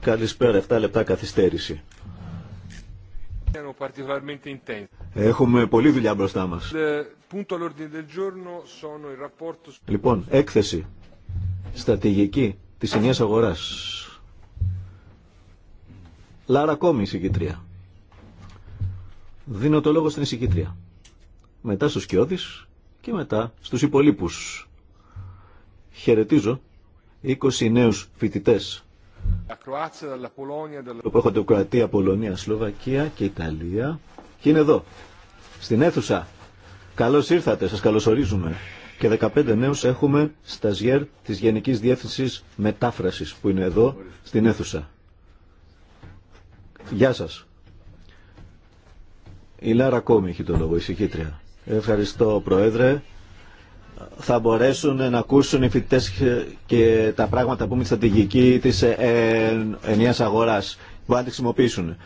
Καλησπέρα, 7 λεπτά καθυστέρηση. Έχουμε πολλή δουλειά μπροστά μα. Λοιπόν, έκθεση στρατηγική τη ενιαία αγορά. Λάρα Κόμι, εισηγητρία. Δίνω το λόγο στην εισηγητρία. Μετά στου Κιώδη και μετά στου υπολείπου. Χαιρετίζω 20 νέους φοιτητές που έχουν το Κροατία, Πολωνία, Σλοβακία και Ιταλία και είναι εδώ, στην αίθουσα. Καλώς ήρθατε, σας καλωσορίζουμε. Και 15 νέους έχουμε στα ΖΙΕΡ της Γενικής Διεύθυνσης Μετάφρασης που είναι εδώ στην αίθουσα. Γεια σας. Η Λάρα Κόμη έχει το λόγο, η Ευχαριστώ Πρόεδρε θα μπορέσουν να ακούσουν οι φοιτητέ και τα πράγματα που είναι ε, ε, τη στρατηγική τη ενιαία αγορά. που να χρησιμοποιήσουν.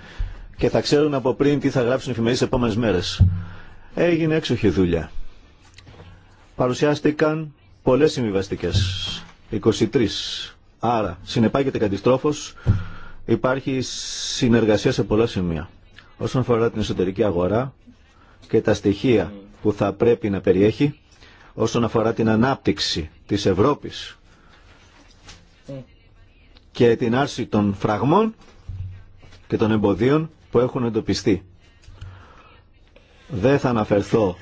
Και θα ξέρουν από πριν τι θα γράψουν οι εφημερίδε επόμενε μέρε. Έγινε έξοχη δουλειά. Παρουσιάστηκαν πολλέ συμβιβαστικέ. 23. Άρα, συνεπάγεται κατηστρόφω, υπάρχει συνεργασία σε πολλά σημεία. Όσον αφορά την εσωτερική αγορά και τα στοιχεία που θα πρέπει να περιέχει, όσον αφορά την ανάπτυξη της Ευρώπης και την άρση των φραγμών και των εμποδίων που έχουν εντοπιστεί. Δεν θα αναφερθώ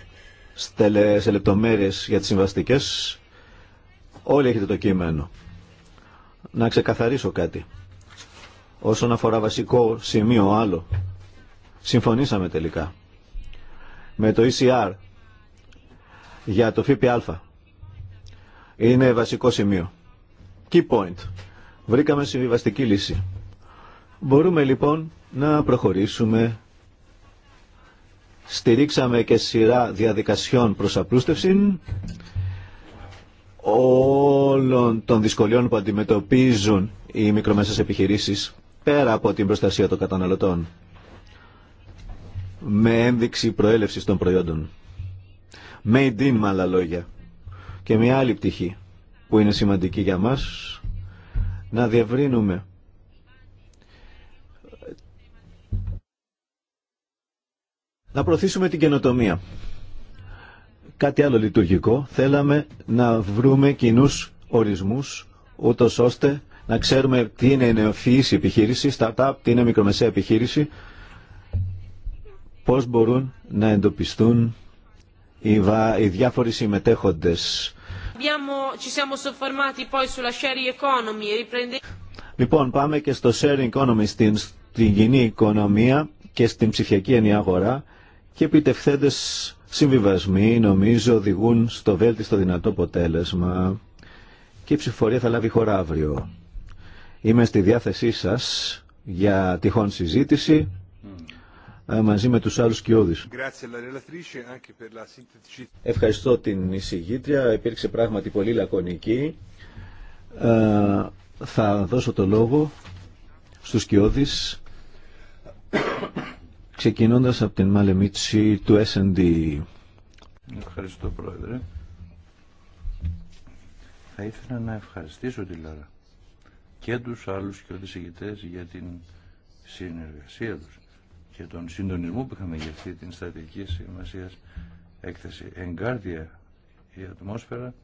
σε λεπτομέρειες για τις συμβαστικές. Όλοι έχετε το κείμενο. Να ξεκαθαρίσω κάτι. Όσον αφορά βασικό σημείο άλλο, συμφωνήσαμε τελικά. Με το ECR για το ΦΠΑ. Είναι βασικό σημείο. Key point. Βρήκαμε συμβιβαστική λύση. Μπορούμε λοιπόν να προχωρήσουμε. Στηρίξαμε και σειρά διαδικασιών προς απλούστευση όλων των δυσκολιών που αντιμετωπίζουν οι μικρομέσες επιχειρήσεις πέρα από την προστασία των καταναλωτών με ένδειξη προέλευσης των προϊόντων. Made in με άλλα λόγια. Και μια άλλη πτυχή που είναι σημαντική για μας να διευρύνουμε να προωθήσουμε την καινοτομία. Κάτι άλλο λειτουργικό, θέλαμε να βρούμε κοινού ορισμούς, ούτω ώστε να ξέρουμε τι είναι νεοφυής επιχείρηση, startup, τι είναι μικρομεσαία επιχείρηση, πώς μπορούν να εντοπιστούν οι, διάφοροι συμμετέχοντες. Λοιπόν, πάμε και στο sharing economy, στην, στην κοινή οικονομία και στην ψηφιακή ενίαγορά, και επιτευχθέντες συμβιβασμοί νομίζω οδηγούν στο βέλτιστο δυνατό αποτέλεσμα και η ψηφορία θα λάβει χώρα αύριο. Είμαι στη διάθεσή σας για τυχόν συζήτηση μαζί με τους άλλους κοιόδης. Ευχαριστώ την εισηγήτρια. Υπήρξε πράγματι πολύ λακωνική. θα δώσω το λόγο στους κοιόδης ξεκινώντας από την μαλεμίτση του S&D. Ευχαριστώ Πρόεδρε. Θα ήθελα να ευχαριστήσω τη Λάρα και τους άλλους και ηγητές για την συνεργασία τους και τον συντονισμό που είχαμε για αυτή την στρατηγική σημασία έκθεση. Εγκάρδια η ατμόσφαιρα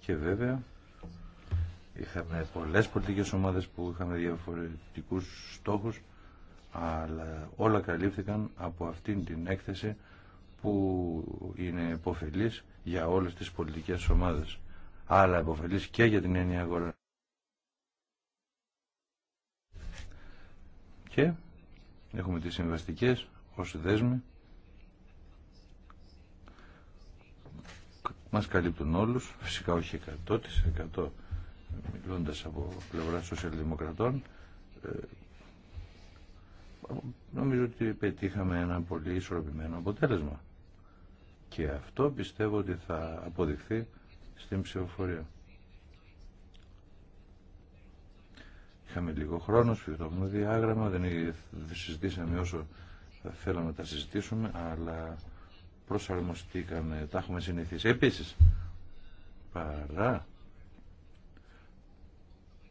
και βέβαια είχαμε πολλές πολιτικές ομάδες που είχαμε διαφορετικούς στόχους αλλά όλα καλύφθηκαν από αυτήν την έκθεση που είναι υποφελής για όλες τις πολιτικές ομάδες αλλά υποφελής και για την έννοια αγορά. Και Έχουμε τις συμβαστικές ως δέσμη. Μας καλύπτουν όλους, φυσικά όχι 100% μιλώντας από πλευρά σοσιαλδημοκρατών. Ε, νομίζω ότι πετύχαμε ένα πολύ ισορροπημένο αποτέλεσμα. Και αυτό πιστεύω ότι θα αποδειχθεί στην ψηφοφορία. Είχαμε λίγο χρόνο, σφιχτόμουν διάγραμμα, δεν συζητήσαμε όσο θέλαμε να τα συζητήσουμε, αλλά προσαρμοστήκαμε, τα έχουμε συνηθίσει. Επίσης, παρά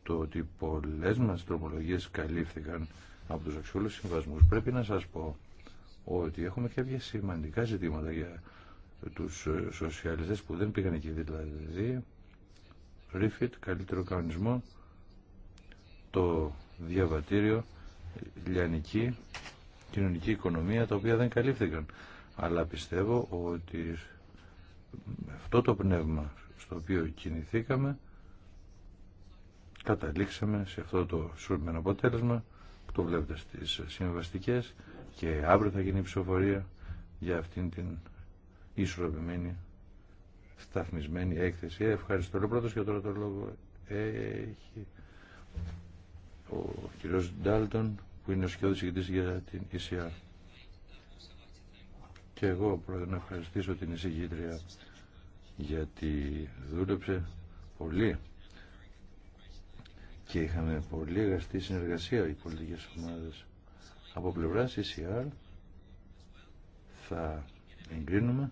το ότι πολλές μας τροπολογίες καλύφθηκαν από τους αξιόλους συμβασμούς, πρέπει να σας πω ότι έχουμε και κάποια σημαντικά ζητήματα για τους ε, σοσιαλιστές που δεν πήγαν εκεί, δηλαδή Ρίφιτ, καλύτερο κανονισμό, το διαβατήριο, λιανική, κοινωνική οικονομία, τα οποία δεν καλύφθηκαν. Αλλά πιστεύω ότι αυτό το πνεύμα στο οποίο κινηθήκαμε, καταλήξαμε σε αυτό το σούρμενο αποτέλεσμα που το βλέπετε στις συμβαστικές και αύριο θα γίνει η ψηφοφορία για αυτήν την ισορροπημένη σταθμισμένη έκθεση. Ευχαριστώ. πρώτος και το λόγο έχει ο κύριος Ντάλτον που είναι ο σχεδόν για την ECR. Και εγώ πρώτα να ευχαριστήσω την εισηγήτρια γιατί δούλεψε πολύ και είχαμε πολύ εργαστή συνεργασία οι πολιτικές ομάδες. Από πλευρά ECR θα εγκρίνουμε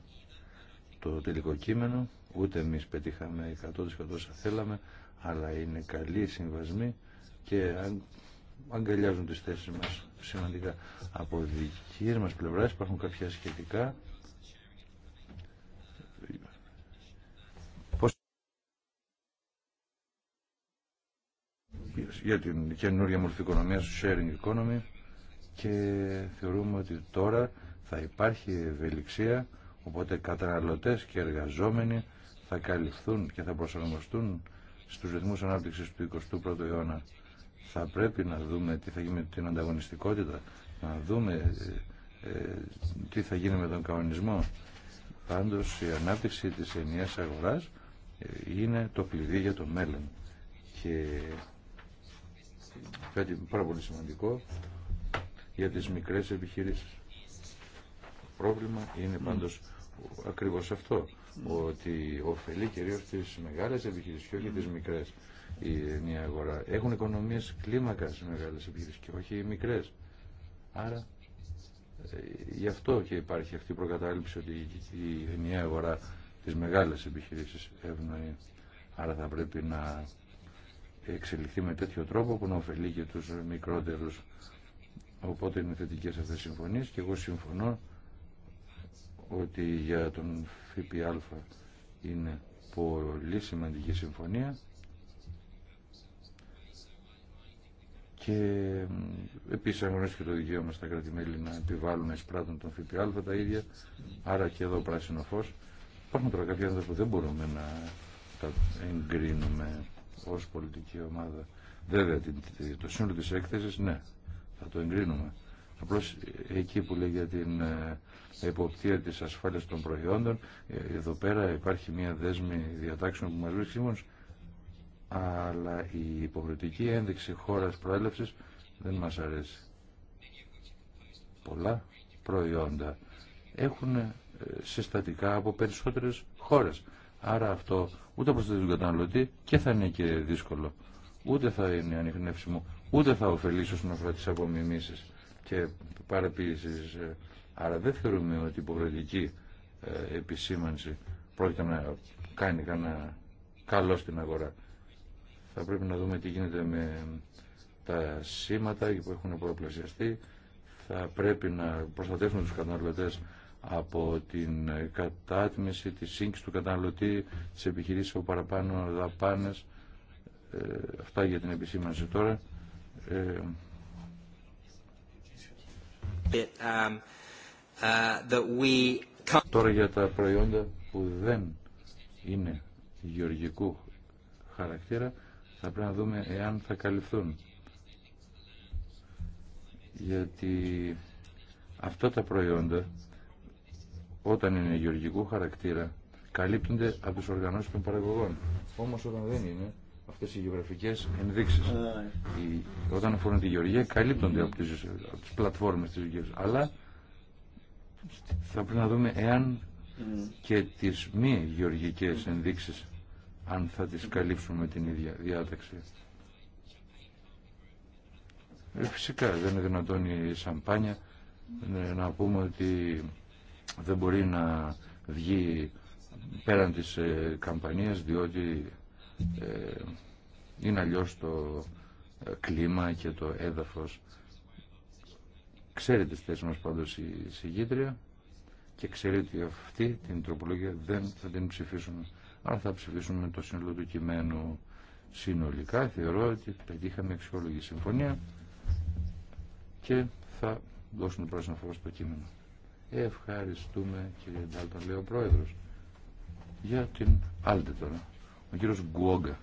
το τελικό κείμενο, ούτε εμείς πετύχαμε 100% όσα θέλαμε, αλλά είναι καλή συμβασμή και αγκαλιάζουν τις θέσεις μας σημαντικά. Από δική μας πλευράς υπάρχουν κάποια σχετικά για την καινούργια μορφή οικονομία, sharing economy και θεωρούμε ότι τώρα θα υπάρχει ευελιξία οπότε καταναλωτές και εργαζόμενοι θα καλυφθούν και θα προσαρμοστούν στους ρυθμούς ανάπτυξης του 21ου αιώνα θα πρέπει να δούμε τι θα γίνει με την ανταγωνιστικότητα, να δούμε ε, ε, τι θα γίνει με τον κανονισμό. Πάντως η ανάπτυξη της ενιαίας αγοράς ε, είναι το κλειδί για το μέλλον. Και κάτι πάρα πολύ σημαντικό για τις μικρές επιχειρήσεις. Το πρόβλημα είναι πάντως ακριβώς αυτό, ότι ωφελεί κυρίως τις μεγάλες επιχειρήσεις και όχι τις μικρές η ενιαία αγορά. Έχουν οικονομίες κλίμακας μεγάλε επιχειρήσεις και όχι οι μικρές. Άρα ε, γι' αυτό και υπάρχει αυτή η προκατάληψη ότι η ενιαία αγορά τι μεγάλες επιχειρήσεις ευνοεί. Άρα θα πρέπει να εξελιχθεί με τέτοιο τρόπο που να ωφελεί και τους μικρότερους. Οπότε είναι θετικέ αυτέ οι συμφωνίες και εγώ συμφωνώ ότι για τον ΦΠΑ είναι πολύ σημαντική συμφωνία και επίσης αγωνίστηκε το δικαίωμα στα κρατημέλη να επιβάλλουν να εισπράττουν τον ΦΠΑ τα ίδια, άρα και εδώ πράσινο φω. Υπάρχουν τώρα κάποια που δεν μπορούμε να τα εγκρίνουμε ω πολιτική ομάδα. Βέβαια, το σύνολο τη έκθεση, ναι, θα το εγκρίνουμε. Απλώ εκεί που λέει για την ε, εποπτεία τη ασφάλεια των προϊόντων, ε, εδώ πέρα υπάρχει μια δέσμη διατάξεων που μας βρίσκει μόνος αλλά η υποχρεωτική ένδειξη χώρας προέλευσης δεν μας αρέσει. Πολλά προϊόντα έχουν ε, συστατικά από περισσότερες χώρες. Άρα αυτό ούτε προσθέτει τον καταναλωτή και θα είναι και δύσκολο, ούτε θα είναι ανιχνεύσιμο, ούτε θα ωφελήσει όσον αφορά τις απομιμήσεις και παραποίησεις. Ε, άρα δεν θεωρούμε ότι η υποχρεωτική ε, επισήμανση πρόκειται να κάνει κανένα καλό στην αγορά. Θα πρέπει να δούμε τι γίνεται με τα σήματα που έχουν προπλασιαστεί. Θα πρέπει να προστατεύσουμε τους καταναλωτές από την κατάτμιση, τη σύγκριση του καταναλωτή, τι επιχειρήσει από παραπάνω δαπάνε. Ε, αυτά για την επισήμανση τώρα. Ε, um, uh, Τώρα για τα προϊόντα που δεν είναι γεωργικού χαρακτήρα θα πρέπει να δούμε εάν θα καλυφθούν. Γιατί αυτά τα προϊόντα, όταν είναι γεωργικού χαρακτήρα, καλύπτονται από τους οργανώσεις των παραγωγών. Όμως όταν δεν είναι, αυτές οι γεωγραφικές ενδείξεις, ναι. όταν αφορούν τη γεωργία, καλύπτονται από τις, από τις πλατφόρμες της γεωργίας. Αλλά θα πρέπει να δούμε εάν και τις μη γεωργικές ενδείξεις αν θα τις καλύψουμε με την ίδια διάταξη. Ε, φυσικά δεν είναι δυνατόν η σαμπάνια ε, να πούμε ότι δεν μπορεί να βγει πέραν της ε, καμπανίας διότι είναι αλλιώς το κλίμα και το έδαφος. Ξέρει τις θέσεις μας πάντως η συγκίτρια και ξέρει ότι αυτή την τροπολογία δεν θα την ψηφίσουμε. Άρα θα ψηφίσουμε το σύνολο του κειμένου συνολικά. Θεωρώ ότι πετύχαμε αξιόλογη συμφωνία και θα δώσουμε πράσινο φως στο κείμενο. Ευχαριστούμε κύριε Ντάλτον, λέει ο Πρόεδρος, για την άλλη τώρα. Ο κύριος Γκουόγκα.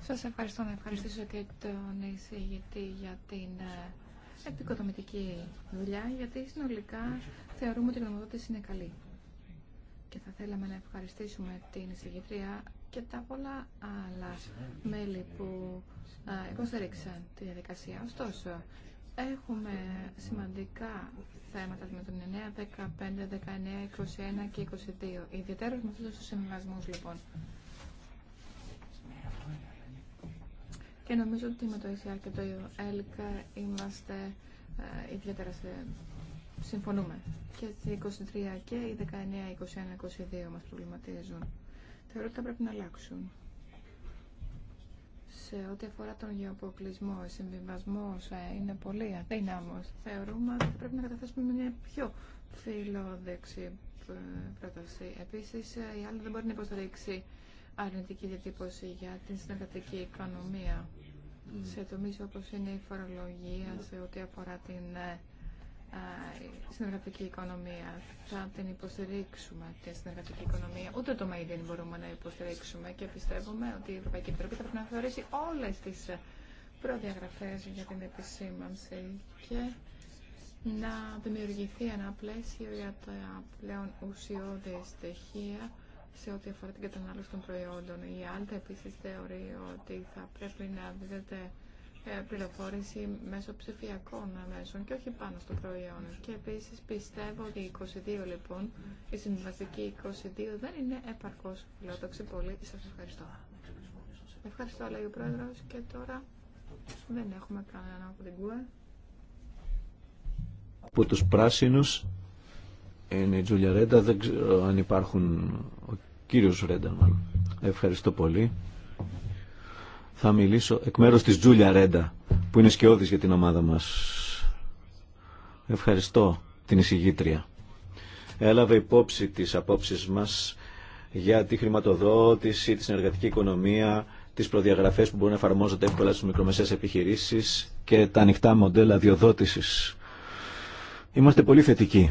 Σας ευχαριστώ να ευχαριστήσω και τον εισηγητή για την ε, επικοδομητική δουλειά, γιατί συνολικά θεωρούμε ότι η γνωμοδότηση είναι καλή και θα θέλαμε να ευχαριστήσουμε την εισηγητρία και τα πολλά άλλα μέλη που υποστηρίξαν τη διαδικασία. Ωστόσο, έχουμε σημαντικά θέματα με τον 9, 15, 19, 21 και 22. Ιδιαίτερα με αυτούς τους συμβιβασμούς λοιπόν. Και νομίζω ότι με το ΕΣΙΑ και το ΕΛΚ είμαστε ιδιαίτερα σε Συμφωνούμε. Και οι 23 και οι 19, 21, 22 μας προβληματίζουν. Θεωρώ ότι θα πρέπει να αλλάξουν. Σε ό,τι αφορά τον γεωποκλεισμό, ο συμβιβασμό ε, είναι πολύ αδύναμο. Θεωρούμε ότι πρέπει να καταθέσουμε μια πιο φιλόδεξη ε, πρόταση. Επίση, ε, η άλλη δεν μπορεί να υποστηρίξει αρνητική διατύπωση για την συνεργατική οικονομία σε τομεί όπω είναι η φορολογία, σε ό,τι αφορά την συνεργατική οικονομία. Θα την υποστηρίξουμε τη συνεργατική οικονομία. Ούτε το ΜΕΙΔΙΝ μπορούμε να υποστηρίξουμε και πιστεύουμε ότι η Ευρωπαϊκή Επιτροπή θα πρέπει να θεωρήσει όλε τι προδιαγραφέ για την επισήμανση και να δημιουργηθεί ένα πλαίσιο για τα πλέον ουσιώδη στοιχεία σε ό,τι αφορά την κατανάλωση των προϊόντων. Η Άλτα επίση θεωρεί ότι θα πρέπει να δίδεται ε, πληροφόρηση μέσω ψηφιακών μέσων και όχι πάνω στο προϊόν. Και επίσης πιστεύω ότι η 22 λοιπόν, η συμβαστική 22 δεν είναι επαρκώς φιλόδοξη πολύ. Σα ευχαριστώ. Ευχαριστώ λέει ο πρόεδρο και τώρα δεν έχουμε κανέναν από την ΚΟΕ. Από τους πράσινους είναι η Τζούλια Ρέντα, δεν ξέρω αν υπάρχουν ο κύριος Ρέντα μάλλον. Ευχαριστώ πολύ θα μιλήσω εκ μέρους της Τζούλια Ρέντα, που είναι σκιώδης για την ομάδα μας. Ευχαριστώ την εισηγήτρια. Έλαβε υπόψη τις απόψεις μας για τη χρηματοδότηση, τη συνεργατική οικονομία, τις προδιαγραφές που μπορούν να εφαρμόζονται εύκολα στις μικρομεσαίες επιχειρήσεις και τα ανοιχτά μοντέλα διοδότησης. Είμαστε πολύ θετικοί.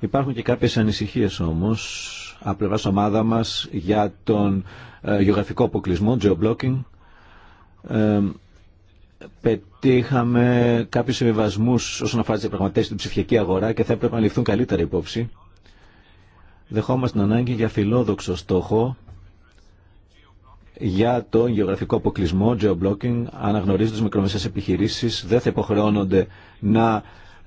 Υπάρχουν και κάποιες ανησυχίες όμως από πλευρά ομάδα μα για τον ε, γεωγραφικό αποκλεισμό, geo-blocking. Ε, πετύχαμε κάποιου συμβιβασμού όσον αφορά τι διαπραγματεύσει στην ψηφιακή αγορά και θα έπρεπε να ληφθούν καλύτερα υπόψη. Δεχόμαστε την ανάγκη για φιλόδοξο στόχο για τον γεωγραφικό αποκλεισμό, geo-blocking, αναγνωρίζοντα μικρομεσαίες επιχειρήσεις, δεν θα υποχρεώνονται να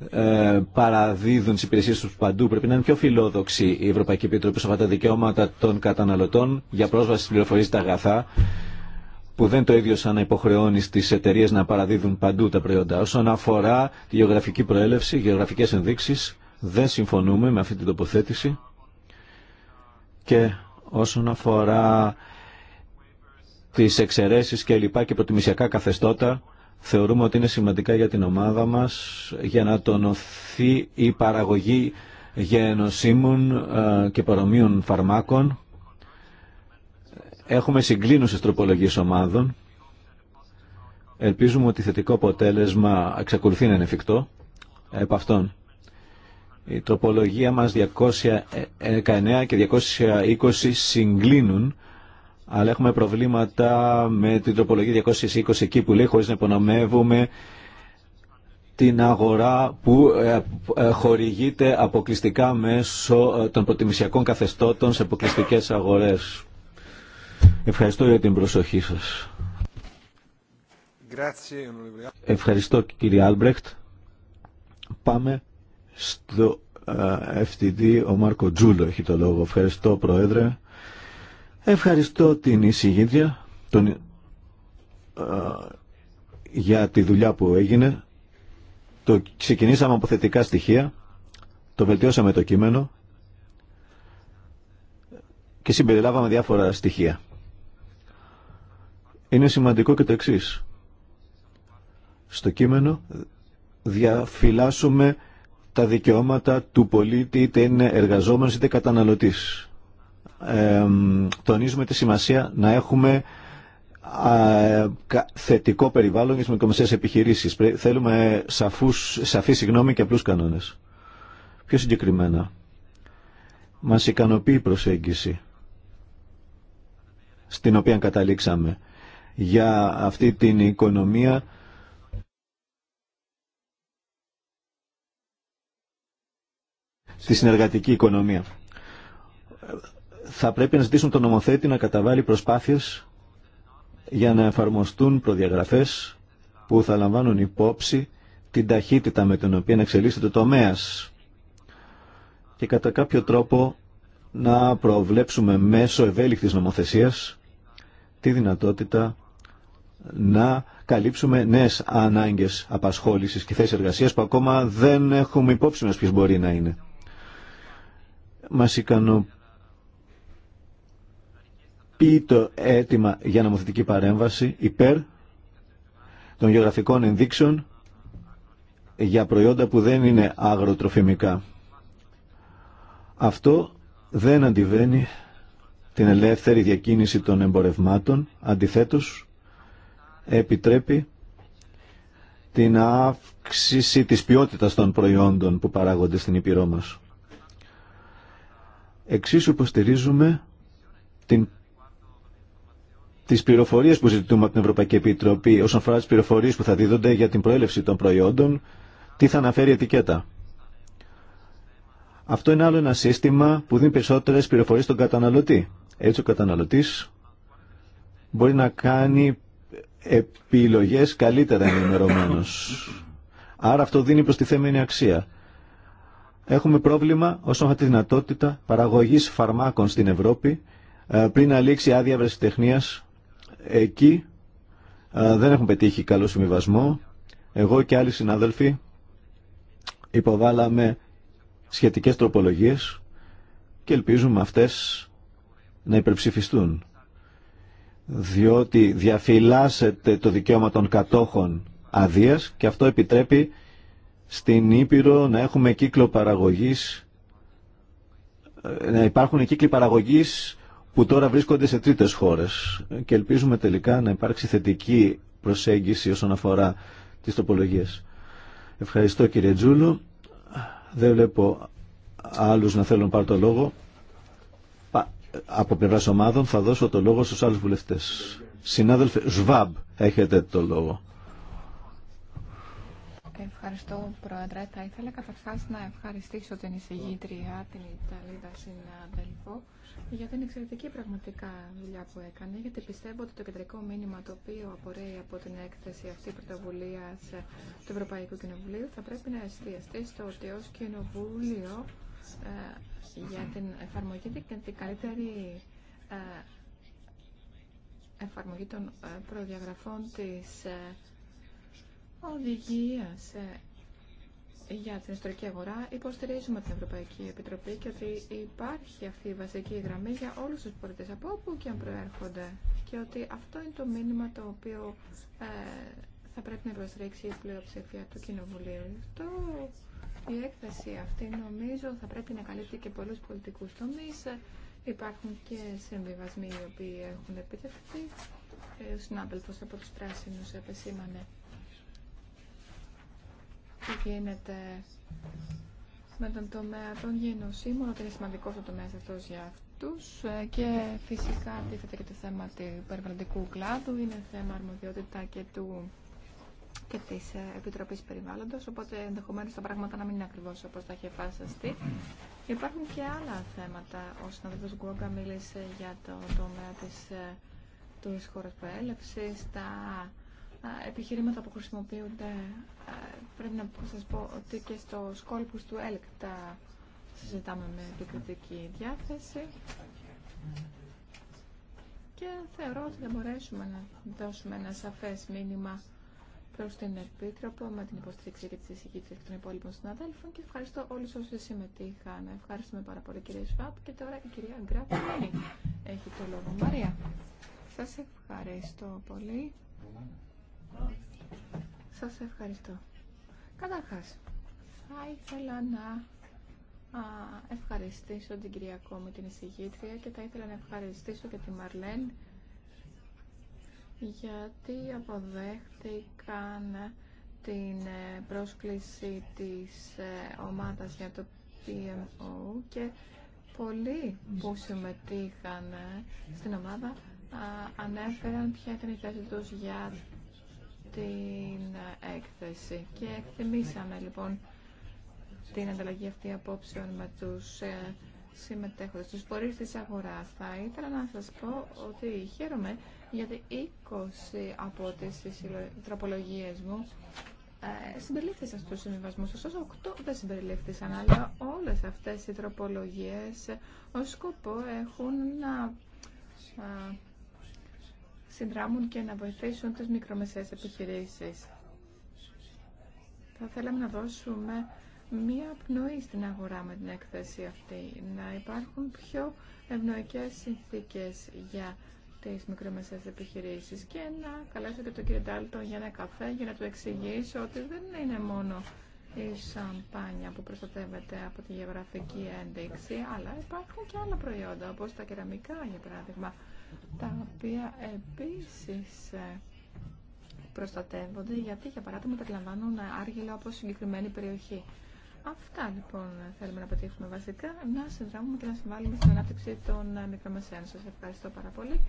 ε, παραδίδουν τι υπηρεσίε του παντού. Πρέπει να είναι πιο φιλόδοξη η Ευρωπαϊκή Επιτροπή σε αυτά τα δικαιώματα των καταναλωτών για πρόσβαση στι πληροφορίε στα αγαθά, που δεν το ίδιο σαν να υποχρεώνει τι εταιρείε να παραδίδουν παντού τα προϊόντα. Όσον αφορά τη γεωγραφική προέλευση, γεωγραφικέ ενδείξει, δεν συμφωνούμε με αυτή την τοποθέτηση. Και όσον αφορά τις εξαιρέσεις και λοιπά και προτιμησιακά καθεστώτα, θεωρούμε ότι είναι σημαντικά για την ομάδα μας για να τονωθεί η παραγωγή γενοσύμων ε, και παρομοίων φαρμάκων. Έχουμε συγκλίνουσες τροπολογίες ομάδων. Ελπίζουμε ότι θετικό αποτέλεσμα εξακολουθεί να είναι εφικτό. Επ' αυτόν. Η τροπολογία μας 219 ε, ε, και 220 συγκλίνουν αλλά έχουμε προβλήματα με την τροπολογία 220 εκεί που λέει χωρίς να υπονομεύουμε την αγορά που ε, ε, χορηγείται αποκλειστικά μέσω ε, των προτιμησιακών καθεστώτων σε αποκλειστικές αγορές. Ευχαριστώ για την προσοχή σας. Ευχαριστώ κύριε Άλμπρεχτ. Πάμε στο FTD. Ο Μάρκο Τζούλο έχει το λόγο. Ευχαριστώ Πρόεδρε. Ευχαριστώ την εισηγήτρια τον, ε, για τη δουλειά που έγινε. Το ξεκινήσαμε από θετικά στοιχεία, το βελτιώσαμε το κείμενο και συμπεριλάβαμε διάφορα στοιχεία. Είναι σημαντικό και το εξή. Στο κείμενο διαφυλάσσουμε τα δικαιώματα του πολίτη είτε είναι εργαζόμενος είτε καταναλωτής τονίζουμε τη σημασία να έχουμε θετικό περιβάλλον για τις μικρομεσαίες επιχειρήσεις. Θέλουμε σαφούς, σαφή συγγνώμη και απλούς κανόνες. Πιο συγκεκριμένα, μας ικανοποιεί η προσέγγιση στην οποία καταλήξαμε για αυτή την οικονομία στη συνεργατική οικονομία θα πρέπει να ζητήσουν τον νομοθέτη να καταβάλει προσπάθειες για να εφαρμοστούν προδιαγραφές που θα λαμβάνουν υπόψη την ταχύτητα με την οποία εξελίσσεται το τομέας και κατά κάποιο τρόπο να προβλέψουμε μέσω ευέλικτης νομοθεσίας τη δυνατότητα να καλύψουμε νέες ανάγκες απασχόλησης και θέσεις εργασίας που ακόμα δεν έχουμε υπόψη μας ποιες μπορεί να είναι. Μας πει το αίτημα για νομοθετική παρέμβαση υπέρ των γεωγραφικών ενδείξεων για προϊόντα που δεν είναι αγροτροφημικά. Αυτό δεν αντιβαίνει την ελεύθερη διακίνηση των εμπορευμάτων, αντιθέτως επιτρέπει την αύξηση της ποιότητας των προϊόντων που παράγονται στην Ήπειρό μας. Εξίσου υποστηρίζουμε την τι πληροφορίε που ζητούμε από την Ευρωπαϊκή Επιτροπή όσον αφορά τι πληροφορίε που θα δίδονται για την προέλευση των προϊόντων, τι θα αναφέρει η ετικέτα. Αυτό είναι άλλο ένα σύστημα που δίνει περισσότερε πληροφορίε στον καταναλωτή. Έτσι ο καταναλωτή μπορεί να κάνει επιλογέ καλύτερα ενημερωμένο. Άρα αυτό δίνει προστιθέμενη αξία. Έχουμε πρόβλημα όσον αφορά τη δυνατότητα παραγωγή φαρμάκων στην Ευρώπη ε, πριν να λήξει άδεια Εκεί δεν έχουν πετύχει καλό συμβιβασμό. Εγώ και άλλοι συνάδελφοι υποβάλαμε σχετικές τροπολογίες και ελπίζουμε αυτές να υπερψηφιστούν διότι διαφυλάσσεται το δικαίωμα των κατόχων Αδίες και αυτό επιτρέπει στην Ήπειρο να έχουμε κύκλο παραγωγής ε, να υπάρχουν κύκλοι παραγωγής που τώρα βρίσκονται σε τρίτες χώρες και ελπίζουμε τελικά να υπάρξει θετική προσέγγιση όσον αφορά τις τοπολογίες. Ευχαριστώ κύριε Τζούλου. Δεν βλέπω άλλους να θέλουν πάρει το λόγο. Από πλευρά ομάδων θα δώσω το λόγο στους άλλους βουλευτές. Συνάδελφε ΣΒΑΜ έχετε το λόγο. Ευχαριστώ, Πρόεδρε. Θα ήθελα καταρχά να ευχαριστήσω την εισηγήτρια, την Ιταλίδα συνάδελφο, για την εξαιρετική πραγματικά δουλειά που έκανε, γιατί πιστεύω ότι το κεντρικό μήνυμα το οποίο απορρέει από την έκθεση αυτή πρωτοβουλία του Ευρωπαϊκού Κοινοβουλίου θα πρέπει να εστιαστεί στο ότι ω Κοινοβούλιο ε, για την εφαρμογή και την καλύτερη ε, εφαρμογή των ε, προδιαγραφών της ε, οδηγίας για την ιστορική αγορά υποστηρίζουμε την Ευρωπαϊκή Επιτροπή και ότι υπάρχει αυτή η βασική γραμμή για όλους τους πολίτες από όπου και αν προέρχονται και ότι αυτό είναι το μήνυμα το οποίο ε, θα πρέπει να υποστηρίξει η πλειοψηφία του Κοινοβουλίου. Το, η έκθεση αυτή νομίζω θα πρέπει να καλύπτει και πολλούς πολιτικούς τομείς. Υπάρχουν και συμβιβασμοί οι οποίοι έχουν επιτευχθεί. Ε, ο συνάδελφος από τους πράσινους επεσήμανε τι γίνεται με τον τομέα των γενοσύμων, ότι είναι σημαντικό ο τομέα αυτό για αυτού ε, και φυσικά τίθεται και το θέμα του περιβαλλοντικού κλάδου, είναι θέμα αρμοδιότητα και του και τη ε, Επιτροπή Περιβάλλοντο. Οπότε ενδεχομένω τα πράγματα να μην είναι ακριβώ όπω τα έχει εφάσιστεί. Υπάρχουν και άλλα θέματα. Ο συναδελφό Γκουόγκα μίλησε για το τομέα τη ε, χώρα προέλευση, τα επιχειρήματα που χρησιμοποιούνται, πρέπει να σας πω ότι και στο σκόλπους του ΕΛΚ τα συζητάμε με επικριτική διάθεση και θεωρώ ότι θα μπορέσουμε να δώσουμε ένα σαφές μήνυμα προς την Επίτροπο με την υποστήριξη και τη εισηγήτρια και των υπόλοιπων συναδέλφων και ευχαριστώ όλους όσοι συμμετείχαν. Ευχαριστούμε πάρα πολύ κύριε Σφάπ και τώρα η κυρία Γκράφη έχει το λόγο. Μαρία, σας ευχαριστώ πολύ. Σας ευχαριστώ. Καταρχάς, θα ήθελα να α, ευχαριστήσω την κυρία Κόμη, την εισηγήτρια και θα ήθελα να ευχαριστήσω και τη Μαρλέν γιατί αποδέχτηκαν την ε, πρόσκληση της ε, ομάδας για το PMO και πολλοί που συμμετείχαν ε, στην ομάδα ανέφεραν ποια ήταν η θέση τους για την έκθεση και εκτιμήσαμε λοιπόν την ανταλλαγή αυτή απόψεων με τους ε, συμμετέχοντες, τους πορείς της αγοράς. Θα ήθελα να σας πω ότι χαίρομαι γιατί 20 από τις τροπολογίες μου ε, συμπεριλήφθησαν στους συμβιβασμούς. Ωστόσο, 8 δεν συμπεριλήφθησαν, αλλά όλες αυτές οι τροπολογίες ε, ως σκοπό έχουν να ε, συνδράμουν και να βοηθήσουν τις μικρομεσαίες επιχειρήσεις. Θα θέλαμε να δώσουμε μία πνοή στην αγορά με την έκθεση αυτή, να υπάρχουν πιο ευνοϊκές συνθήκες για τις μικρομεσαίες επιχειρήσεις και να καλέσω καλέσετε τον κύριο Ντάλτον για ένα καφέ για να του εξηγήσω ότι δεν είναι μόνο η σαμπάνια που προστατεύεται από τη γεωγραφική ένδειξη, αλλά υπάρχουν και άλλα προϊόντα, όπως τα κεραμικά, για παράδειγμα, τα οποία επίσης ε, προστατεύονται γιατί για παράδειγμα τα κλαμβάνουν άργυλα όπως συγκεκριμένη περιοχή. Αυτά λοιπόν θέλουμε να πετύχουμε βασικά, να συνδράμουμε και να συμβάλλουμε στην ανάπτυξη των ε, μικρομεσαίων. Σας ευχαριστώ πάρα πολύ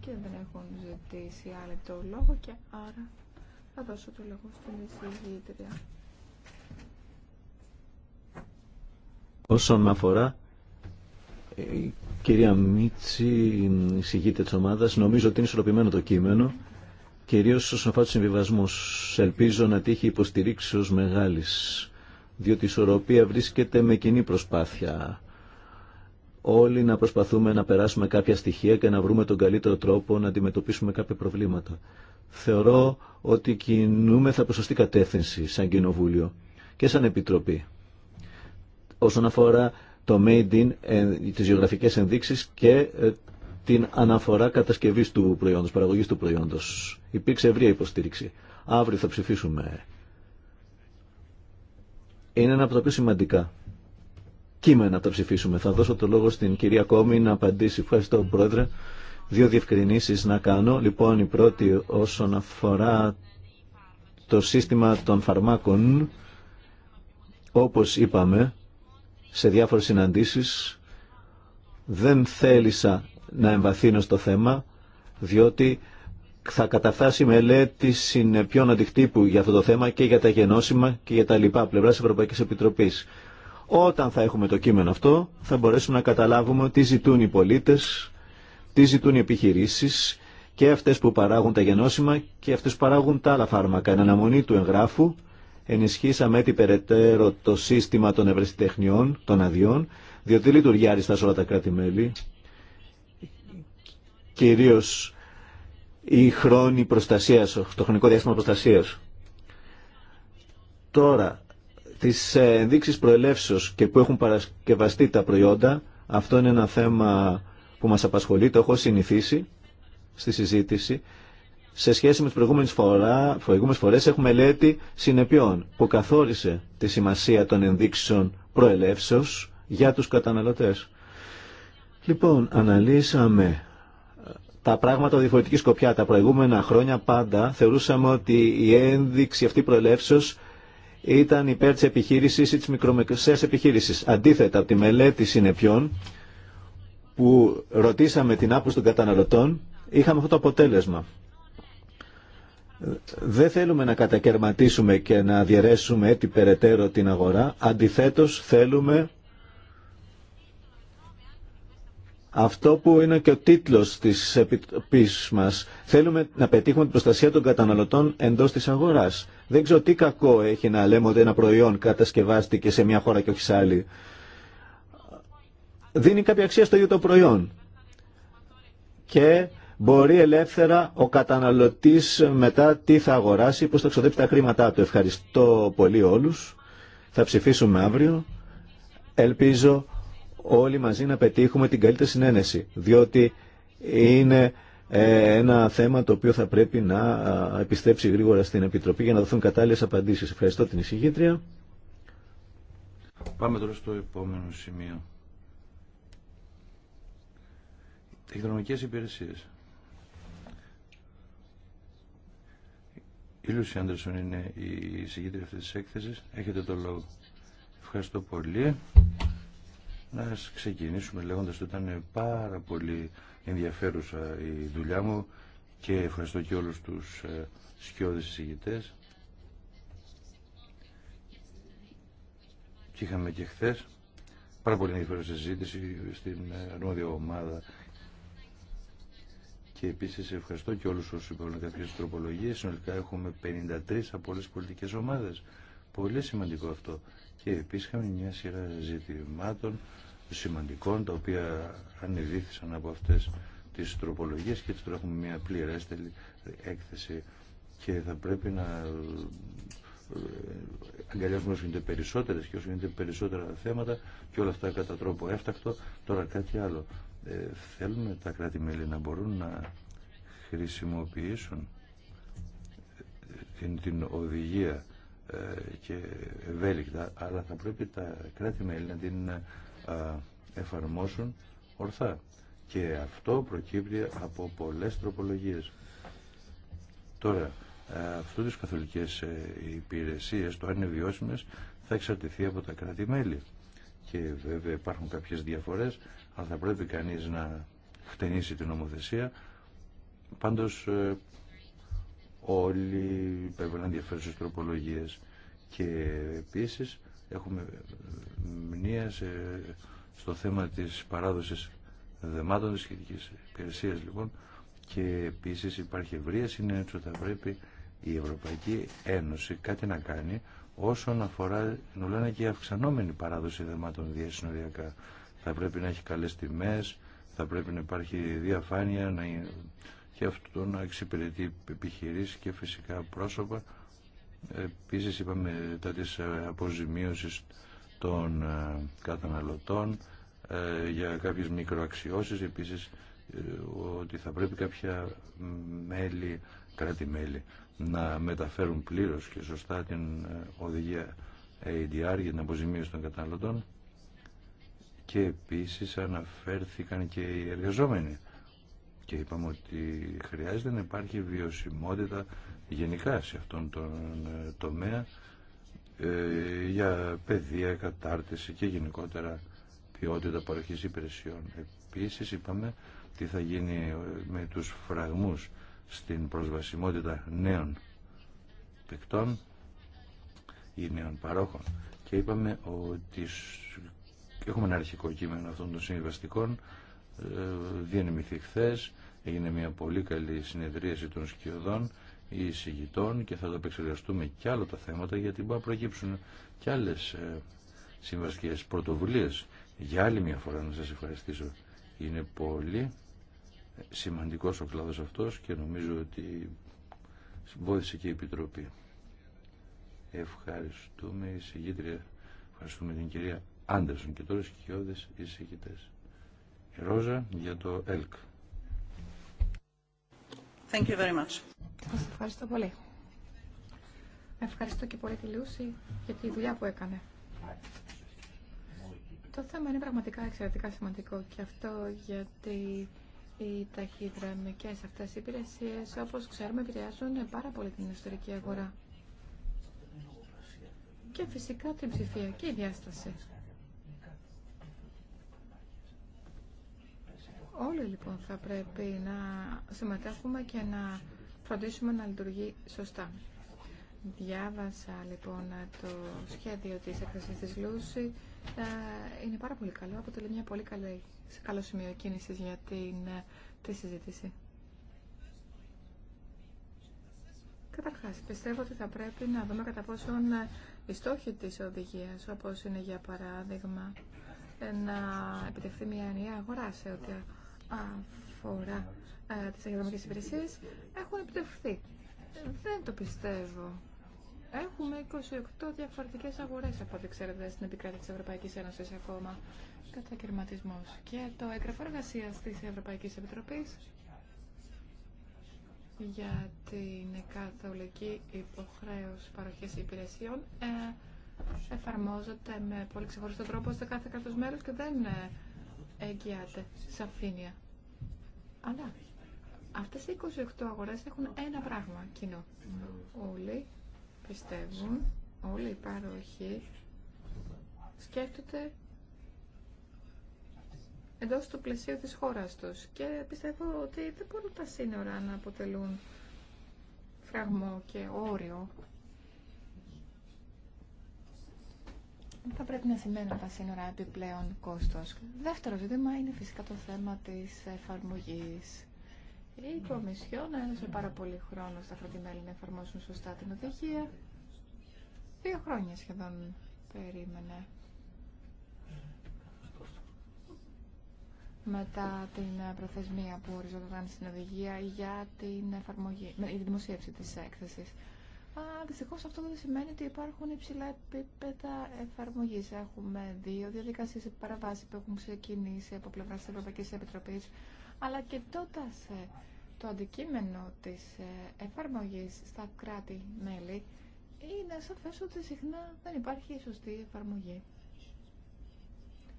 και δεν έχουν ζητήσει άλλη το λόγο και άρα θα δώσω το λόγο στην εισηγήτρια. Όσον αφορά κυρία Μίτση, εισηγείται τη ομάδα, νομίζω ότι είναι ισορροπημένο το κείμενο, κυρίω όσον αφορά του συμβιβασμού. Ελπίζω να τύχει υποστηρίξεω μεγάλη, διότι η ισορροπία βρίσκεται με κοινή προσπάθεια. Όλοι να προσπαθούμε να περάσουμε κάποια στοιχεία και να βρούμε τον καλύτερο τρόπο να αντιμετωπίσουμε κάποια προβλήματα. Θεωρώ ότι κινούμε θα σωστή κατεύθυνση σαν Κοινοβούλιο και σαν Επιτροπή. Όσον αφορά το made in, ε, τις γεωγραφικές ενδείξεις και ε, την αναφορά κατασκευής του προϊόντος, παραγωγής του προϊόντος. Υπήρξε ευρία υποστήριξη. Αύριο θα ψηφίσουμε. Είναι ένα από τα πιο σημαντικά κείμενα θα ψηφίσουμε. Θα δώσω το λόγο στην κυρία Κόμη να απαντήσει. Ευχαριστώ, Πρόεδρε. Δύο διευκρινήσεις να κάνω. Λοιπόν, η πρώτη όσον αφορά το σύστημα των φαρμάκων, όπως είπαμε, σε διάφορες συναντήσεις. Δεν θέλησα να εμβαθύνω στο θέμα, διότι θα καταφτάσει μελέτη συνεπιών αντικτύπου για αυτό το θέμα και για τα γενώσιμα και για τα λοιπά πλευρά της Ευρωπαϊκής Επιτροπής. Όταν θα έχουμε το κείμενο αυτό, θα μπορέσουμε να καταλάβουμε τι ζητούν οι πολίτες, τι ζητούν οι επιχειρήσεις και αυτές που παράγουν τα γενώσιμα και αυτές που παράγουν τα άλλα φάρμακα. Εν αναμονή του εγγράφου ενισχύσαμε έτσι περαιτέρω το σύστημα των ευρεσιτεχνιών, των αδειών, διότι λειτουργεί άριστα σε όλα τα κράτη-μέλη. Κυρίως η χρόνη προστασία, το χρονικό διάστημα προστασίας. Τώρα, τις ενδείξει προελεύσεως και που έχουν παρασκευαστεί τα προϊόντα, αυτό είναι ένα θέμα που μας απασχολεί, το έχω συνηθίσει στη συζήτηση σε σχέση με τις προηγούμενες, φορά, προηγούμενες φορές έχουμε μελέτη συνεπειών που καθόρισε τη σημασία των ενδείξεων προελεύσεως για τους καταναλωτές. Λοιπόν, αναλύσαμε ε, τα πράγματα διαφορετική σκοπιά. Τα προηγούμενα χρόνια πάντα θεωρούσαμε ότι η ένδειξη αυτή προελεύσεως ήταν υπέρ της επιχείρησης ή της μικρομεσαίας επιχείρησης. Αντίθετα, από τη μελέτη συνεπιών που ρωτήσαμε την άποψη των καταναλωτών, είχαμε αυτό το αποτέλεσμα. Δεν θέλουμε να κατακαιρματίσουμε και να διαιρέσουμε έτσι περαιτέρω την αγορά. Αντιθέτως θέλουμε αυτό που είναι και ο τίτλος της επιτροπής μας. Θέλουμε να πετύχουμε την προστασία των καταναλωτών εντός της αγοράς. Δεν ξέρω τι κακό έχει να λέμε ότι ένα προϊόν κατασκευάστηκε σε μια χώρα και όχι σε άλλη. Δίνει κάποια αξία στο ίδιο το προϊόν. Και μπορεί ελεύθερα ο καταναλωτής μετά τι θα αγοράσει, πώς θα ξοδέψει τα χρήματά του. Ευχαριστώ πολύ όλους. Θα ψηφίσουμε αύριο. Ελπίζω όλοι μαζί να πετύχουμε την καλύτερη συνένεση, διότι είναι ε, ένα θέμα το οποίο θα πρέπει να επιστρέψει γρήγορα στην Επιτροπή για να δοθούν κατάλληλες απαντήσεις. Ευχαριστώ την εισηγήτρια. Πάμε τώρα στο επόμενο σημείο. υπηρεσίες. Η Λούση Άντερσον είναι η συγκίτρια αυτής της έκθεσης. Έχετε το λόγο. Ευχαριστώ πολύ. Να ξεκινήσουμε λέγοντας ότι ήταν πάρα πολύ ενδιαφέρουσα η δουλειά μου και ευχαριστώ και όλους τους ε, σκιώδες εισηγητές. Και είχαμε και χθες πάρα πολύ ενδιαφέρουσα συζήτηση στην ε, αρμόδια ομάδα και επίσης ευχαριστώ και όλους όσους υπέβαλαν κάποιες τροπολογίες. Συνολικά έχουμε 53 από όλες τις πολιτικές ομάδες. Πολύ σημαντικό αυτό. Και επίσης είχαμε μια σειρά ζητημάτων σημαντικών τα οποία ανεδίθησαν από αυτές τις τροπολογίες και έτσι τώρα έχουμε μια πληρέστερη έκθεση και θα πρέπει να ε, αγκαλιάσουμε όσο γίνεται περισσότερες και όσο γίνεται περισσότερα θέματα και όλα αυτά κατά τρόπο έφτακτο. Τώρα κάτι άλλο. Ε, θέλουμε τα κράτη-μέλη να μπορούν να χρησιμοποιήσουν ε, την, την οδηγία ε, και ευέλικτα, αλλά θα πρέπει τα κράτη-μέλη να την εφαρμόσουν ορθά. Και αυτό προκύπτει από πολλές τροπολογίες. Τώρα, αυτού τις καθολικές υπηρεσίες, το αν είναι βιώσιμες, θα εξαρτηθεί από τα κράτη-μέλη. Και βέβαια υπάρχουν κάποιες διαφορές αν θα πρέπει κανείς να χτενίσει την νομοθεσία. Πάντως ε, όλοι υπέβαλαν στις τροπολογίες και επίσης έχουμε ε, μνήα στο θέμα της παράδοσης δεμάτων της σχετικής υπηρεσίας λοιπόν και επίσης υπάρχει ευρεία συνέντευξη ότι θα πρέπει η Ευρωπαϊκή Ένωση κάτι να κάνει όσον αφορά, νουλάνε και η αυξανόμενη παράδοση δεμάτων διασυνοριακά θα πρέπει να έχει καλές τιμές, θα πρέπει να υπάρχει διαφάνεια και αυτό να εξυπηρετεί επιχειρήσεις και φυσικά πρόσωπα. Επίσης είπαμε τα της ε, αποζημίωσης των ε, καταναλωτών ε, για κάποιες μικροαξιώσεις, επίσης ότι θα πρέπει κάποια μέλη, κράτη-μέλη να μεταφέρουν πλήρως και σωστά την οδηγία ADR για την αποζημίωση των καταναλωτών και επίσης αναφέρθηκαν και οι εργαζόμενοι και είπαμε ότι χρειάζεται να υπάρχει βιωσιμότητα γενικά σε αυτόν τον ε, τομέα ε, για παιδεία, κατάρτιση και γενικότερα ποιότητα παροχής υπηρεσιών. Επίσης είπαμε τι θα γίνει ε, με τους φραγμούς στην προσβασιμότητα νέων παικτών ή νέων παρόχων και είπαμε ότι Έχουμε ένα αρχικό κείμενο αυτών των συμβαστικών. Ε, διανεμηθεί χθε. Έγινε μια πολύ καλή συνεδρίαση των σκιωδών ή εισηγητών και θα το επεξεργαστούμε κι άλλο τα θέματα γιατί μπορεί να προκύψουν κι άλλε συμβαστικέ πρωτοβουλίε. Για άλλη μια φορά να σα ευχαριστήσω. Είναι πολύ σημαντικός ο κλάδο αυτός και νομίζω ότι βόηθησε και η Επιτροπή. Ευχαριστούμε η Ευχαριστούμε την κυρία Άντερσον και τώρα σκιώδες εισηγητές. Η Ρόζα για το ΕΛΚ. Thank Σας ευχαριστώ πολύ. Ευχαριστώ και πολύ τη Λούση για τη δουλειά που έκανε. Το θέμα είναι πραγματικά εξαιρετικά σημαντικό και αυτό γιατί οι ταχυδραμικές αυτές οι υπηρεσίες όπως ξέρουμε επηρεάζουν πάρα πολύ την ιστορική αγορά και φυσικά την ψηφιακή διάσταση. Όλοι λοιπόν θα πρέπει να συμμετέχουμε και να φροντίσουμε να λειτουργεί σωστά. Διάβασα λοιπόν το σχέδιο της έκθεσης της Λούση. Ε, είναι πάρα πολύ καλό. Αποτελεί μια πολύ καλή, καλό σημείο κίνησης για την, ε, τη συζήτηση. Καταρχά, πιστεύω ότι θα πρέπει να δούμε κατά πόσον ε, οι στόχοι της οδηγίας, όπως είναι για παράδειγμα να επιτευχθεί μια ενιαία αγορά σε ό,τι αφορά ε, τις υπηρεσίε υπηρεσίες έχουν επιτευχθεί. Δεν το πιστεύω. Έχουμε 28 διαφορετικές αγορές από ό,τι ξέρετε στην επικράτεια της Ευρωπαϊκής Ένωσης ακόμα Κατακαιρματισμό. Και το έγγραφο εργασία τη Ευρωπαϊκή Επιτροπή για την καθολική υποχρέωση παροχής υπηρεσιών ε, εφαρμόζεται με πολύ ξεχωριστό τρόπο σε κάθε κράτος μέρο και δεν ε, εγγυάται σαφήνεια. Αλλά αυτέ οι 28 αγορές έχουν ένα πράγμα κοινό. Όλοι πιστεύουν, όλοι οι παροχοί σκέφτονται εντό του πλαισίου της χώρας τους και πιστεύω ότι δεν μπορούν τα σύνορα να αποτελούν φραγμό και όριο θα πρέπει να σημαίνουν τα σύνορα επιπλέον κόστος. Δεύτερο ζήτημα είναι φυσικά το θέμα της εφαρμογής. Η Κομισιόν έδωσε πάρα πολύ χρόνο στα κρατημέλη να εφαρμόσουν σωστά την οδηγία. Δύο χρόνια σχεδόν περίμενε. μετά την προθεσμία που οριζόταν στην οδηγία για την, εφαρμογή, τη δημοσίευση της έκθεσης. Δυστυχώ αυτό δεν σημαίνει ότι υπάρχουν υψηλά επίπεδα εφαρμογή. Έχουμε δύο διαδικασίε παραβάση που έχουν ξεκινήσει από πλευρά τη Ευρωπαϊκή Επιτροπή, αλλά και τότε το αντικείμενο τη ε, εφαρμογή στα κράτη-μέλη είναι σαφέ ότι συχνά δεν υπάρχει σωστή εφαρμογή.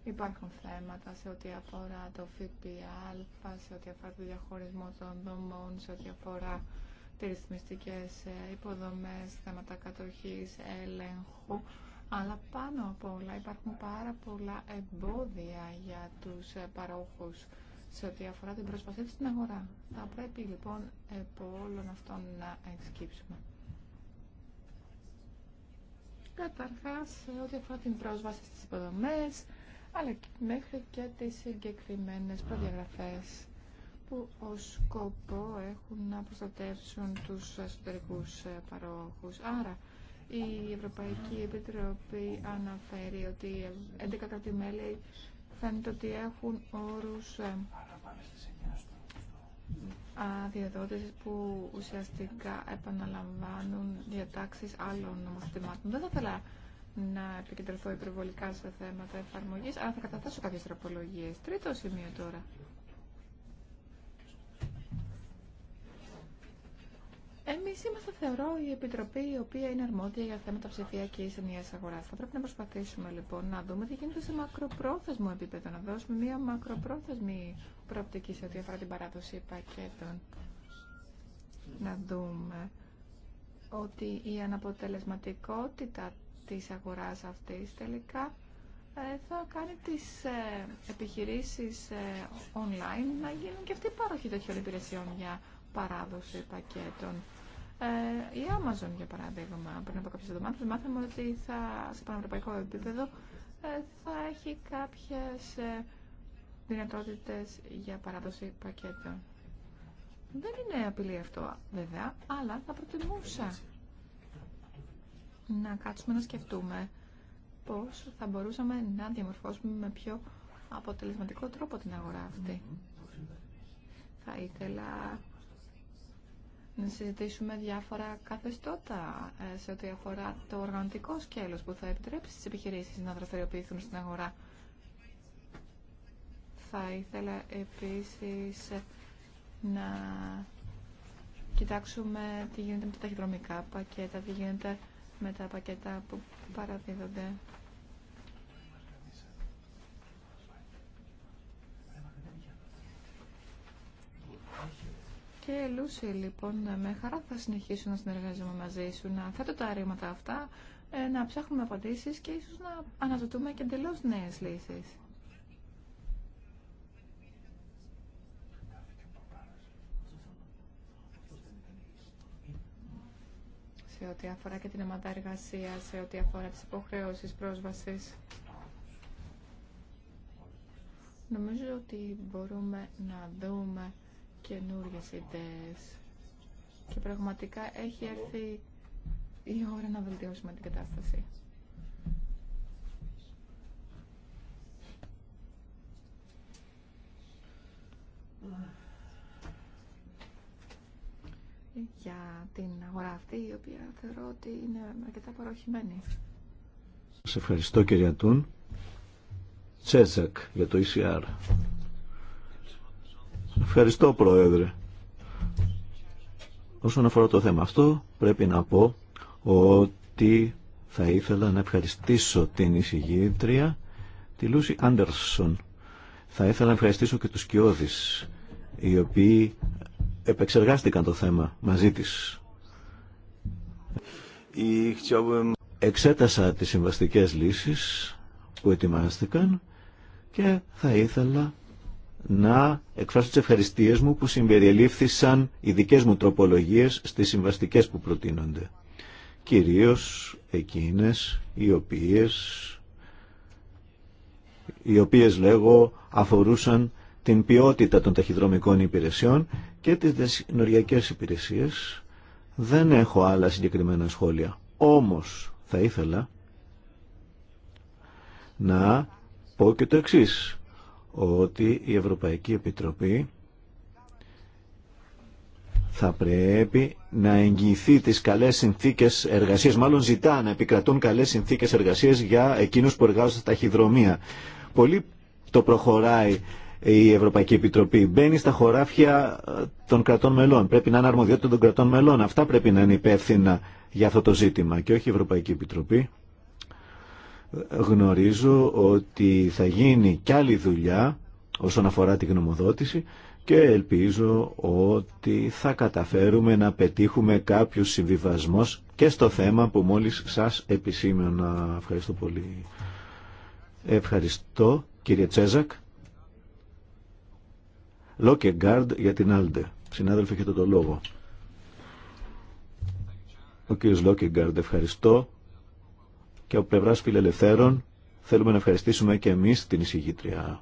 Υπάρχουν θέματα σε ό,τι αφορά το ΦΠΑ, σε ό,τι αφορά το διαχωρισμό των δομών, σε ό,τι αφορά τι ρυθμιστικές ε, υποδομές, θέματα κατοχής, έλεγχου, αλλά πάνω από όλα υπάρχουν πάρα πολλά εμπόδια για τους ε, παρόχους σε ό,τι αφορά την πρόσβασή στην αγορά. Θα πρέπει λοιπόν από όλων αυτών να εξκύψουμε. Καταρχάς, σε ό,τι αφορά την πρόσβαση στις υποδομές, αλλά μέχρι και τις συγκεκριμένες προδιαγραφές που ως σκοπό έχουν να προστατεύσουν τους εσωτερικούς ε, παρόχους. Άρα, η Ευρωπαϊκή Επιτροπή αναφέρει ότι 11 κράτη-μέλη φαίνεται ότι έχουν όρους ε, αδειοδότησης που ουσιαστικά επαναλαμβάνουν διατάξεις άλλων νομοθετημάτων. Δεν θα ήθελα να επικεντρωθώ υπερβολικά σε θέματα εφαρμογής, αλλά θα καταθέσω κάποιες τροπολογίες. Τρίτο σημείο τώρα. Εμεί είμαστε, θεωρώ, η Επιτροπή η οποία είναι αρμόδια για θέματα ψηφιακή ενιαία αγορά. Θα πρέπει να προσπαθήσουμε λοιπόν να δούμε τι γίνεται σε μακροπρόθεσμο επίπεδο, να δώσουμε μια μακροπρόθεσμη προοπτική σε ό,τι αφορά την παράδοση πακέτων. Να δούμε ότι η αναποτελεσματικότητα της αγοράς αυτής τελικά ε, θα κάνει τις ε, επιχειρήσεις ε, online να γίνουν και αυτή η παροχή τέτοιων υπηρεσιών για παράδοση πακέτων. Ε, η Amazon, για παράδειγμα, πριν από κάποιε εβδομάδε, μάθαμε ότι θα, σε πανευρωπαϊκό επίπεδο ε, θα έχει κάποιε δυνατότητε για παράδοση πακέτων. Δεν είναι απειλή αυτό, βέβαια, αλλά θα προτιμούσα να κάτσουμε να σκεφτούμε πώς θα μπορούσαμε να διαμορφώσουμε με πιο αποτελεσματικό τρόπο την αγορά αυτή. Θα ήθελα να συζητήσουμε διάφορα καθεστώτα ε, σε ό,τι αφορά το οργανωτικό σκέλος που θα επιτρέψει στις επιχειρήσεις να δραστηριοποιηθούν στην αγορά. Θα ήθελα επίσης ε, να κοιτάξουμε τι γίνεται με τα ταχυδρομικά πακέτα, τι γίνεται με τα πακέτα που παραδίδονται Και Λούση, λοιπόν, με χαρά θα συνεχίσω να συνεργάζομαι μαζί σου, να θέτω τα ρήματα αυτά, ε, να ψάχνουμε απαντήσεις και ίσως να αναζητούμε και εντελώ νέες λύσεις. σε ό,τι αφορά και την ομάδα εργασία, σε ό,τι αφορά τις υποχρεώσεις πρόσβασης. Νομίζω ότι μπορούμε να δούμε καινούριε ιδέε. και πραγματικά έχει έρθει η ώρα να βελτιώσουμε την κατάσταση. για την αγορά αυτή η οποία θεωρώ ότι είναι αρκετά παροχημένη. Σε ευχαριστώ κύρια Τούν. Τσέζακ για το ECR. Ευχαριστώ Πρόεδρε. Όσον αφορά το θέμα αυτό, πρέπει να πω ότι θα ήθελα να ευχαριστήσω την εισηγήτρια, τη Λούση Άντερσον. Θα ήθελα να ευχαριστήσω και τους Κιώδης, οι οποίοι επεξεργάστηκαν το θέμα μαζί της. Εξέτασα τις συμβαστικές λύσεις που ετοιμάστηκαν και θα ήθελα να εκφράσω τι ευχαριστίε μου που συμπεριελήφθησαν οι δικές μου τροπολογίες στις συμβαστικές που προτείνονται. Κυρίως εκείνες οι οποίες, οι οποίες λέγω αφορούσαν την ποιότητα των ταχυδρομικών υπηρεσιών και τις νοριακές υπηρεσίες. Δεν έχω άλλα συγκεκριμένα σχόλια. Όμως θα ήθελα να πω και το εξής ότι η Ευρωπαϊκή Επιτροπή θα πρέπει να εγγυηθεί τις καλές συνθήκες εργασίας, μάλλον ζητά να επικρατούν καλές συνθήκες εργασίας για εκείνους που εργάζονται στα ταχυδρομεία. Πολύ το προχωράει η Ευρωπαϊκή Επιτροπή. Μπαίνει στα χωράφια ε, των κρατών μελών. Πρέπει να είναι αρμοδιότητα των κρατών μελών. Αυτά πρέπει να είναι υπεύθυνα για αυτό το ζήτημα και όχι η Ευρωπαϊκή Επιτροπή γνωρίζω ότι θα γίνει κι άλλη δουλειά όσον αφορά τη γνωμοδότηση και ελπίζω ότι θα καταφέρουμε να πετύχουμε κάποιους συμβιβασμός και στο θέμα που μόλις σας επισήμενα. Ευχαριστώ πολύ. Ευχαριστώ κύριε Τσέζακ. Γκάρντ για την Άλντε. Συνάδελφοι έχετε το λόγο. Ο κύριος Γκάρντ, ευχαριστώ. Και από πλευράς φιλελευθέρων θέλουμε να ευχαριστήσουμε και εμείς την εισηγήτρια.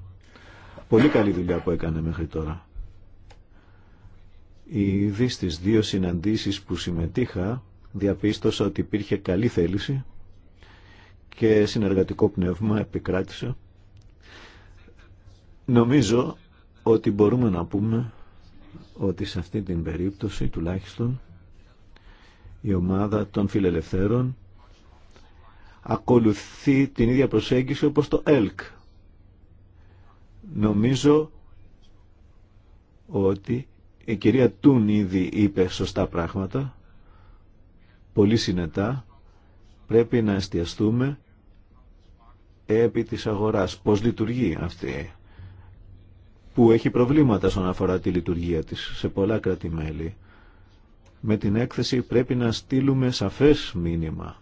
Πολύ καλή δουλειά που έκανε μέχρι τώρα. Ήδη στις δύο συναντήσεις που συμμετείχα διαπίστωσα ότι υπήρχε καλή θέληση και συνεργατικό πνεύμα επικράτησε. Νομίζω ότι μπορούμε να πούμε ότι σε αυτή την περίπτωση τουλάχιστον η ομάδα των φιλελευθέρων ακολουθεί την ίδια προσέγγιση όπως το ΕΛΚ. Νομίζω ότι η κυρία Τούν ήδη είπε σωστά πράγματα, πολύ συνετά, πρέπει να εστιαστούμε επί της αγοράς, πώς λειτουργεί αυτή, που έχει προβλήματα στον αφορά τη λειτουργία της σε πολλά κράτη-μέλη. Με την έκθεση πρέπει να στείλουμε σαφές μήνυμα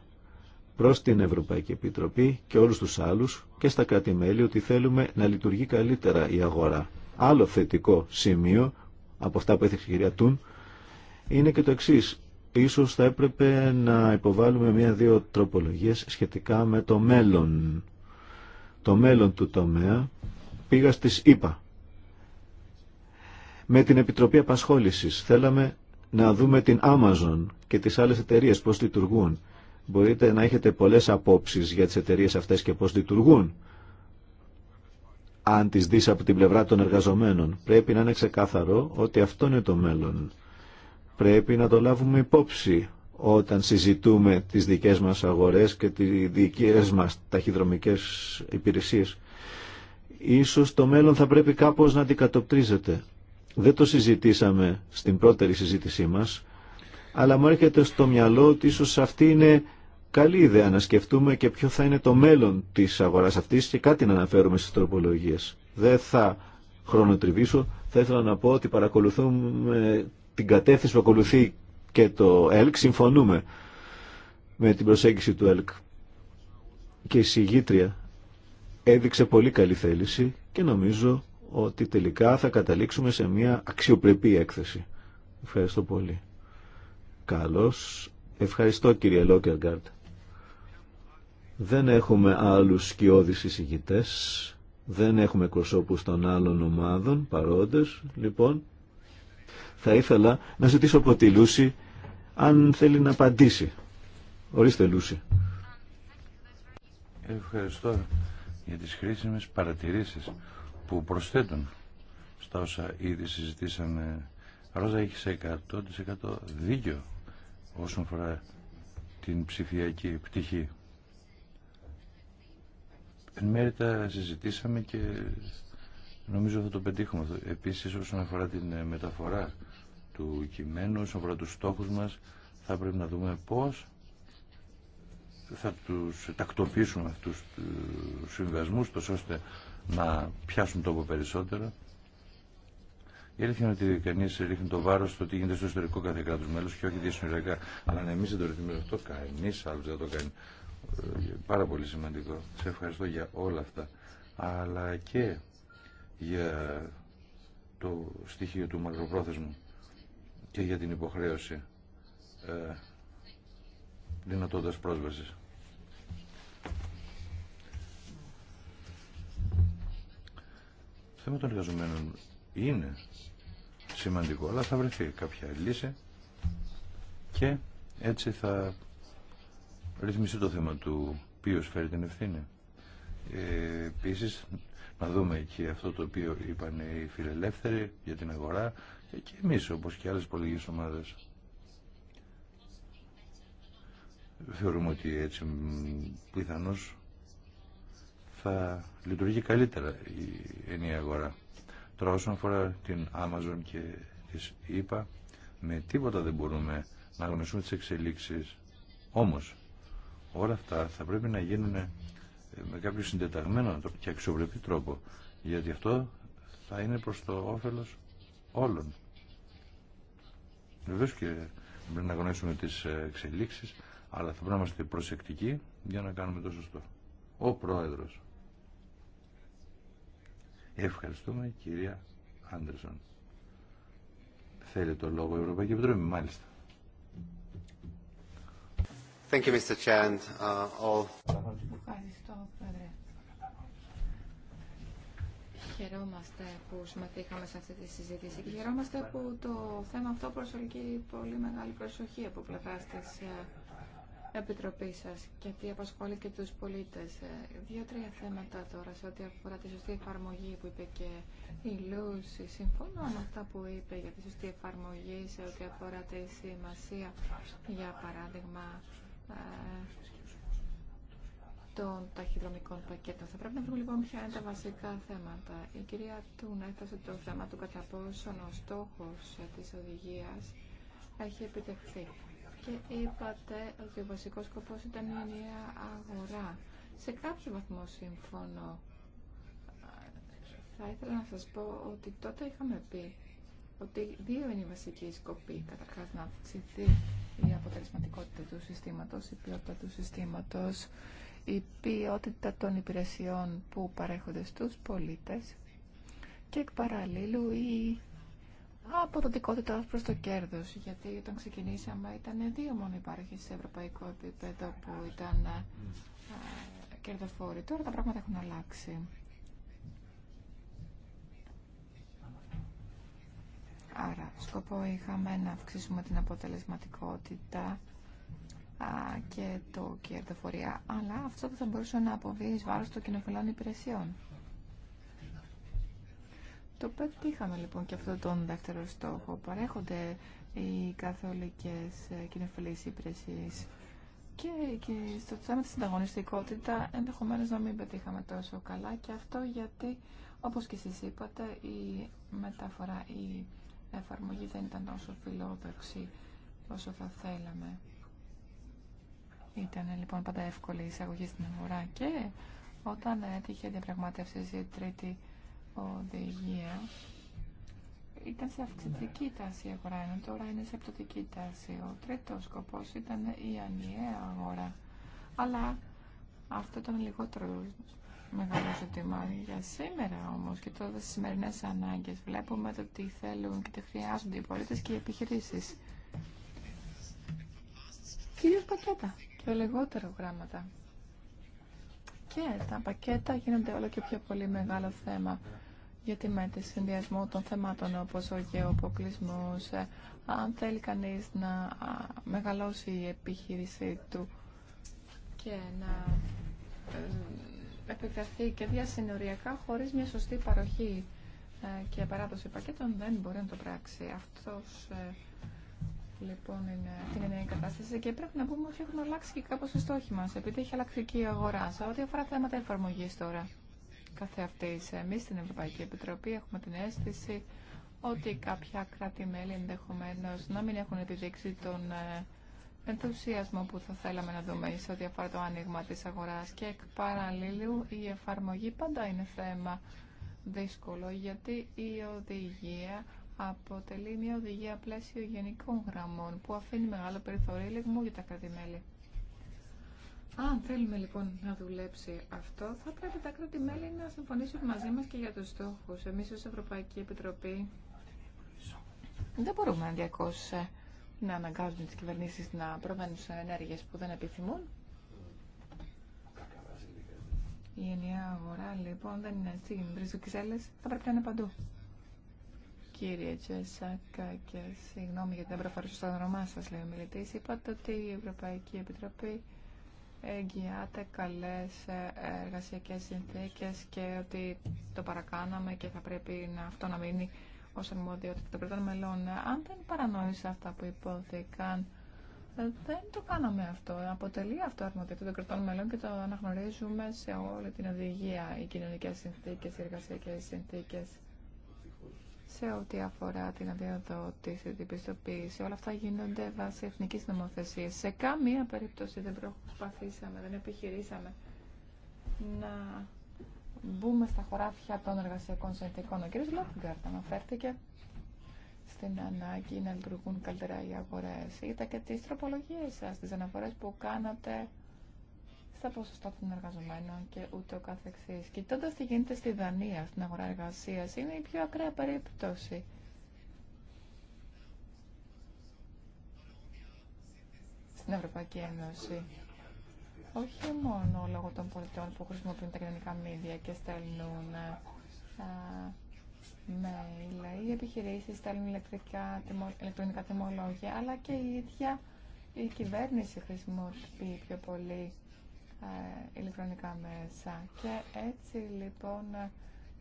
προς την Ευρωπαϊκή Επιτροπή και όλους τους άλλους και στα κράτη-μέλη ότι θέλουμε να λειτουργεί καλύτερα η αγορά. Άλλο θετικό σημείο από αυτά που έθεσε η κυρία Τούν είναι και το εξή. Ίσως θα έπρεπε να υποβάλουμε μία-δύο τροπολογίες σχετικά με το μέλλον. Το μέλλον του τομέα πήγα στις ΗΠΑ. Με την Επιτροπή Απασχόλησης θέλαμε να δούμε την Amazon και τις άλλες εταιρείες πώς λειτουργούν μπορείτε να έχετε πολλές απόψεις για τις εταιρείες αυτές και πώς λειτουργούν. Αν τις δεις από την πλευρά των εργαζομένων, πρέπει να είναι ξεκάθαρο ότι αυτό είναι το μέλλον. Πρέπει να το λάβουμε υπόψη όταν συζητούμε τις δικές μας αγορές και τις δικές μας ταχυδρομικές υπηρεσίες. Ίσως το μέλλον θα πρέπει κάπως να αντικατοπτρίζεται. Δεν το συζητήσαμε στην πρώτερη συζήτησή μας, αλλά μου έρχεται στο μυαλό ότι ίσως αυτή είναι καλή ιδέα να σκεφτούμε και ποιο θα είναι το μέλλον της αγοράς αυτής και κάτι να αναφέρουμε στις τροπολογίες. Δεν θα χρονοτριβήσω, θα ήθελα να πω ότι παρακολουθούμε την κατεύθυνση που ακολουθεί και το ΕΛΚ, συμφωνούμε με την προσέγγιση του ΕΛΚ. Και η συγγήτρια έδειξε πολύ καλή θέληση και νομίζω ότι τελικά θα καταλήξουμε σε μια αξιοπρεπή έκθεση. Ευχαριστώ πολύ. Καλώς. Ευχαριστώ κύριε Λόκεργαρτ. Δεν έχουμε άλλους σκιώδεις εισηγητές, δεν έχουμε εκπροσώπους των άλλων ομάδων παρόντες, λοιπόν. Θα ήθελα να ζητήσω από τη Λούση αν θέλει να απαντήσει. Ορίστε Λούση. Ευχαριστώ για τις χρήσιμες παρατηρήσεις που προσθέτουν στα όσα ήδη συζητήσαμε. Ρόζα έχει 100% δίκιο όσον φορά την ψηφιακή πτυχή. Εν μέρει τα συζητήσαμε και νομίζω θα το πετύχουμε. Επίσης όσον αφορά την ε, μεταφορά του κειμένου, όσον αφορά του στόχους μας, θα πρέπει να δούμε πώς θα τους τακτοποιήσουμε αυτούς τους συμβασμούς, τόσο ώστε να πιάσουν τόπο περισσότερο. Η αλήθεια είναι ότι κανεί ρίχνει το βάρο στο τι γίνεται στο ιστορικό κάθε κράτο μέλο και όχι διασυνοριακά. Αλλά εμεί δεν το ρίχνουμε αυτό. Κανεί άλλο δεν το κάνει πάρα πολύ σημαντικό. Σε ευχαριστώ για όλα αυτά. Αλλά και για το στοιχείο του μακροπρόθεσμου και για την υποχρέωση ε, δυνατότητας πρόσβασης. Το θέμα των εργαζομένων είναι σημαντικό, αλλά θα βρεθεί κάποια λύση και έτσι θα ρυθμιστεί το θέμα του ποιος φέρει την ευθύνη. Ε, να δούμε και αυτό το οποίο είπαν οι φιλελεύθεροι για την αγορά και εμείς όπως και άλλες πολιτικές ομάδες. Θεωρούμε ότι έτσι πιθανώς θα λειτουργεί καλύτερα η ενιαία αγορά. Τώρα όσον αφορά την Amazon και της είπα, με τίποτα δεν μπορούμε να γνωρίσουμε τις εξελίξεις. Όμως όλα αυτά θα πρέπει να γίνουν ε, με κάποιο συντεταγμένο και αξιοπρεπή τρόπο γιατί αυτό θα είναι προς το όφελος όλων. Βεβαίως και πρέπει να γνωρίσουμε τις ε, εξελίξεις αλλά θα πρέπει να είμαστε προσεκτικοί για να κάνουμε το σωστό. Ο Πρόεδρος. Ευχαριστούμε κυρία Άντερσον. Θέλει το λόγο η Ευρωπαϊκή Επιτροπή, μάλιστα. Thank you, Mr. Uh, all. Ευχαριστώ, Πρόεδρε. Χαιρόμαστε που συμμετείχαμε σε αυτή τη συζήτηση και χαιρόμαστε που το θέμα αυτό προσελκύει πολύ μεγάλη προσοχή από πλευρά τη ε, Επιτροπή σα, γιατί απασχολεί και του πολίτε. Ε, δύο-τρία θέματα τώρα σε ό,τι αφορά τη σωστή εφαρμογή που είπε και η Λούση. Συμφωνώ με αυτά που είπε για τη σωστή εφαρμογή σε ό,τι αφορά τη σημασία, για παράδειγμα, ε, των ταχυδρομικών πακέτων. Θα πρέπει να βρούμε λοιπόν ποια είναι τα βασικά θέματα. Η κυρία Τούν έφτασε το θέμα του κατά πόσον ο στόχο της οδηγία έχει επιτευχθεί. Και είπατε ότι ο βασικός σκοπός ήταν η ενιαία αγορά. Σε κάποιο βαθμό συμφωνώ. Θα ήθελα να σας πω ότι τότε είχαμε πει ότι δύο είναι οι βασικοί σκοποί. Καταρχά, να αυξηθεί η αποτελεσματικότητα του συστήματο, η ποιότητα του συστήματο, η ποιότητα των υπηρεσιών που παρέχονται στους πολίτες και εκ παραλλήλου η αποδοτικότητα προ το κέρδος γιατί όταν ξεκινήσαμε ήταν δύο μόνο υπάρχει σε ευρωπαϊκό επίπεδο που ήταν ε, κερδοφόροι τώρα τα πράγματα έχουν αλλάξει Άρα, σκοπό είχαμε να αυξήσουμε την αποτελεσματικότητα και το κερδοφορία, αλλά αυτό δεν θα μπορούσε να αποβεί εις βάρος των κοινοφελών υπηρεσιών. Το πετύχαμε λοιπόν και αυτό τον δεύτερο στόχο. Παρέχονται οι καθολικές ε, κοινοφελείς υπηρεσίες και, και στο θέμα της ανταγωνιστικότητα ενδεχομένως να μην πετύχαμε τόσο καλά και αυτό γιατί όπως και εσείς είπατε η μεταφορά, η εφαρμογή δεν ήταν τόσο φιλόδοξη όσο θα θέλαμε. Ήταν λοιπόν πάντα εύκολη η εισαγωγή στην αγορά και όταν έτυχε διαπραγματεύσει η τρίτη οδηγία ήταν σε αυξητική τάση η αγορά, ενώ τώρα είναι σε πτωτική τάση. Ο τρίτο σκοπό ήταν η ανιαία αγορά. Αλλά αυτό ήταν λιγότερο μεγάλο ζήτημα για σήμερα όμως και τώρα στι σημερινές ανάγκες. Βλέπουμε το τι θέλουν και τι χρειάζονται οι πολίτες και οι επιχειρήσεις. Κυρίω πακέτα και λιγότερο γράμματα. Και τα πακέτα γίνονται όλο και πιο πολύ μεγάλο θέμα γιατί με τη συνδυασμό των θεμάτων όπως ο γεωποκλεισμός, αν θέλει κανείς να μεγαλώσει η επιχείρησή του και να ε, επεκταθεί και διασυνοριακά χωρίς μια σωστή παροχή ε, και παράδοση πακέτων δεν μπορεί να το πράξει. Αυτός ε, λοιπόν είναι, την νέα κατάσταση και πρέπει να πούμε ότι έχουν αλλάξει και κάπως οι στόχοι μας επειδή έχει αλλάξει και η αγορά σε ό,τι αφορά θέματα εφαρμογή τώρα καθε αυτής. Εμείς στην Ευρωπαϊκή Επιτροπή έχουμε την αίσθηση ότι κάποια κράτη-μέλη ενδεχομένω να μην έχουν επιδείξει τον ε, ενθουσιασμό που θα θέλαμε να δούμε σε ό,τι αφορά το άνοιγμα της αγοράς και εκ παραλλήλου η εφαρμογή πάντα είναι θέμα δύσκολο γιατί η οδηγία αποτελεί μια οδηγία πλαίσιο γενικών γραμμών που αφήνει μεγάλο περιθώριο λιγμού για τα κράτη-μέλη. Αν θέλουμε λοιπόν να δουλέψει αυτό, θα πρέπει τα κράτη-μέλη να συμφωνήσουν μαζί μας και για τους στόχους. Εμείς ως Ευρωπαϊκή Επιτροπή δεν μπορούμε να διακόσουμε να αναγκάζουν τις κυβερνήσεις να προβαίνουν σε ενέργειες που δεν επιθυμούν. Η ενιαία αγορά λοιπόν δεν είναι έτσι, οι θα πρέπει να είναι παντού. Κύριε Τσεσάκα και συγγνώμη γιατί δεν προφέρω στο όνομά σα λέει ο μιλητή. είπατε ότι η Ευρωπαϊκή Επιτροπή εγγυάται καλέ ε, εργασιακέ συνθήκε και ότι το παρακάναμε και θα πρέπει να αυτό να μείνει ω αρμοδιότητα των κρατών μελών. Αν δεν παρανόησα αυτά που υπόθηκαν, δεν το κάναμε αυτό. Αποτελεί αυτό αρμοδιότητα των κρατών μελών και το αναγνωρίζουμε σε όλη την οδηγία. Οι κοινωνικέ συνθήκε, οι εργασιακέ συνθήκε, σε ό,τι αφορά την αδειοδότηση, την πιστοποίηση, όλα αυτά γίνονται βάσει εθνική νομοθεσία. Σε καμία περίπτωση δεν προσπαθήσαμε, δεν επιχειρήσαμε να μπούμε στα χωράφια των εργασιακών συνθήκων. Ο κ. Λόκγκαρτ αναφέρθηκε στην ανάγκη να λειτουργούν καλύτερα οι αγορέ. Είδα και τι τροπολογίε σα, τι αναφορέ που κάνατε στα ποσοστά των εργαζομένων και ούτω καθεξή. Κοιτώντα τι γίνεται στη Δανία, στην αγορά εργασία, είναι η πιο ακραία περίπτωση. Στην Ευρωπαϊκή Ένωση όχι μόνο λόγω των πολιτών που χρησιμοποιούν τα κοινωνικά μίδια και στέλνουν ε, mail, οι επιχειρήσεις στέλνουν ηλεκτρικά, ηλεκτρονικά τιμολόγια, αλλά και η ίδια η κυβέρνηση χρησιμοποιεί πιο πολύ ε, ηλεκτρονικά μέσα. Και έτσι λοιπόν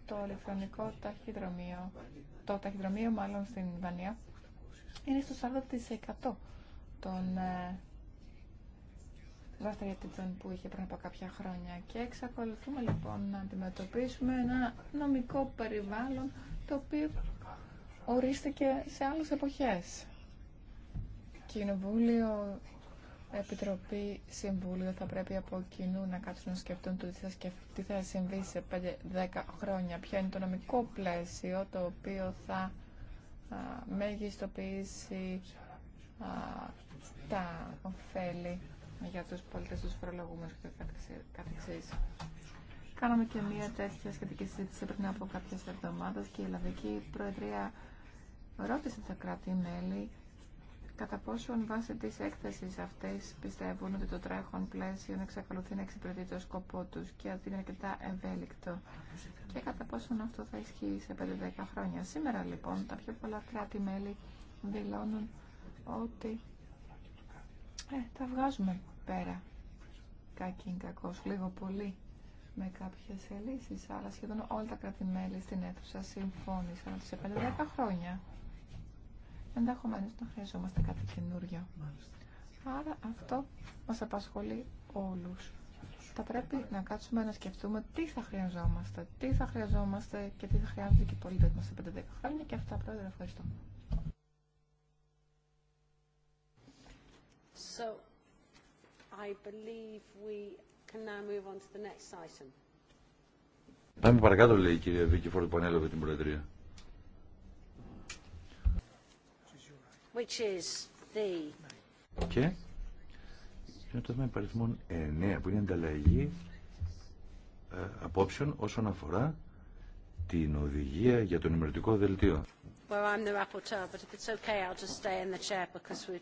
το ηλεκτρονικό ταχυδρομείο, το ταχυδρομείο μάλλον στην Δανία, είναι στο 40% των ε, τον που είχε πριν από κάποια χρόνια. Και εξακολουθούμε λοιπόν να αντιμετωπίσουμε ένα νομικό περιβάλλον το οποίο ορίστηκε σε άλλες εποχές. Κοινοβούλιο, Επιτροπή, Συμβούλιο θα πρέπει από κοινού να κάτσουν να σκεφτούν το τι θα συμβεί σε 5-10 χρόνια, ποιο είναι το νομικό πλαίσιο το οποίο θα μεγιστοποιήσει τα ωφέλη για τους πολίτες, τους φορολογούμενους και καθεξής. Κάναμε και μία τέτοια σχετική συζήτηση πριν από κάποιες εβδομάδες και η Ελλαδική Προεδρία ρώτησε τα κράτη-μέλη κατά πόσον βάσει της έκθεσης αυτέ πιστεύουν ότι το τρέχον πλαίσιο να εξακολουθεί να εξυπηρετεί το σκοπό τους και ότι είναι αρκετά ευέλικτο και κατά πόσο αυτό θα ισχύει σε 5-10 χρόνια. Σήμερα λοιπόν τα πιο πολλά κράτη-μέλη δηλώνουν ότι ε, τα βγάζουμε πέρα. Κακήν κακό, λίγο πολύ με κάποιε λύσει. αλλά σχεδόν όλα τα κρατημέλη στην αίθουσα συμφώνησαν ότι σε 5-10 χρόνια ενδεχομένως να χρειαζόμαστε κάτι καινούριο. Άρα αυτό μα απασχολεί όλου. Θα πρέπει να κάτσουμε να σκεφτούμε τι θα χρειαζόμαστε, τι θα χρειαζόμαστε και τι θα χρειάζονται και οι πολίτε μα σε 5-10 χρόνια και αυτά, Πρόεδρε, ευχαριστώ. So I believe we can now move on to the next item. Πάμε παρακάτω, λέει η κυρία Βίκη Φόρτ που ανέλαβε την Προεδρία. Which is the... Και είναι το θέμα υπαριθμών 9 που είναι ανταλλαγή ε, απόψεων όσον αφορά την οδηγία για το νημερωτικό δελτίο. Well, I'm the rapporteur, but if it's okay, I'll just stay in the chair because we're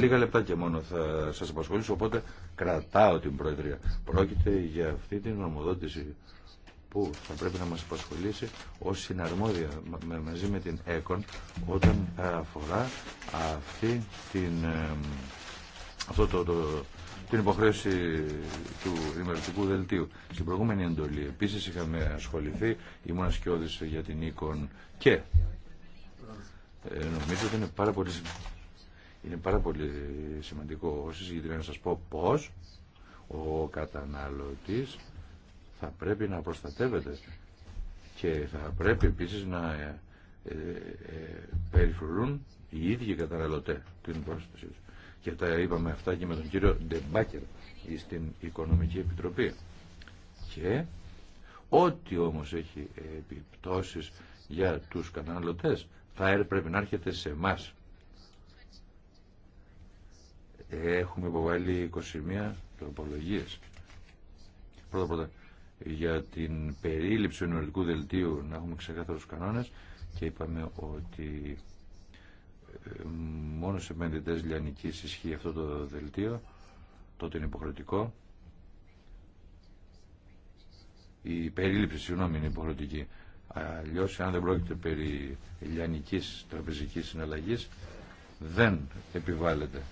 Λίγα λεπτά και μόνο θα σας απασχολήσω, οπότε κρατάω την Προεδρία. Πρόκειται για αυτή την νομοδότηση που θα πρέπει να μας απασχολήσει ως συναρμόδια μαζί με την ΕΚΟΝ όταν αφορά αυτή την, αυτό το, την υποχρέωση του ημερωτικού δελτίου. Στην προηγούμενη εντολή επίσης είχαμε ασχοληθεί, ήμουν ασκιώδης για την ΕΚΟΝ και ε, νομίζω ότι είναι πάρα πολύ, είναι πάρα πολύ σημαντικό όσοι συγκεκριμένα να σας πω πώς ο καταναλωτής θα πρέπει να προστατεύεται και θα πρέπει επίσης να ε, ε, ε οι ίδιοι καταναλωτέ την πρόσθεση τους. Και τα είπαμε αυτά και με τον κύριο Ντεμπάκερ στην Οικονομική Επιτροπή. Και ό,τι όμως έχει επιπτώσεις για τους καταναλωτές θα έπρεπε να έρχεται σε εμά. Έχουμε υποβάλει 21 τροπολογίες. Πρώτα πρώτα για την περίληψη του δελτίου να έχουμε ξεκάθαρους κανόνες και είπαμε ότι ε, μόνο σε επενδυτές λιανικής ισχύει αυτό το δελτίο τότε είναι υποχρεωτικό η περίληψη συγγνώμη είναι υποχρεωτική Αλλιώ αν δεν πρόκειται περί ηλιανική τραπεζικής συναλλαγή δεν επιβάλλεται.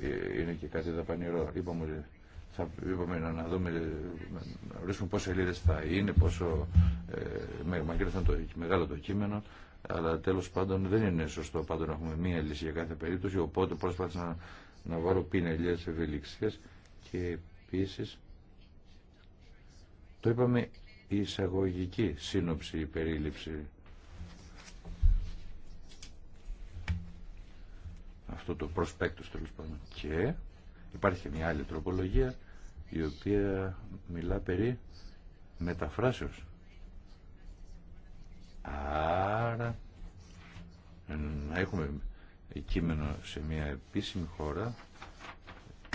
Ε, είναι και κάτι δαπανηρό. Είπαμε, είπαμε να, δούμε, να ορίσουμε πόσε σελίδε θα είναι, πόσο ε, θα το, μεγάλο το κείμενο, αλλά τέλος πάντων δεν είναι σωστό πάντων να έχουμε μία λύση για κάθε περίπτωση, οπότε προσπάθησα να, να βάλω πινελιές ευελιξίες και επίση το είπαμε η εισαγωγική σύνοψη ή περίληψη. Αυτό το προσπέκτος τέλο πάντων. Και υπάρχει μια άλλη τροπολογία η οποία μιλά περί μεταφράσεως. Άρα να έχουμε κείμενο σε μια επίσημη χώρα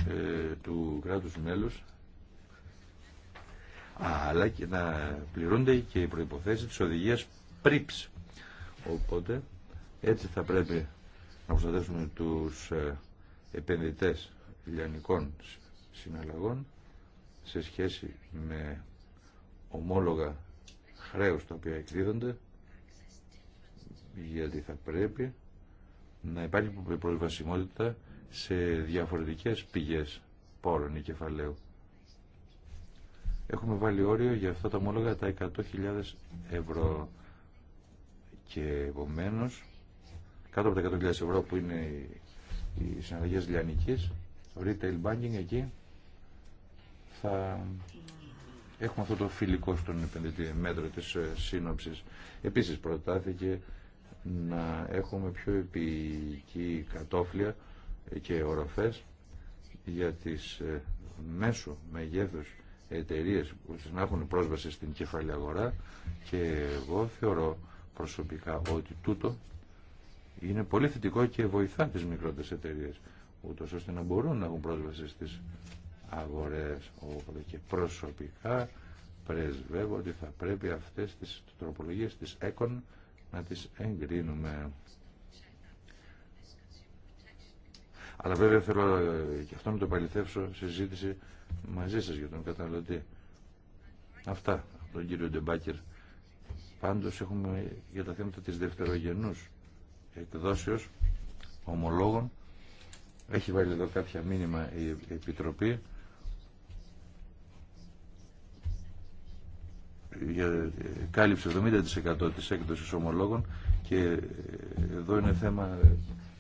ε, του κράτους μέλους αλλά και να πληρούνται και οι προϋποθέσεις της οδηγίας PRIPS. Οπότε έτσι θα πρέπει να προστατεύσουμε τους ε, επενδυτές λιανικών συναλλαγών σε σχέση με ομόλογα χρέους τα οποία εκδίδονται γιατί θα πρέπει να υπάρχει προσβασιμότητα σε διαφορετικές πηγές πόρων ή κεφαλαίου έχουμε βάλει όριο για αυτά τα ομόλογα τα 100.000 ευρώ και επομένω κάτω από τα 100.000 ευρώ που είναι οι συναλλαγές λιανικής retail banking εκεί θα έχουμε αυτό το φιλικό στον επενδυτή μέτρο της ε, σύνοψης επίσης προτάθηκε να έχουμε πιο επίκη κατόφλια και οροφές για τις ε, μέσου μεγέθους εταιρείε να έχουν πρόσβαση στην κεφαλή αγορά και εγώ θεωρώ προσωπικά ότι τούτο είναι πολύ θετικό και βοηθά τις μικρότερες εταιρείε ούτω ώστε να μπορούν να έχουν πρόσβαση στις αγορές οπότε και προσωπικά πρεσβεύω ότι θα πρέπει αυτές τις τροπολογίες της ΕΚΟΝ να τις εγκρίνουμε. Αλλά βέβαια θέλω ε, και αυτό να το παληθεύσω σε συζήτηση μαζί σας για τον καταναλωτή. Αυτά από τον κύριο Ντεμπάκερ. Πάντως έχουμε για τα θέματα της δευτερογενούς εκδόσεως ομολόγων. Έχει βάλει εδώ κάποια μήνυμα η Επιτροπή για ε, κάλυψη 70% της έκδοσης ομολόγων και ε, εδώ είναι θέμα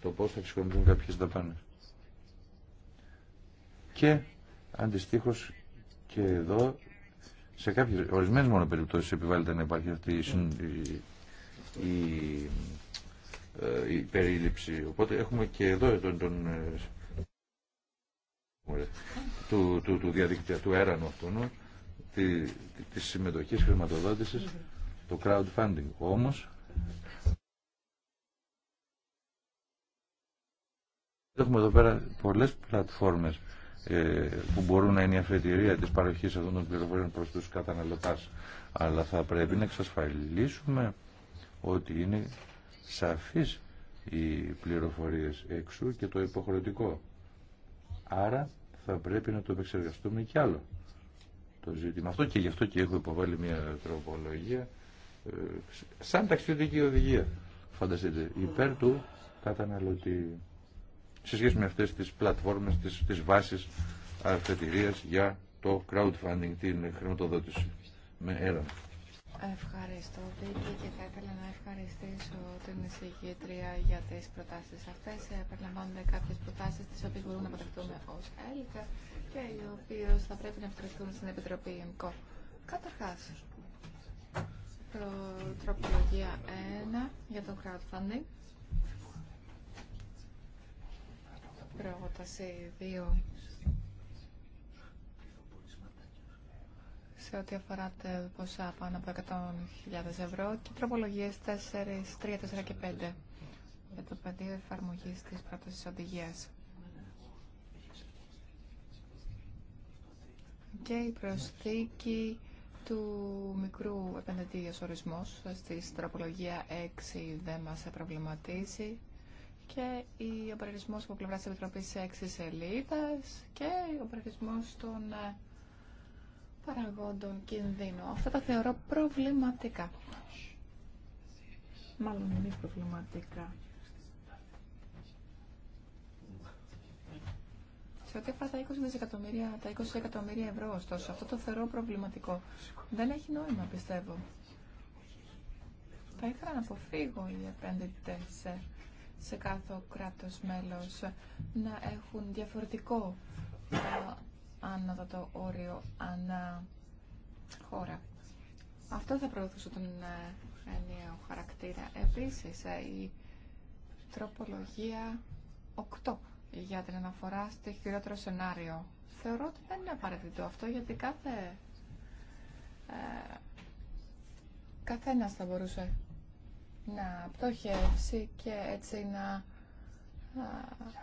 το πώς θα εξοικονομηθούν κάποιες δαπάνες και αντιστοίχω και εδώ σε κάποιες ορισμένες μόνο περιπτώσεις επιβάλλεται να υπάρχει αυτή η, η, ε, η, περίληψη. Οπότε έχουμε και εδώ τον, τον ε, του, του, του διαδικτυα, του έρανου αυτού, τη, της συμμετοχής χρηματοδότησης, το crowdfunding. Όμως, έχουμε εδώ πέρα πολλές πλατφόρμες ε, που μπορούν να είναι η αφετηρία της παροχής αυτών των πληροφοριών προς τους καταναλωτάς. Αλλά θα πρέπει να εξασφαλίσουμε ότι είναι σαφείς οι πληροφορίες εξού και το υποχρεωτικό. Άρα θα πρέπει να το επεξεργαστούμε κι άλλο το ζήτημα αυτό και γι' αυτό και έχω υποβάλει μια τροπολογία ε, σαν ταξιδιωτική οδηγία φανταστείτε υπέρ του καταναλωτή σε σχέση με αυτές τις πλατφόρμες, τις, τις βάσεις αφετηρίας για το crowdfunding, την χρηματοδότηση με έραν. Ευχαριστώ, Βίκη, και θα ήθελα να ευχαριστήσω την εισηγήτρια για τις προτάσεις αυτές. Επαναλαμβάνονται κάποιες προτάσεις τις οποίες μπορούμε να παραδεχτούμε ως έλικα και οι οποίες θα πρέπει να ευχαριστούν στην Επιτροπή ΕΜΚΟ. Καταρχάς, τροπολογία 1 για το crowdfunding. πρόταση 2 σε ό,τι αφορά τα ποσά πάνω από 100.000 ευρώ και τροπολογίες 4, 3, 4 και 5 για το πεδίο εφαρμογή τη πρόταση οδηγία. Και η προσθήκη του μικρού επενδυτή ορισμός στη τροπολογία 6 δεν μας προβληματίσει και ο περιορισμό από πλευρά τη Επιτροπή σε έξι σελίδε και ο περιορισμό των ε, παραγόντων κινδύνου. Αυτά τα θεωρώ προβληματικά. Μάλλον είναι προβληματικά. Σε ό,τι αφορά τα 20 δισεκατομμύρια, τα 20 εκατομμύρια ευρώ, ωστόσο, αυτό το θεωρώ προβληματικό. Δεν έχει νόημα, πιστεύω. Θα ήθελα να αποφύγω οι επένδυτες ε, σε κάθε κράτος μέλος να έχουν διαφορετικό ε, το όριο ανά χώρα. Αυτό θα προωθούσε τον ε, ενιαίο χαρακτήρα. Επίσης, ε, η τροπολογία 8 για την αναφορά στο χειρότερο σενάριο. Θεωρώ ότι δεν είναι απαραίτητο αυτό, γιατί κάθε ε, καθένας θα μπορούσε να πτωχεύσει και έτσι να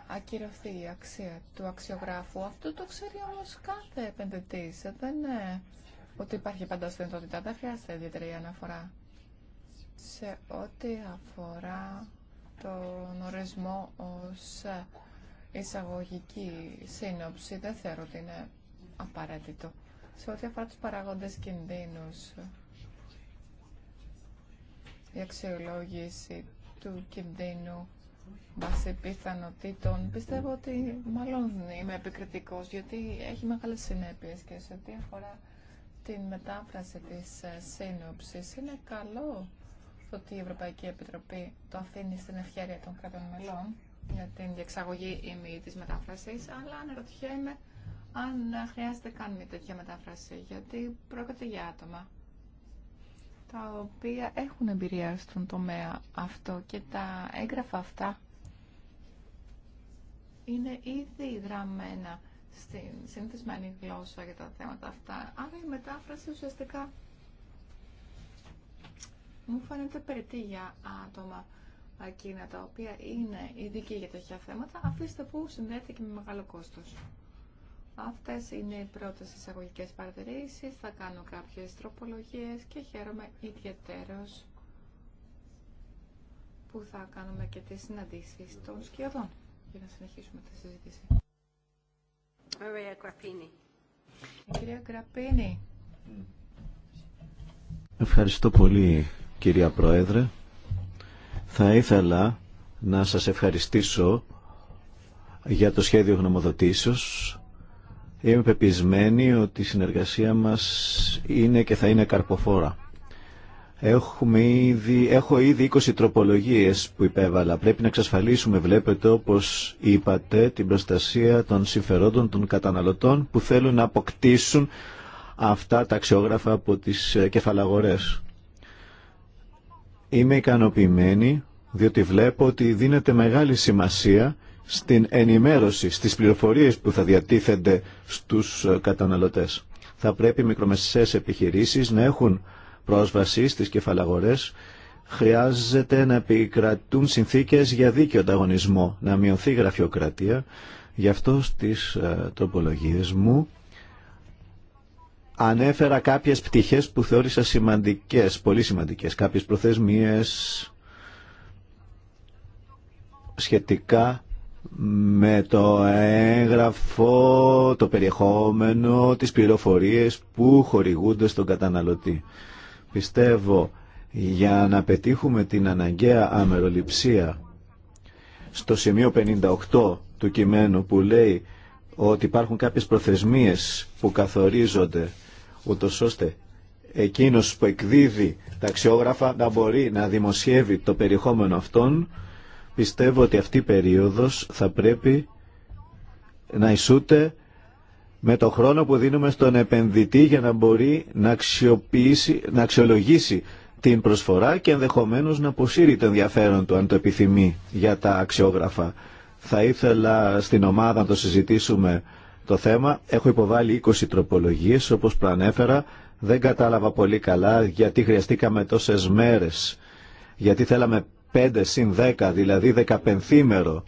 ακυρωθεί η αξία του αξιογράφου. Αυτό το ξέρει όμω κάθε επενδυτή. Δεν είναι ότι υπάρχει πάντα δυνατότητα. Δεν χρειάζεται ιδιαίτερη αναφορά. Σε ό,τι αφορά τον ορισμό ως ε, εισαγωγική σύνοψη, δεν θεωρώ ότι είναι απαραίτητο. Σε ό,τι αφορά τους παραγόντες κινδύνους, η αξιολόγηση του κινδύνου βάσει πιθανότητων. Πιστεύω ότι μάλλον είμαι επικριτικός γιατί έχει μεγάλες συνέπειες και σε ό,τι αφορά την μετάφραση της ε, σύνοψης είναι καλό ότι η Ευρωπαϊκή Επιτροπή το αφήνει στην ευχαίρεια των κρατών μελών για την διεξαγωγή μη της μετάφρασης, αλλά αναρωτιέμαι αν χρειάζεται καν μια τέτοια μετάφραση, γιατί πρόκειται για άτομα τα οποία έχουν εμπειρία στον τομέα αυτό και τα έγγραφα αυτά είναι ήδη γραμμένα στην συνηθισμένη γλώσσα για τα θέματα αυτά. Άρα η μετάφραση ουσιαστικά μου φαίνεται περιττή για άτομα εκείνα τα οποία είναι ειδικοί για τέτοια θέματα, αφήστε που συνδέεται και με μεγάλο κόστος. Αυτές είναι οι πρώτες εισαγωγικές παρατηρήσεις. Θα κάνω κάποιες τροπολογίες και χαίρομαι ιδιαίτερος που θα κάνουμε και τις συναντήσεις των σκιωδών για να συνεχίσουμε τη συζήτηση. Ωραία, Κραπίνη. Κυρία Κραπίνη. Ευχαριστώ πολύ, κυρία Πρόεδρε. Θα ήθελα να σας ευχαριστήσω για το σχέδιο γνωμοδοτήσεως Είμαι πεπισμένη ότι η συνεργασία μας είναι και θα είναι καρποφόρα. Έχουμε ήδη, έχω ήδη 20 τροπολογίες που υπέβαλα. Πρέπει να εξασφαλίσουμε, βλέπετε, όπως είπατε, την προστασία των συμφερόντων των καταναλωτών που θέλουν να αποκτήσουν αυτά τα αξιόγραφα από τις ε, κεφαλαγορές. Είμαι ικανοποιημένη διότι βλέπω ότι δίνεται μεγάλη σημασία στην ενημέρωση, στις πληροφορίες που θα διατίθενται στους ε, καταναλωτές. Θα πρέπει μικρομεσαίες επιχειρήσεις να έχουν πρόσβαση στις κεφαλαγορές. Χρειάζεται να επικρατούν συνθήκες για δίκαιο ανταγωνισμό, να μειωθεί η γραφειοκρατία. Γι' αυτό στις ε, τροπολογίες μου ανέφερα κάποιες πτυχές που θεώρησα σημαντικές, πολύ σημαντικές, κάποιες προθεσμίες σχετικά με το έγγραφο, το περιεχόμενο, τις πληροφορίες που χορηγούνται στον καταναλωτή. Πιστεύω για να πετύχουμε την αναγκαία αμεροληψία στο σημείο 58 του κειμένου που λέει ότι υπάρχουν κάποιες προθεσμίες που καθορίζονται ούτως ώστε εκείνος που εκδίδει τα αξιόγραφα να μπορεί να δημοσιεύει το περιεχόμενο αυτών Πιστεύω ότι αυτή η περίοδος θα πρέπει να ισούται με το χρόνο που δίνουμε στον επενδυτή για να μπορεί να, αξιοποιήσει, να αξιολογήσει την προσφορά και ενδεχομένως να αποσύρει το ενδιαφέρον του αν το επιθυμεί για τα αξιόγραφα. Θα ήθελα στην ομάδα να το συζητήσουμε το θέμα. Έχω υποβάλει 20 τροπολογίες όπως προανέφερα. Δεν κατάλαβα πολύ καλά γιατί χρειαστήκαμε τόσες μέρες. Γιατί θέλαμε 5 συν 10, δηλαδή 15 μέρο,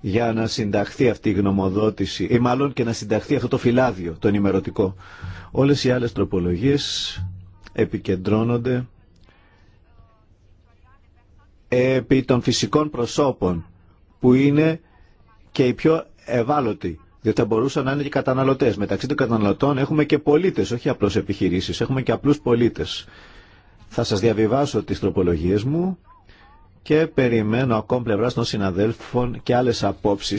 για να συνταχθεί αυτή η γνωμοδότηση, ή μάλλον και να συνταχθεί αυτό το φυλάδιο, το ενημερωτικό. Όλες οι άλλες τροπολογίες επικεντρώνονται επί των φυσικών προσώπων, που είναι και οι πιο ευάλωτοι. Διότι θα μπορούσαν να είναι και καταναλωτέ. Μεταξύ των καταναλωτών έχουμε και πολίτε, όχι απλώ επιχειρήσει. Έχουμε και απλού πολίτε. Θα σα διαβιβάσω τι τροπολογίε μου και περιμένω ακόμη πλευρά των συναδέλφων και άλλε απόψει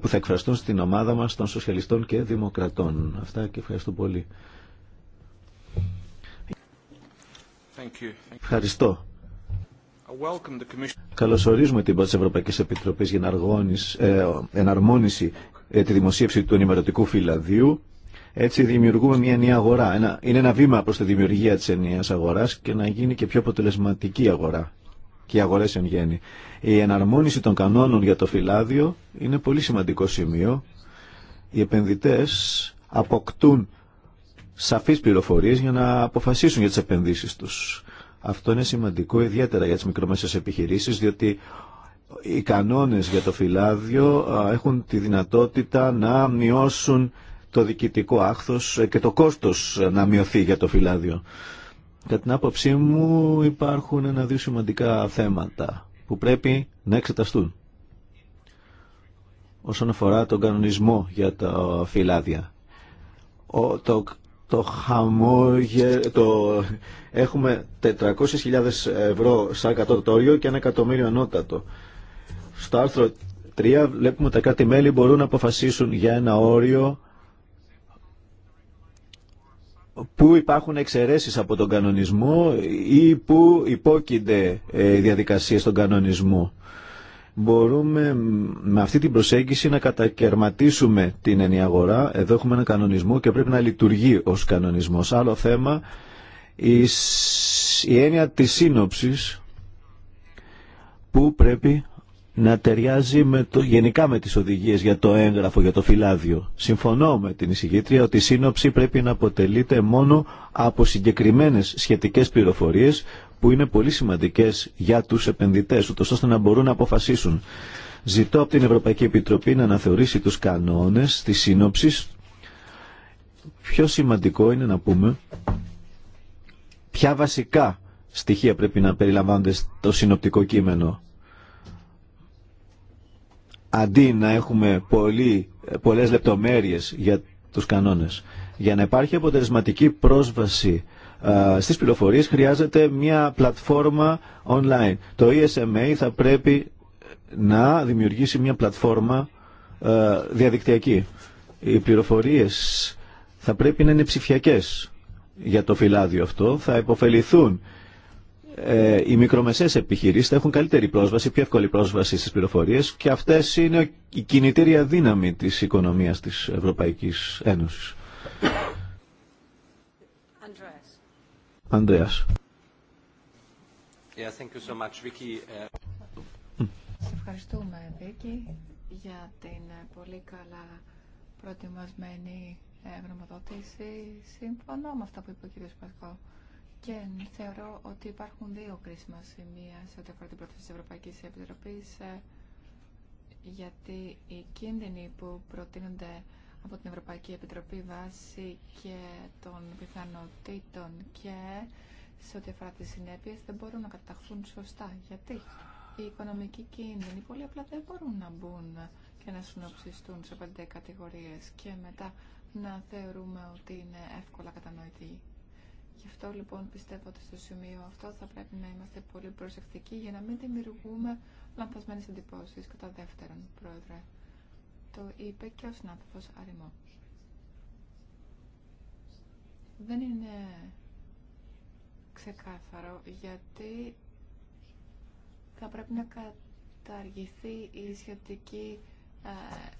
που θα εκφραστούν στην ομάδα μα των Σοσιαλιστών και Δημοκρατών. Αυτά και ευχαριστώ πολύ. Thank you. Ευχαριστώ. Καλωσορίζουμε την πρώτη Ευρωπαϊκή Επιτροπή για ε, εναρμόνιση ε, τη δημοσίευση του ενημερωτικού φυλαδίου. Έτσι δημιουργούμε μια νέα αγορά. Ένα, είναι ένα βήμα προς τη δημιουργία της ενιαίας αγοράς και να γίνει και πιο αποτελεσματική αγορά και οι αγορές εν γέννη. Η εναρμόνιση των κανόνων για το φυλάδιο είναι πολύ σημαντικό σημείο. Οι επενδυτές αποκτούν σαφείς πληροφορίες για να αποφασίσουν για τις επενδύσεις τους. Αυτό είναι σημαντικό ιδιαίτερα για τις μικρομέσες επιχειρήσεις, διότι οι κανόνες για το φυλάδιο έχουν τη δυνατότητα να μειώσουν το διοικητικό άχθος και το κόστος να μειωθεί για το φυλάδιο. Κατά την άποψή μου υπάρχουν ένα-δύο σημαντικά θέματα που πρέπει να εξεταστούν όσον αφορά τον κανονισμό για τα φυλάδια. Ο, το, το το, έχουμε 400.000 ευρώ σαν όριο και ένα εκατομμύριο ανώτατο. Στο άρθρο 3 βλέπουμε ότι τα κρατη μέλη μπορούν να αποφασίσουν για ένα όριο που υπάρχουν εξαιρέσεις από τον κανονισμό ή που υπόκεινται ε, διαδικασίες στον κανονισμό. Μπορούμε με αυτή την προσέγγιση να κατακαιρματίσουμε την ενιαγορά. Εδώ έχουμε έναν κανονισμό και πρέπει να λειτουργεί ως κανονισμός. Άλλο θέμα, η έννοια της σύνοψης που πρέπει να ταιριάζει με το, γενικά με τις οδηγίες για το έγγραφο, για το φυλάδιο. Συμφωνώ με την εισηγήτρια ότι η σύνοψη πρέπει να αποτελείται μόνο από συγκεκριμένες σχετικές πληροφορίες που είναι πολύ σημαντικές για τους επενδυτές, ούτως ώστε να μπορούν να αποφασίσουν. Ζητώ από την Ευρωπαϊκή Επιτροπή να αναθεωρήσει τους κανόνες της σύνοψης. Πιο σημαντικό είναι να πούμε ποια βασικά στοιχεία πρέπει να περιλαμβάνονται στο συνοπτικό κείμενο αντί να έχουμε πολύ, πολλές λεπτομέρειες για τους κανόνες. Για να υπάρχει αποτελεσματική πρόσβαση στις πληροφορίες χρειάζεται μια πλατφόρμα online. Το ESMA θα πρέπει να δημιουργήσει μια πλατφόρμα διαδικτυακή. Οι πληροφορίες θα πρέπει να είναι ψηφιακές για το φυλάδιο αυτό. Θα υποφεληθούν ε, οι μικρομεσαίες επιχειρήσεις θα έχουν καλύτερη πρόσβαση, πιο εύκολη πρόσβαση στις πληροφορίες και αυτές είναι η κινητήρια δύναμη της οικονομίας της Ευρωπαϊκής Ένωσης. Ανδρέας. Yeah, so Σε ευχαριστούμε, Βίκη, για την ε, πολύ καλά προετοιμασμένη ε, γνωμοδότηση. Συμφωνώ με αυτά που είπε ο κ. Πασκό. Και θεωρώ ότι υπάρχουν δύο κρίσιμα σημεία σε ό,τι αφορά την πρόταση της Ευρωπαϊκής Επιτροπής ε, γιατί οι κίνδυνοι που προτείνονται από την Ευρωπαϊκή Επιτροπή βάσει και των πιθανότητων και σε ό,τι αφορά τις συνέπειες δεν μπορούν να καταχθούν σωστά. Γιατί οι οικονομικοί κίνδυνοι πολύ απλά δεν μπορούν να μπουν και να συνοψιστούν σε πέντε κατηγορίες και μετά να θεωρούμε ότι είναι εύκολα κατανοητοί Γι' αυτό λοιπόν πιστεύω ότι στο σημείο αυτό θα πρέπει να είμαστε πολύ προσεκτικοί για να μην δημιουργούμε λανθασμένε εντυπώσεις κατά δεύτερον, Πρόεδρε. Το είπε και ο συνάδελφος Αριμό. Δεν είναι ξεκάθαρο γιατί θα πρέπει να καταργηθεί η σχετική,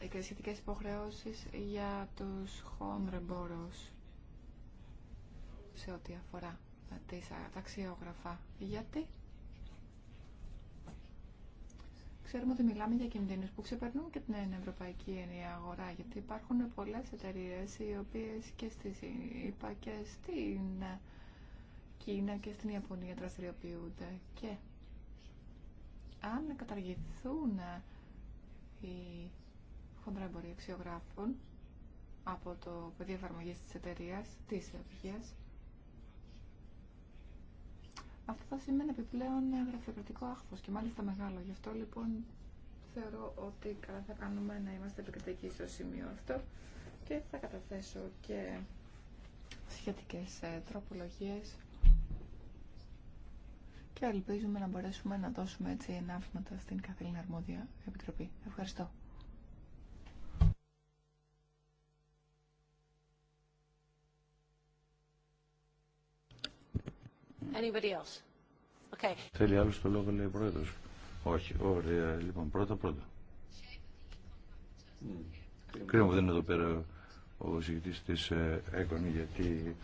ε, οι σχετικές υποχρεώσεις για τους χόμρεμπόρους σε ό,τι αφορά τα αξιόγραφα. Γιατί? Ξέρουμε ότι μιλάμε για κινδύνους που ξεπερνούν και την ευρωπαϊκή ενιαία αγορά, γιατί υπάρχουν πολλές εταιρείε οι οποίες και στι ΗΠΑ και στην Κίνα και στην Ιαπωνία δραστηριοποιούνται. Και αν καταργηθούν οι χοντρά αξιογράφων από το πεδίο εφαρμογή τη εταιρεία, τη αυτό θα σημαίνει επιπλέον γραφειοκρατικό άγχο και μάλιστα μεγάλο. Γι' αυτό λοιπόν θεωρώ ότι καλά θα κάνουμε να είμαστε επικριτικοί στο σημείο αυτό και θα καταθέσω και σχετικές ε, τροπολογίες και ελπίζουμε να μπορέσουμε να δώσουμε έτσι ενάφηματα στην καθήλυνα αρμόδια επιτροπή. Ευχαριστώ. Anybody else? Okay. Θέλει άλλο το λόγο, λέει ο πρόεδρο. Όχι, ωραία. Λοιπόν, πρώτα πρώτα. Κρίμα που δεν είναι εδώ πέρα ο συγκριτή τη ΕΚΟΝ, γιατί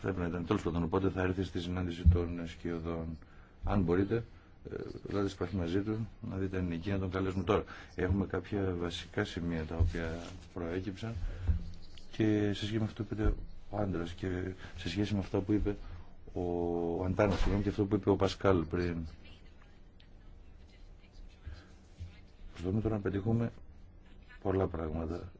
θα έπρεπε να ήταν τέλο πάντων. Οπότε θα έρθει στη συνάντηση των σκιωδών. Αν μπορείτε, δηλαδή ε, σπαθεί μαζί του, να δείτε την εκεί, να τον καλέσουμε τώρα. Έχουμε κάποια βασικά σημεία τα οποία προέκυψαν και σε σχέση με αυτό που είπε ο άντρα και σε σχέση με αυτά που είπε ο, ο και αυτό που είπε ο Πασκάλ πριν. Προσπαθούμε τώρα να πετύχουμε πολλά πράγματα.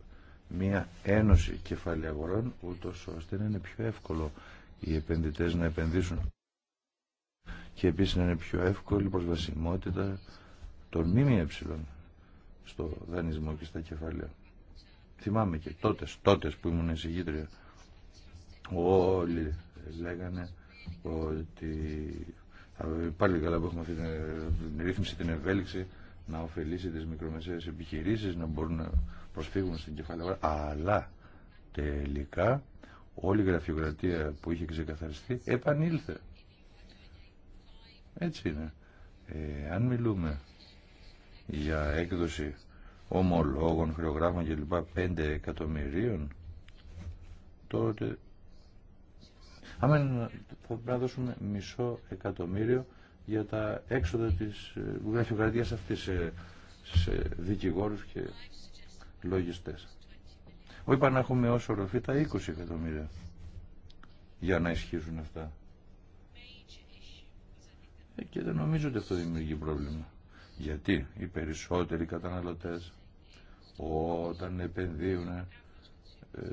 Μία ένωση κεφάλαια αγορών, ούτως ώστε να είναι πιο εύκολο οι επενδυτές να επενδύσουν και επίσης να είναι πιο εύκολη η προσβασιμότητα των ΜΜΕ στο δανεισμό και στα κεφάλαια. Θυμάμαι και τότε, τότε που ήμουν εισηγήτρια, όλοι λέγανε ότι πάλι καλά που έχουμε αυτή την ρύθμιση, την ευέλιξη να ωφελήσει τις μικρομεσαίες επιχειρήσεις να μπορούν να προσφύγουν στην κεφαλαία αλλά τελικά όλη η γραφειοκρατία που είχε ξεκαθαριστεί επανήλθε έτσι είναι ε, αν μιλούμε για έκδοση ομολόγων, χρεογράφων κλπ 5 εκατομμυρίων τότε θα να, να δώσουμε μισό εκατομμύριο για τα έξοδα της ε, γραφειοκρατίας αυτής σε, σε δικηγόρους και λογιστές. Όχι είπα να έχουμε όσο οροφή τα 20 εκατομμύρια για να ισχύσουν αυτά. Ε, και δεν νομίζω ότι αυτό δημιουργεί πρόβλημα. Γιατί οι περισσότεροι καταναλωτές όταν επενδύουν ε,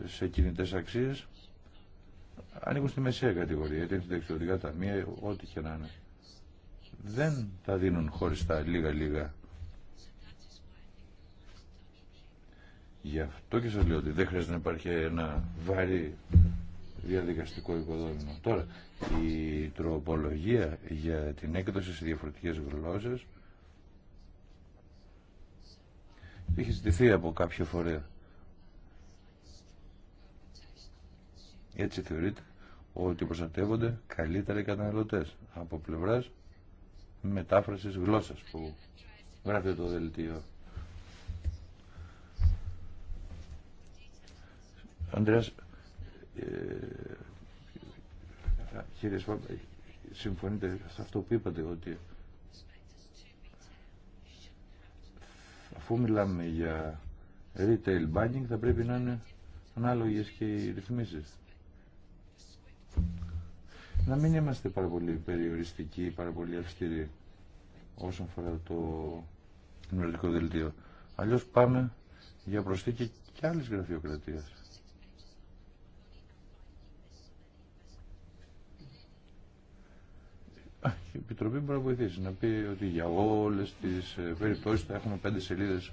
σε κινητές αξίες Άνοιγουν στη μεσαία κατηγορία, είτε είναι συνταξιδοτικά ταμεία, ό,τι και να είναι. Δεν τα δίνουν χωριστά λίγα-λίγα. Γι' αυτό και σας λέω ότι δεν χρειάζεται να υπάρχει ένα βαρύ διαδικαστικό οικοδόμημα. Τώρα, η τροπολογία για την έκδοση σε διαφορετικές γλώσσες είχε ζητηθεί από κάποιο φορέα. Έτσι θεωρείται ότι προστατεύονται καλύτερα οι καταναλωτές από πλευρά μετάφραση γλώσσα που γράφει το δελτίο. Ανδρέας, ε, κύριε συμφωνείτε σε αυτό που είπατε ότι αφού μιλάμε για retail banking θα πρέπει να είναι ανάλογες και οι ρυθμίσεις να μην είμαστε πάρα πολύ περιοριστικοί, πάρα πολύ αυστηροί όσον αφορά το νοηματικό δελτίο. Αλλιώ πάμε για προσθήκη και άλλη γραφειοκρατία. Η Επιτροπή μπορεί να βοηθήσει, να πει ότι για όλε τι ε, περιπτώσει θα έχουμε πέντε σελίδες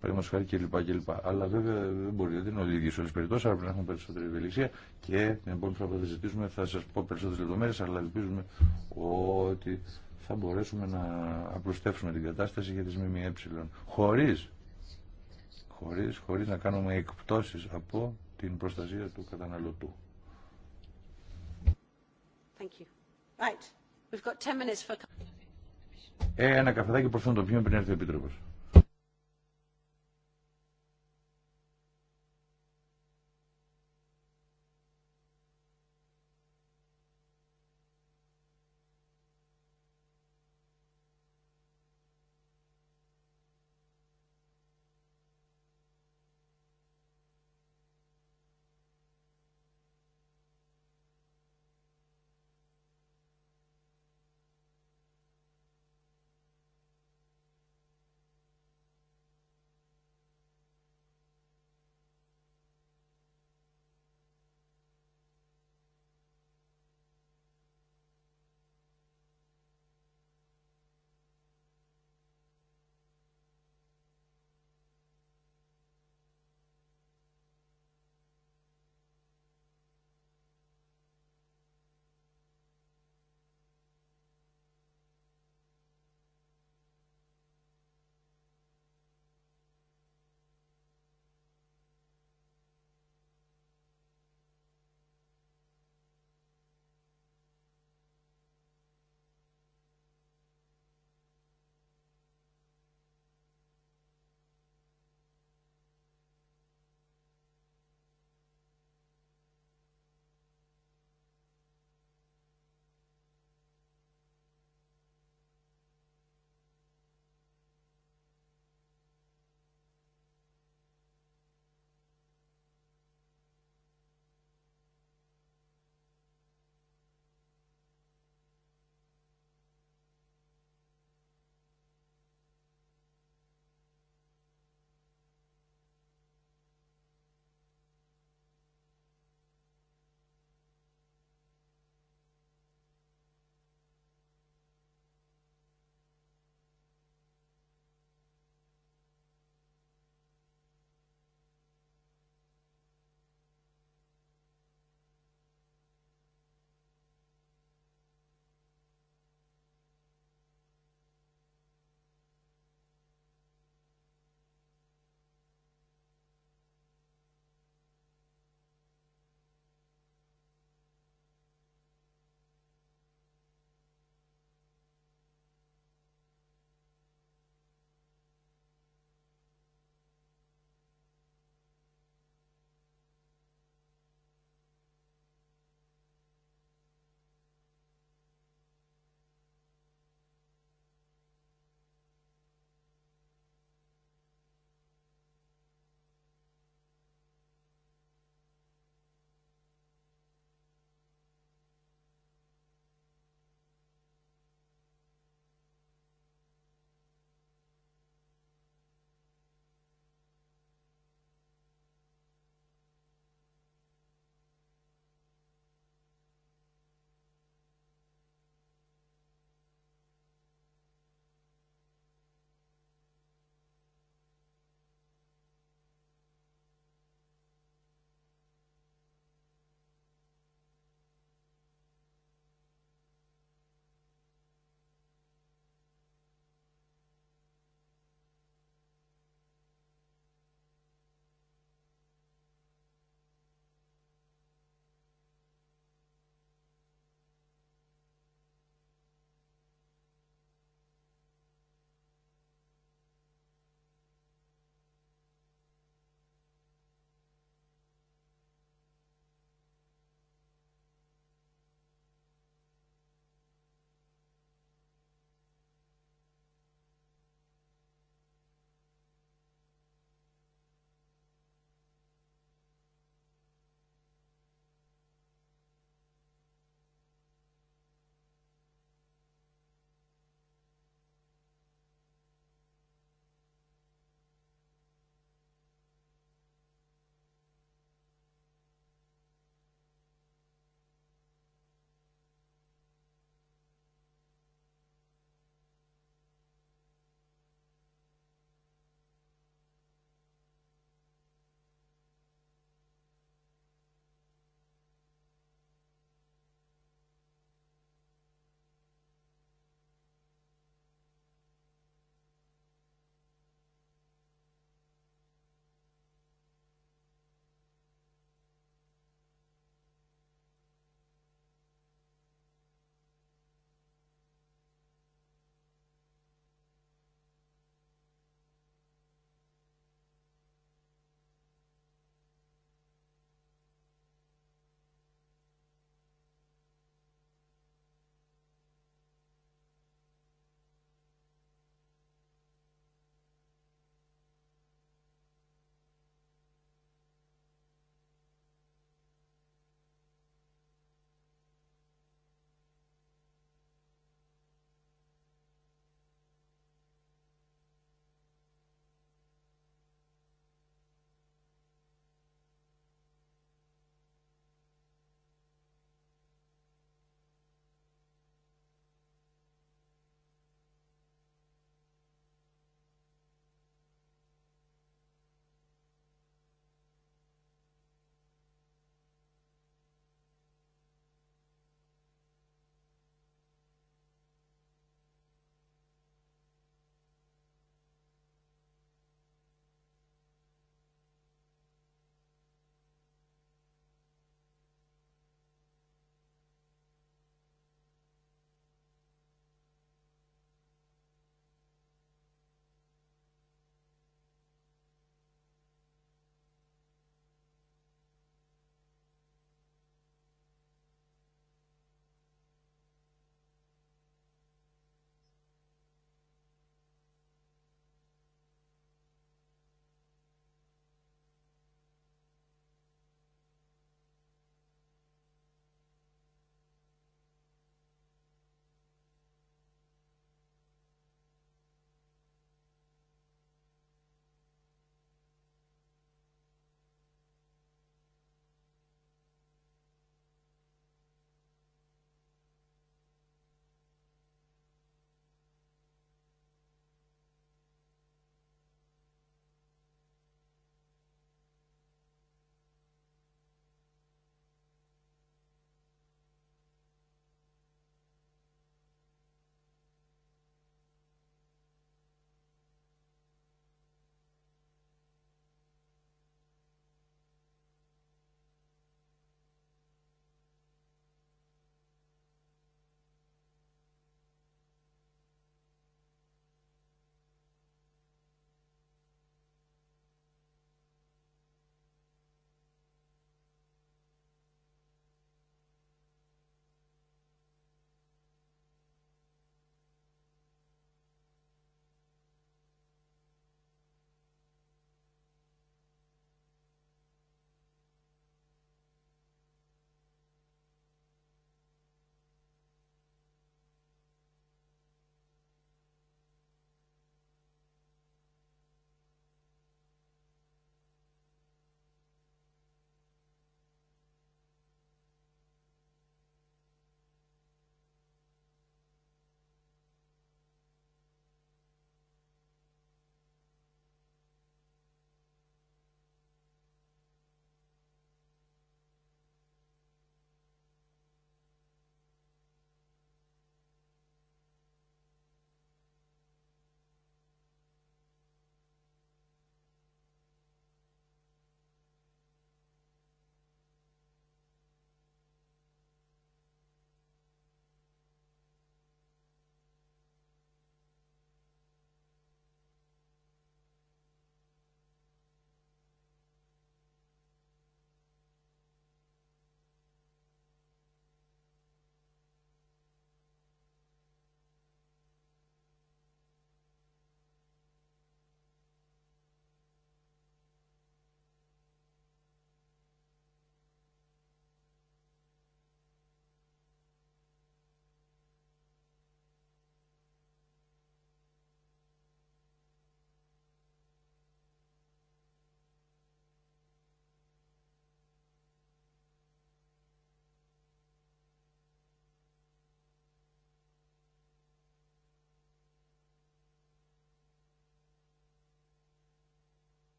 παραδείγματο χάρη κλπ. κλπ. Αλλά βέβαια δεν μπορεί, δεν είναι όλοι σε όλε τι περιπτώσει, άρα πρέπει να έχουμε περισσότερη ευελιξία και την επόμενη φορά που θα ζητήσουμε θα σα πω περισσότερε λεπτομέρειε, αλλά ελπίζουμε ότι θα μπορέσουμε να απλουστεύσουμε την κατάσταση για τι ΜΜΕ. Χωρί χωρίς, χωρίς να κάνουμε εκπτώσεις από την προστασία του καταναλωτού. Ε, ένα καφεδάκι προς το πιούμε πριν έρθει ο Επίτροπος.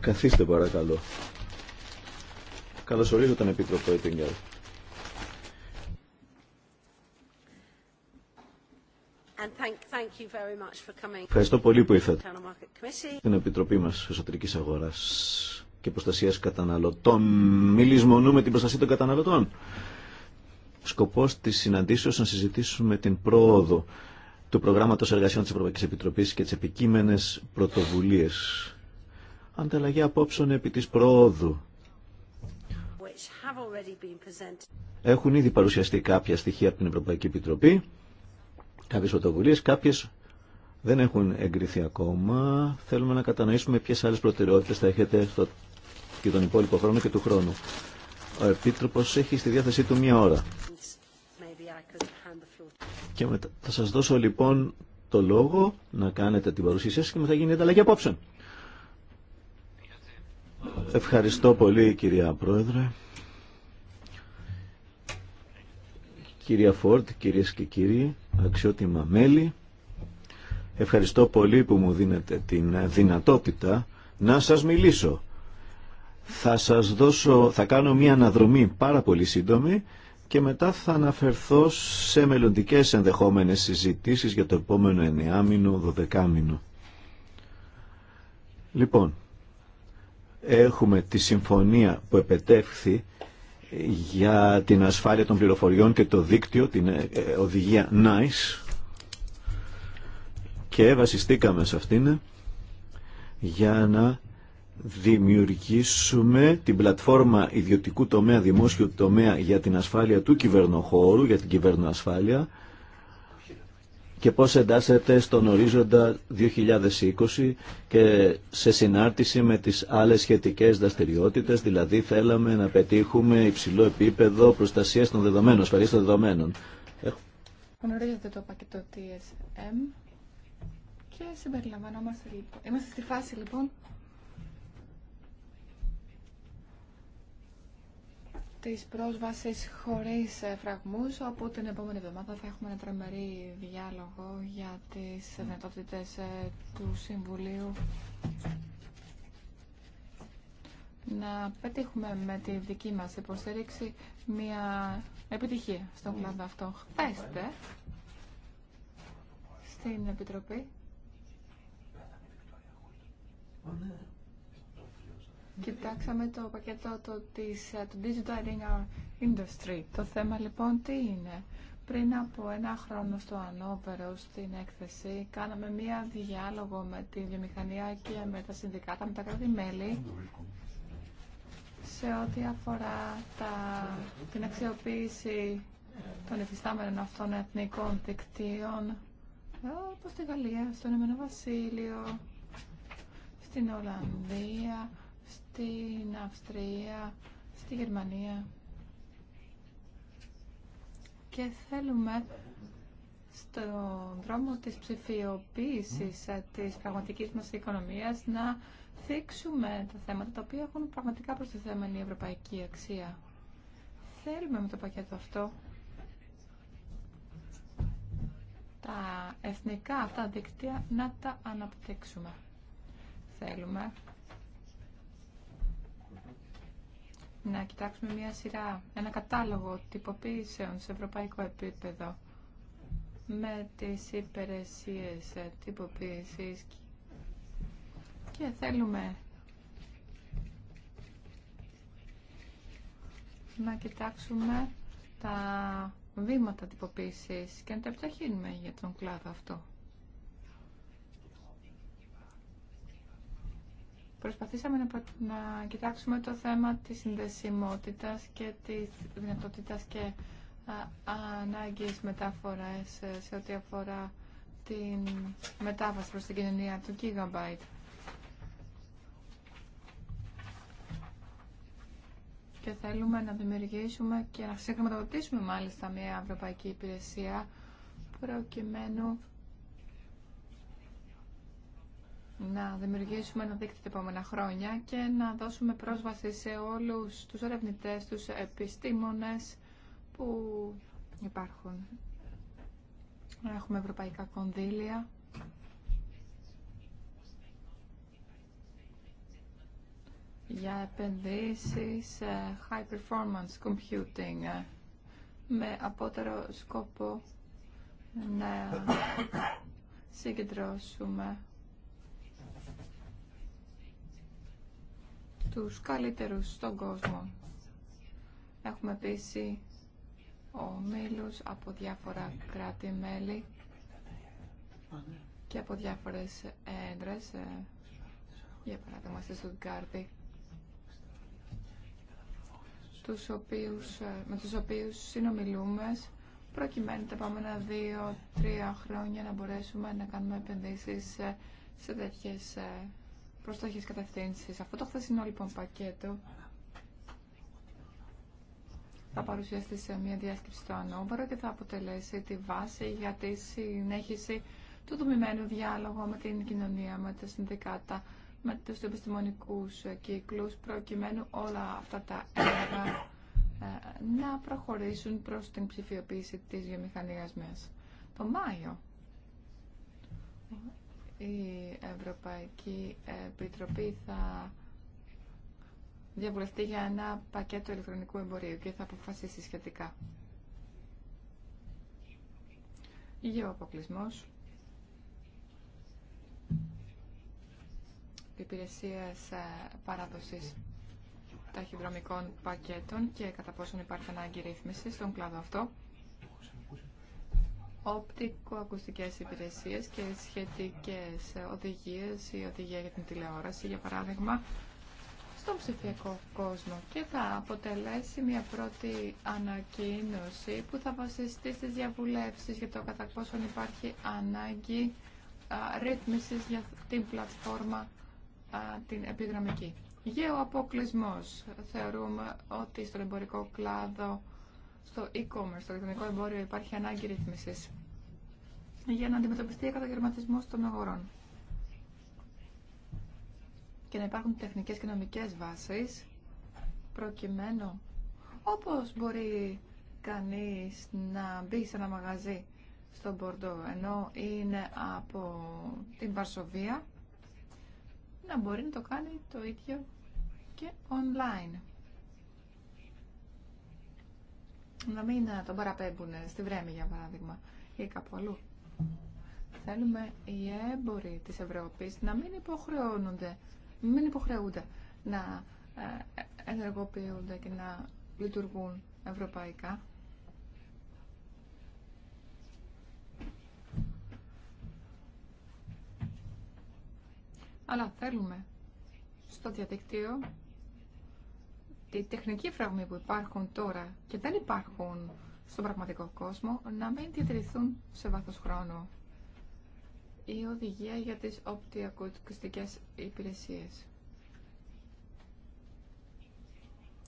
Καθίστε παρακαλώ. Καλωσορίζω τον Επίτροπο Έτιγκερ. Ευχαριστώ πολύ που ήρθατε στην Επιτροπή μας Εσωτερικής Αγοράς και Προστασίας Καταναλωτών. Μιλισμονούμε την προστασία των καταναλωτών. Σκοπός της συναντήσεως να συζητήσουμε την πρόοδο του Προγράμματος Εργασιών της Ευρωπαϊκής Επιτροπής και τις επικείμενες πρωτοβουλίες. Ανταλλαγή απόψεων επί της προόδου. Έχουν ήδη παρουσιαστεί κάποια στοιχεία από την Ευρωπαϊκή Επιτροπή, κάποιες πρωτοβουλίες, κάποιες δεν έχουν εγκριθεί ακόμα. Θέλουμε να κατανοήσουμε ποιες άλλες προτεραιότητες θα έχετε στο... και τον υπόλοιπο χρόνο και του χρόνου. Ο Επίτροπος έχει στη διάθεσή του μία ώρα. Και θα σας δώσω λοιπόν το λόγο να κάνετε την παρουσία σας και μετά γίνεται αλλαγή απόψε. Ευχαριστώ πολύ κυρία Πρόεδρε. Κυρία Φόρτ, κυρίες και κύριοι, αξιότιμα μέλη, ευχαριστώ πολύ που μου δίνετε την δυνατότητα να σας μιλήσω. Θα σας δώσω, θα κάνω μια αναδρομή πάρα πολύ σύντομη και μετά θα αναφερθώ σε μελλοντικές ενδεχόμενες συζητήσεις για το επόμενο εννιάμινο, δωδεκάμινο. Λοιπόν, έχουμε τη συμφωνία που επετεύχθη για την ασφάλεια των πληροφοριών και το δίκτυο, την ε, οδηγία NICE και βασιστήκαμε σε αυτήν για να δημιουργήσουμε την πλατφόρμα ιδιωτικού τομέα, δημόσιου τομέα για την ασφάλεια του κυβερνοχώρου, για την κυβερνοασφάλεια και πώς εντάσσεται στον ορίζοντα 2020 και σε συνάρτηση με τις άλλες σχετικές δραστηριότητες, δηλαδή θέλαμε να πετύχουμε υψηλό επίπεδο προστασίας των δεδομένων, ασφαλής των δεδομένων. Γνωρίζετε το πακέτο TSM και συμπεριλαμβανόμαστε λοιπόν. Είμαστε στη φάση λοιπόν της πρόσβασης χωρίς ε, φραγμούς, όπου την επόμενη εβδομάδα θα έχουμε ένα τρομερή διάλογο για τις δυνατότητε ε, του Συμβουλίου να πετύχουμε με τη δική μας υποστήριξη μια επιτυχία στον κλάδο αυτό. Χθέστε στην Επιτροπή. Κοιτάξαμε το πακέτο το, της, ε, του Digital Industry. Το θέμα λοιπόν τι είναι. Πριν από ένα χρόνο στο Ανώπερο, στην έκθεση, κάναμε μία διάλογο με τη βιομηχανία και με τα συνδικάτα, με τα κράτη-μέλη, σε ό,τι αφορά τα, την αξιοποίηση των εφιστάμενων αυτών εθνικών δικτύων, ε, όπως στη Γαλλία, στον Ηνωμένο Βασίλειο, στην Ολλανδία, στην Αυστρία, στη Γερμανία. Και θέλουμε στον δρόμο της ψηφιοποίησης ε, της πραγματικής μας οικονομίας να θίξουμε τα θέματα τα οποία έχουν πραγματικά προστιθέμενη ευρωπαϊκή αξία. Θέλουμε με το πακέτο αυτό τα εθνικά αυτά δίκτυα να τα αναπτύξουμε. Θέλουμε να κοιτάξουμε μια σειρά, ένα κατάλογο τυποποίησεων σε ευρωπαϊκό επίπεδο με τις υπηρεσίες τυποποίησης και θέλουμε να κοιτάξουμε τα βήματα τυποποίησης και να τα επιταχύνουμε για τον κλάδο αυτό. Προσπαθήσαμε να, κοιτάξουμε το θέμα της συνδεσιμότητας και της δυνατότητας και ανάγκης μετάφορας ε, σε ό,τι αφορά την μετάβαση προς την κοινωνία του Gigabyte. Και θέλουμε να δημιουργήσουμε και να συγχρηματοδοτήσουμε μάλιστα μια ευρωπαϊκή υπηρεσία προκειμένου να δημιουργήσουμε ένα δίκτυο τα επόμενα χρόνια και να δώσουμε πρόσβαση σε όλους τους ερευνητές, τους επιστήμονες που υπάρχουν. Έχουμε ευρωπαϊκά κονδύλια. για επενδύσεις ε, high performance computing ε, με απότερο σκόπο να συγκεντρώσουμε τους καλύτερους στον κόσμο. Έχουμε επίση ομίλους από διάφορα κράτη-μέλη και από διάφορες έντρες, ε, για παράδειγμα στη Στουτγκάρδη, τους οποίους, ε, με τους οποίους συνομιλούμε προκειμένου τα επόμενα δύο-τρία χρόνια να μπορέσουμε να κάνουμε επενδύσεις ε, σε τέτοιες προς κατευθύνσει. Αυτό το χθεσινό λοιπόν πακέτο θα παρουσιαστεί σε μια διάσκεψη στο Ανόβαρο και θα αποτελέσει τη βάση για τη συνέχιση του δομημένου διάλογου με την κοινωνία, με τα συνδικάτα, με τους επιστημονικούς κύκλους, προκειμένου όλα αυτά τα έργα ε, να προχωρήσουν προς την ψηφιοποίηση της βιομηχανίας μας. Το Μάιο η Ευρωπαϊκή Επιτροπή θα διαβουλευτεί για ένα πακέτο ηλεκτρονικού εμπορίου και θα αποφασίσει σχετικά. αποκλεισμός, Υπηρεσίες ε, παράδοσης ταχυδρομικών πακέτων και κατά πόσον υπάρχει ανάγκη ρύθμιση στον κλάδο αυτό οπτικοακουστικές υπηρεσίες και σχετικές οδηγίες, η οδηγία για την τηλεόραση, για παράδειγμα, στον ψηφιακό κόσμο και θα αποτελέσει μια πρώτη ανακοίνωση που θα βασιστεί στις διαβουλεύσεις για το κατά πόσον υπάρχει ανάγκη α, ρύθμισης για την πλατφόρμα α, την επιγραμμική. Γεωαποκλεισμός. Θεωρούμε ότι στον εμπορικό κλάδο στο e-commerce, στο ηλεκτρονικό εμπόριο, υπάρχει ανάγκη ρύθμιση για να αντιμετωπιστεί ο καταγερματισμό των αγορών και να υπάρχουν τεχνικές και νομικές βάσεις προκειμένου όπως μπορεί κανείς να μπει σε ένα μαγαζί στο Μπορντό ενώ είναι από την Βαρσοβία να μπορεί να το κάνει το ίδιο και online. να μην ε, τον παραπέμπουν στη Βρέμη για παράδειγμα ή κάπου αλλού. Θέλουμε οι έμποροι της Ευρώπης να μην υποχρεώνονται, μην υποχρεούνται να ε, ενεργοποιούνται και να λειτουργούν ευρωπαϊκά. Αλλά θέλουμε στο διαδικτύο οι τεχνική φραγμοί που υπάρχουν τώρα και δεν υπάρχουν στον πραγματικό κόσμο να μην διατηρηθούν σε βάθος χρόνου. Η οδηγία για τις οπτικοακουστικές υπηρεσίες.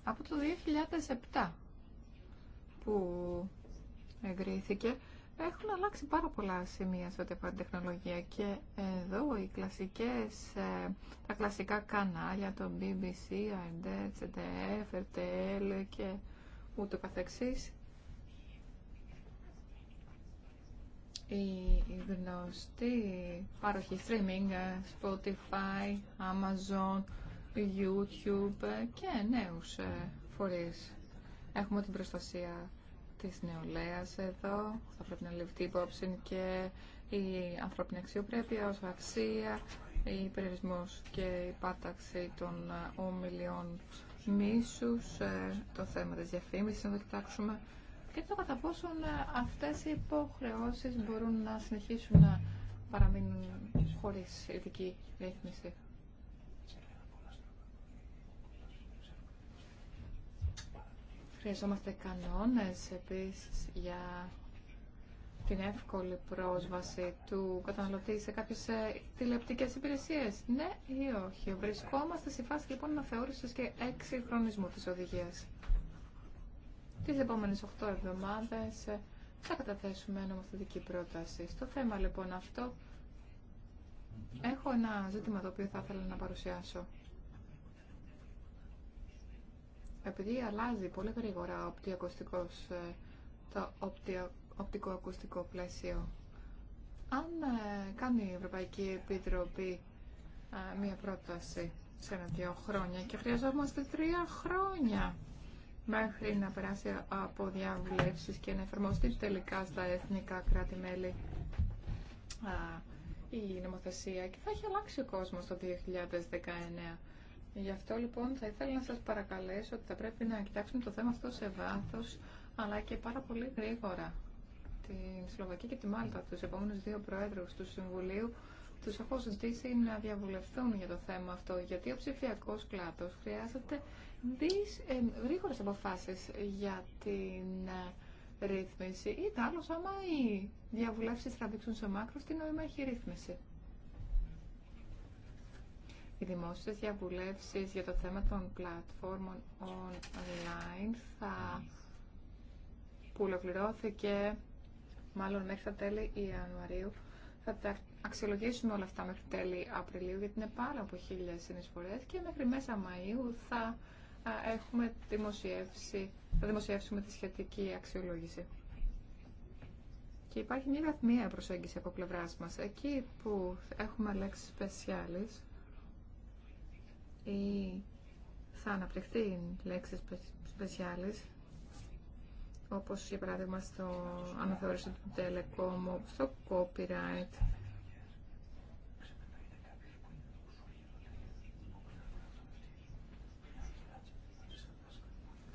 Από το 2007 που εγκρίθηκε έχουν αλλάξει πάρα πολλά σημεία σε ό,τι αφορά την τεχνολογία και εδώ οι κλασικές, ε, τα κλασικά κανάλια, το BBC, ARD, ZDF, RTL και ούτω καθεξής. Η γνωστή παροχή streaming, Spotify, Amazon, YouTube και νέους ε, φορείς. Έχουμε την προστασία της νεολαίας εδώ. Θα πρέπει να ληφθεί υπόψη και η ανθρώπινη αξιοπρέπεια ως αξία, η περιορισμός και η πάταξη των ε, ομιλιών μίσους, ε, το θέμα της διαφήμισης να το κοιτάξουμε και το κατά πόσον ε, αυτές οι υποχρεώσεις μπορούν να συνεχίσουν να παραμείνουν χωρίς ειδική ρύθμιση. Χρειαζόμαστε κανόνες επίσης για την εύκολη πρόσβαση του καταναλωτή σε κάποιες ε, τηλεοπτικές υπηρεσίες. Ναι ή όχι. Βρισκόμαστε σε φάση λοιπόν αναθεώρησης και χρονισμού της οδηγίας. Τις επόμενες 8 εβδομάδες ε, θα καταθέσουμε νομοθετική πρόταση. Στο θέμα λοιπόν αυτό έχω ένα ζήτημα το οποίο θα ήθελα να παρουσιάσω επειδή αλλάζει πολύ γρήγορα ε, το οπτικοακουστικό πλαίσιο, αν ε, κάνει η Ευρωπαϊκή Επιτροπή ε, μία πρόταση σε ένα-δύο χρόνια και χρειαζόμαστε τρία χρόνια μέχρι να περάσει από διαβουλεύσεις και να εφαρμοστεί τελικά στα εθνικά κράτη-μέλη η νομοθεσία και θα έχει αλλάξει ο κόσμος το 2019. Γι' αυτό λοιπόν θα ήθελα να σας παρακαλέσω ότι θα πρέπει να κοιτάξουμε το θέμα αυτό σε βάθος αλλά και πάρα πολύ γρήγορα. Την Σλοβακία και τη Μάλτα, τους επόμενους δύο προέδρους του Συμβουλίου, τους έχω ζητήσει να διαβουλευτούν για το θέμα αυτό, γιατί ο ψηφιακό κλάτος χρειάζεται δις, ε, γρήγορες αποφάσεις για την ε, ρύθμιση ή τα άλλως άμα οι διαβουλεύσεις τραβήξουν σε μάκρο, τι νόημα έχει η τ αμα οι διαβουλευσεις τραβηξουν σε μακρο τι νοημα εχει η ρυθμιση οι δημόσιε διαβουλεύσει για το θέμα των πλατφόρμων online θα... που ολοκληρώθηκε μάλλον μέχρι τα τέλη Ιανουαρίου θα τα αξιολογήσουμε όλα αυτά μέχρι τέλη Απριλίου γιατί είναι πάρα από χίλιε συνεισφορέ. και μέχρι μέσα Μαΐου θα έχουμε δημοσιεύσει, θα δημοσιεύσουμε τη σχετική αξιολόγηση. Και υπάρχει μια βαθμία προσέγγιση από πλευρά μα. Εκεί που έχουμε λέξει specialis, ή θα αναπτυχθεί λέξεις σπεσιάλες όπως για παράδειγμα στο αναθεώρηση του Telecom, στο copyright.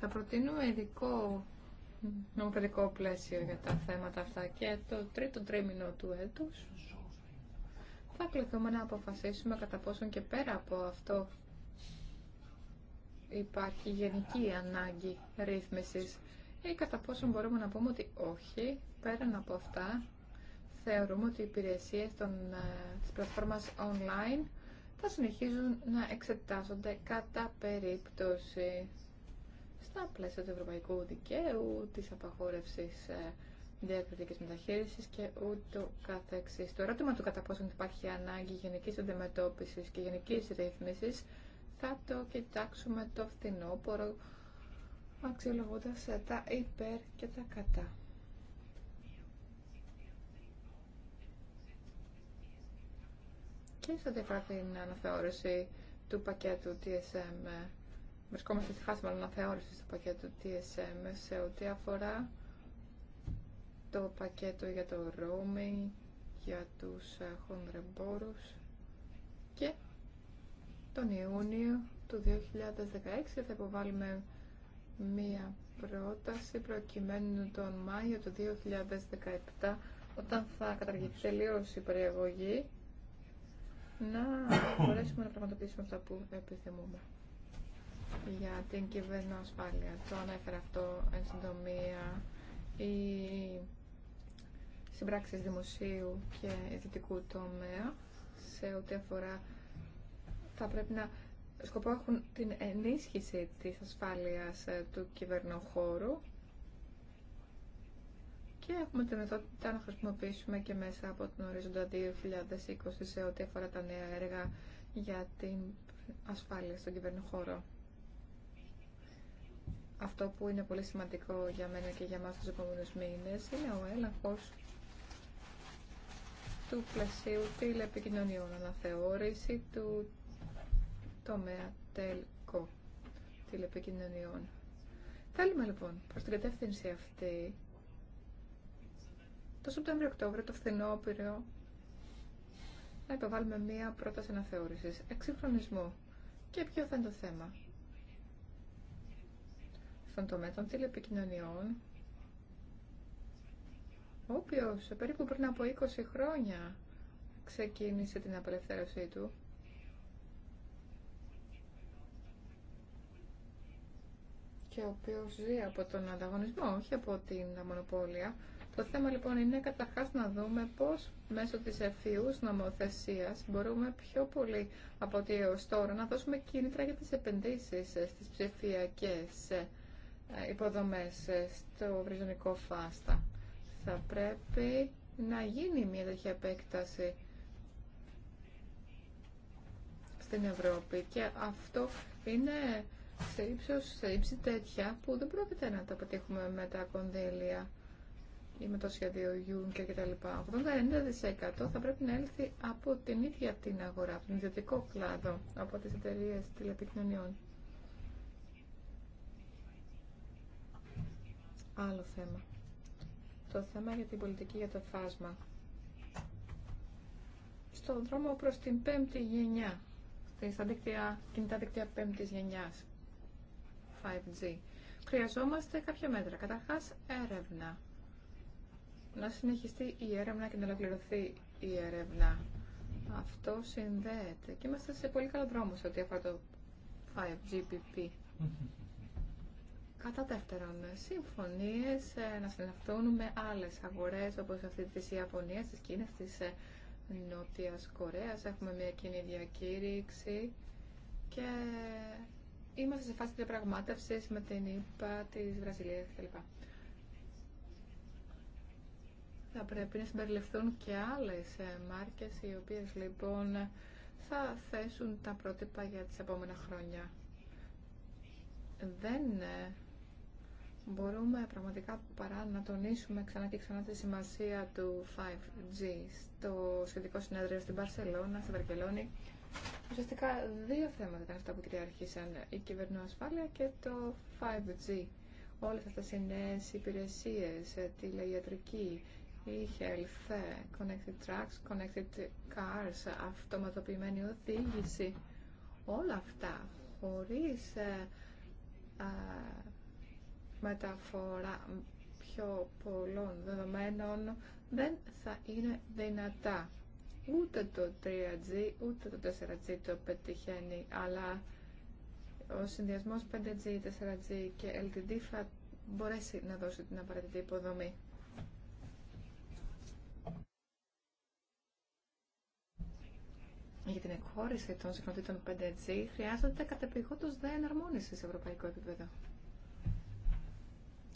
Θα προτείνω ειδικό νομοθετικό πλαίσιο για τα θέματα αυτά και το τρίτο τρίμηνο του έτους θα κληθούμε να αποφασίσουμε κατά πόσον και πέρα από αυτό υπάρχει γενική ανάγκη ρύθμισης ή κατά πόσο μπορούμε να πούμε ότι όχι, πέραν από αυτά θεωρούμε ότι οι υπηρεσίες των, ε, της πλατφόρμας online θα συνεχίζουν να εξετάζονται κατά περίπτωση στα πλαίσια του ευρωπαϊκού δικαίου, της απαγόρευσης ε, διακριτικής μεταχείρισης και ούτω καθεξής. Το ερώτημα του κατά πόσο υπάρχει ανάγκη γενικής αντιμετώπισης και γενικής ρύθμισης θα το κοιτάξουμε το φθινόπωρο αξιολογώντας τα υπέρ και τα κατά. Και σε ό,τι την αναθεώρηση του πακέτου TSM, βρισκόμαστε στη φάση αναθεώρηση του πακέτου TSM σε ό,τι αφορά το πακέτο για το roaming, για τους χονδρεμπόρους και τον Ιούνιο του 2016 θα υποβάλουμε μία πρόταση προκειμένου τον Μάιο του 2017 όταν θα καταργηθεί τελείω η περιεγωγή να μπορέσουμε να πραγματοποιήσουμε αυτά που επιθυμούμε για την κυβέρνηση ασφαλεία. Το ανέφερα αυτό εν συντομία. Οι συμπράξει δημοσίου και ιδιωτικού τομέα σε ό,τι αφορά θα πρέπει να σκοπό έχουν την ενίσχυση της ασφάλειας ε, του κυβερνοχώρου και έχουμε την δυνατότητα να χρησιμοποιήσουμε και μέσα από τον ορίζοντα 2020 σε ό,τι αφορά τα νέα έργα για την ασφάλεια στον κυβερνοχώρο. Αυτό που είναι πολύ σημαντικό για μένα και για μας τους επόμενους μήνες είναι ο έλεγχος του πλαισίου τηλεπικοινωνιών, αναθεώρηση του τομέα τελκο τηλεπικοινωνιών. Θέλουμε λοιπόν προς την κατεύθυνση αυτή το Σεπτέμβριο-Οκτώβριο, το φθινόπυρο, να υποβάλουμε μία πρόταση αναθεώρηση, εξυγχρονισμού. Και ποιο θα είναι το θέμα. Στον τομέα των τηλεπικοινωνιών, όποιος περίπου πριν από 20 χρόνια ξεκίνησε την απελευθέρωσή του, και ο οποίο ζει από τον ανταγωνισμό, όχι από την μονοπόλια. Το θέμα λοιπόν είναι καταρχά να δούμε πώς μέσω της να νομοθεσία μπορούμε πιο πολύ από ό,τι έω τώρα να δώσουμε κίνητρα για τι επενδύσεις στις ψηφιακέ ε, υποδομές ε, στο βριζονικό φάστα. Θα πρέπει να γίνει μια τέτοια επέκταση στην Ευρώπη και αυτό είναι σε ύψος, σε ύψη τέτοια που δεν πρόκειται να τα πετύχουμε με τα κονδύλια ή με το σχέδιο Juncker κτλ. 80-90% θα πρέπει να έλθει από την ίδια την αγορά, από τον ιδιωτικό κλάδο, από τις εταιρείε τηλεπικοινωνιών. Άλλο θέμα. Το θέμα για την πολιτική για το φάσμα. Στον δρόμο προς την πέμπτη γενιά, στα δίκτυα, κινητά δίκτυα πέμπτης γενιάς. 5G. Χρειαζόμαστε κάποια μέτρα. Καταρχάς, έρευνα. Να συνεχιστεί η έρευνα και να ολοκληρωθεί η έρευνα. Αυτό συνδέεται και είμαστε σε πολύ καλό δρόμο σε ό,τι αφορά το 5GPP. Κατά δεύτερον, συμφωνίε ε, να συναυτούν με άλλε αγορέ όπω αυτή τη Ιαπωνία, τη Κίνα, τη ε, Νότια Κορέα. Έχουμε μια κοινή διακήρυξη και Είμαστε σε φάση διαπραγμάτευση με την ΙΠΑ τη Βραζιλία κτλ. Θα πρέπει να συμπεριληφθούν και άλλε μάρκε οι οποίε λοιπόν θα θέσουν τα πρότυπα για τις επόμενα χρόνια. Δεν ε, μπορούμε πραγματικά παρά να τονίσουμε ξανά και ξανά τη σημασία του 5G στο σχετικό συνέδριο στην Παρσελώνα, στη Βαρκελόνη Ουσιαστικά δύο θέματα ήταν αυτά που κυριαρχήσαν, η ασφάλεια και το 5G. Όλες αυτές οι νέες υπηρεσίες, ε, ή e-health, ε, connected trucks, connected cars, αυτοματοποιημένη οδήγηση, όλα αυτά χωρίς ε, μεταφορά πιο πολλών δεδομένων δεν θα είναι δυνατά. Ούτε το 3G, ούτε το 4G το πετυχαίνει, αλλά ο συνδυασμό 5G, 4G και LTD θα μπορέσει να δώσει την απαραίτητη υποδομή. Για την εκχώρηση των συχνοτήτων 5G χρειάζεται κατεπηγόντως δε εναρμόνιση σε ευρωπαϊκό επίπεδο.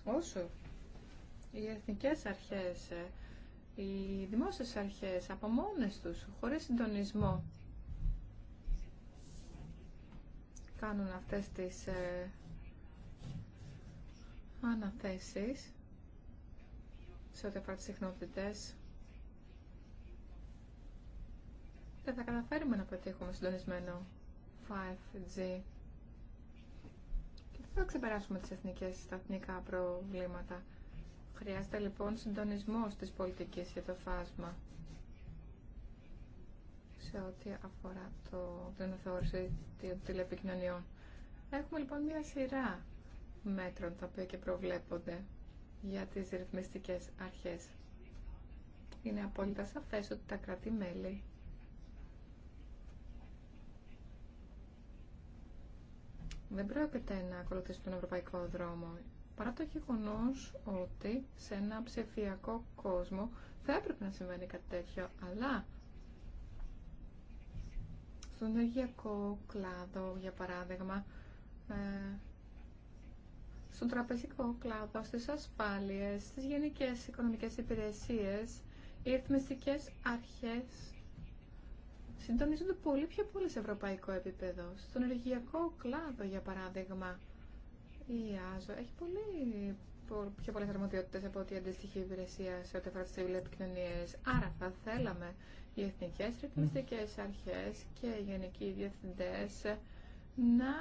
Όσο οι εθνικές αρχές ε, οι δημόσιες αρχές από μόνες τους, χωρίς συντονισμό, κάνουν αυτές τις ε, αναθέσεις σε ό,τι αφορά τις συχνότητες. Δεν θα καταφέρουμε να πετύχουμε συντονισμένο 5G και δεν θα ξεπεράσουμε τις εθνικές τα εθνικά προβλήματα. Χρειάζεται λοιπόν συντονισμό της πολιτικής για το φάσμα σε ό,τι αφορά το, την αθεώρηση των τηλεπικοινωνιών. Έχουμε λοιπόν μια σειρά μέτρων τα οποία και προβλέπονται για τις ρυθμιστικές αρχές. Είναι απόλυτα σαφές ότι τα κράτη-μέλη δεν πρόκειται να ακολουθήσουν τον ευρωπαϊκό δρόμο Παρά το γεγονό ότι σε ένα ψηφιακό κόσμο θα έπρεπε να συμβαίνει κάτι τέτοιο, αλλά στον ενεργειακό κλάδο, για παράδειγμα, ε, στον τραπεζικό κλάδο, στις ασφάλειες, στις γενικές οικονομικές υπηρεσίες, οι ρυθμιστικές αρχές συντονίζονται πολύ πιο πολύ σε ευρωπαϊκό επίπεδο. Στον ενεργειακό κλάδο, για παράδειγμα, η ΆΖΟ έχει πολύ πιο πολλέ αρμοδιότητε από ό,τι αντίστοιχη υπηρεσία σε ό,τι αφορά τι civil επικοινωνίε. Άρα θα θέλαμε οι εθνικέ ρυθμιστικέ αρχέ και οι γενικοί διευθυντέ να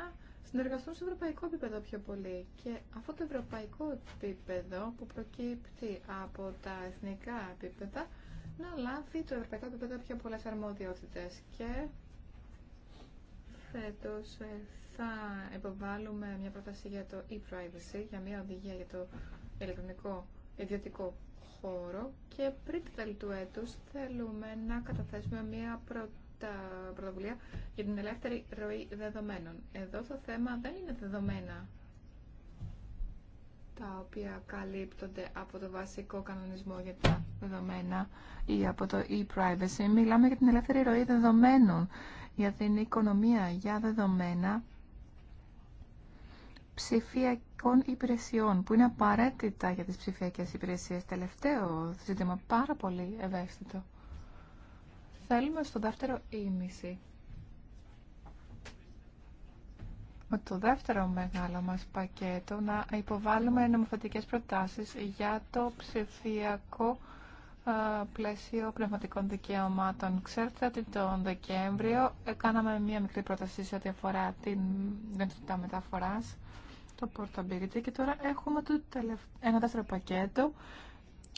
συνεργαστούν σε ευρωπαϊκό επίπεδο πιο πολύ. Και αυτό το ευρωπαϊκό επίπεδο που προκύπτει από τα εθνικά επίπεδα να λάβει το ευρωπαϊκό επίπεδο πιο πολλέ αρμοδιότητε. Και φέτο ε, θα υποβάλουμε μια πρόταση για το e-privacy, για μια οδηγία για το ηλεκτρονικό ιδιωτικό χώρο και πριν το τέλη του έτους θέλουμε να καταθέσουμε μια πρωτα... πρωτοβουλία για την ελεύθερη ροή δεδομένων. Εδώ το θέμα δεν είναι δεδομένα τα οποία καλύπτονται από το βασικό κανονισμό για τα δεδομένα ή από το e-privacy. Μιλάμε για την ελεύθερη ροή δεδομένων, για την οικονομία, για δεδομένα ψηφιακών υπηρεσιών που είναι απαραίτητα για τις ψηφιακές υπηρεσίες. Τελευταίο ζήτημα, πάρα πολύ ευαίσθητο. Θέλουμε στο δεύτερο ήμιση. Με το δεύτερο μεγάλο μας πακέτο να υποβάλουμε νομοθετικές προτάσεις για το ψηφιακό πλαίσιο πνευματικών δικαιωμάτων. Ξέρετε ότι τον Δεκέμβριο κάναμε μία μικρή πρόταση σε ό,τι αφορά την δυνατότητα μεταφοράς το portability και τώρα έχουμε το ένα δεύτερο πακέτο.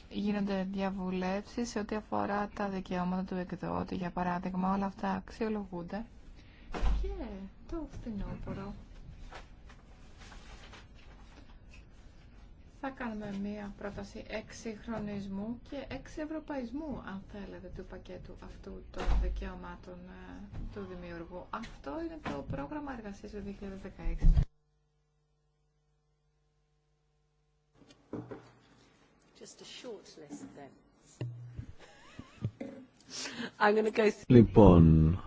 Γίνονται διαβουλεύσεις σε ό,τι αφορά τα δικαιώματα του εκδότη, για παράδειγμα, όλα αυτά αξιολογούνται. Και το φθινόπωρο θα κάνουμε μία πρόταση εξυγχρονισμού και εξευρωπαϊσμού, αν θέλετε, του πακέτου αυτού των δικαιωμάτων ε, του δημιουργού. Αυτό είναι το πρόγραμμα εργασίας του 2016. Λοιπόν,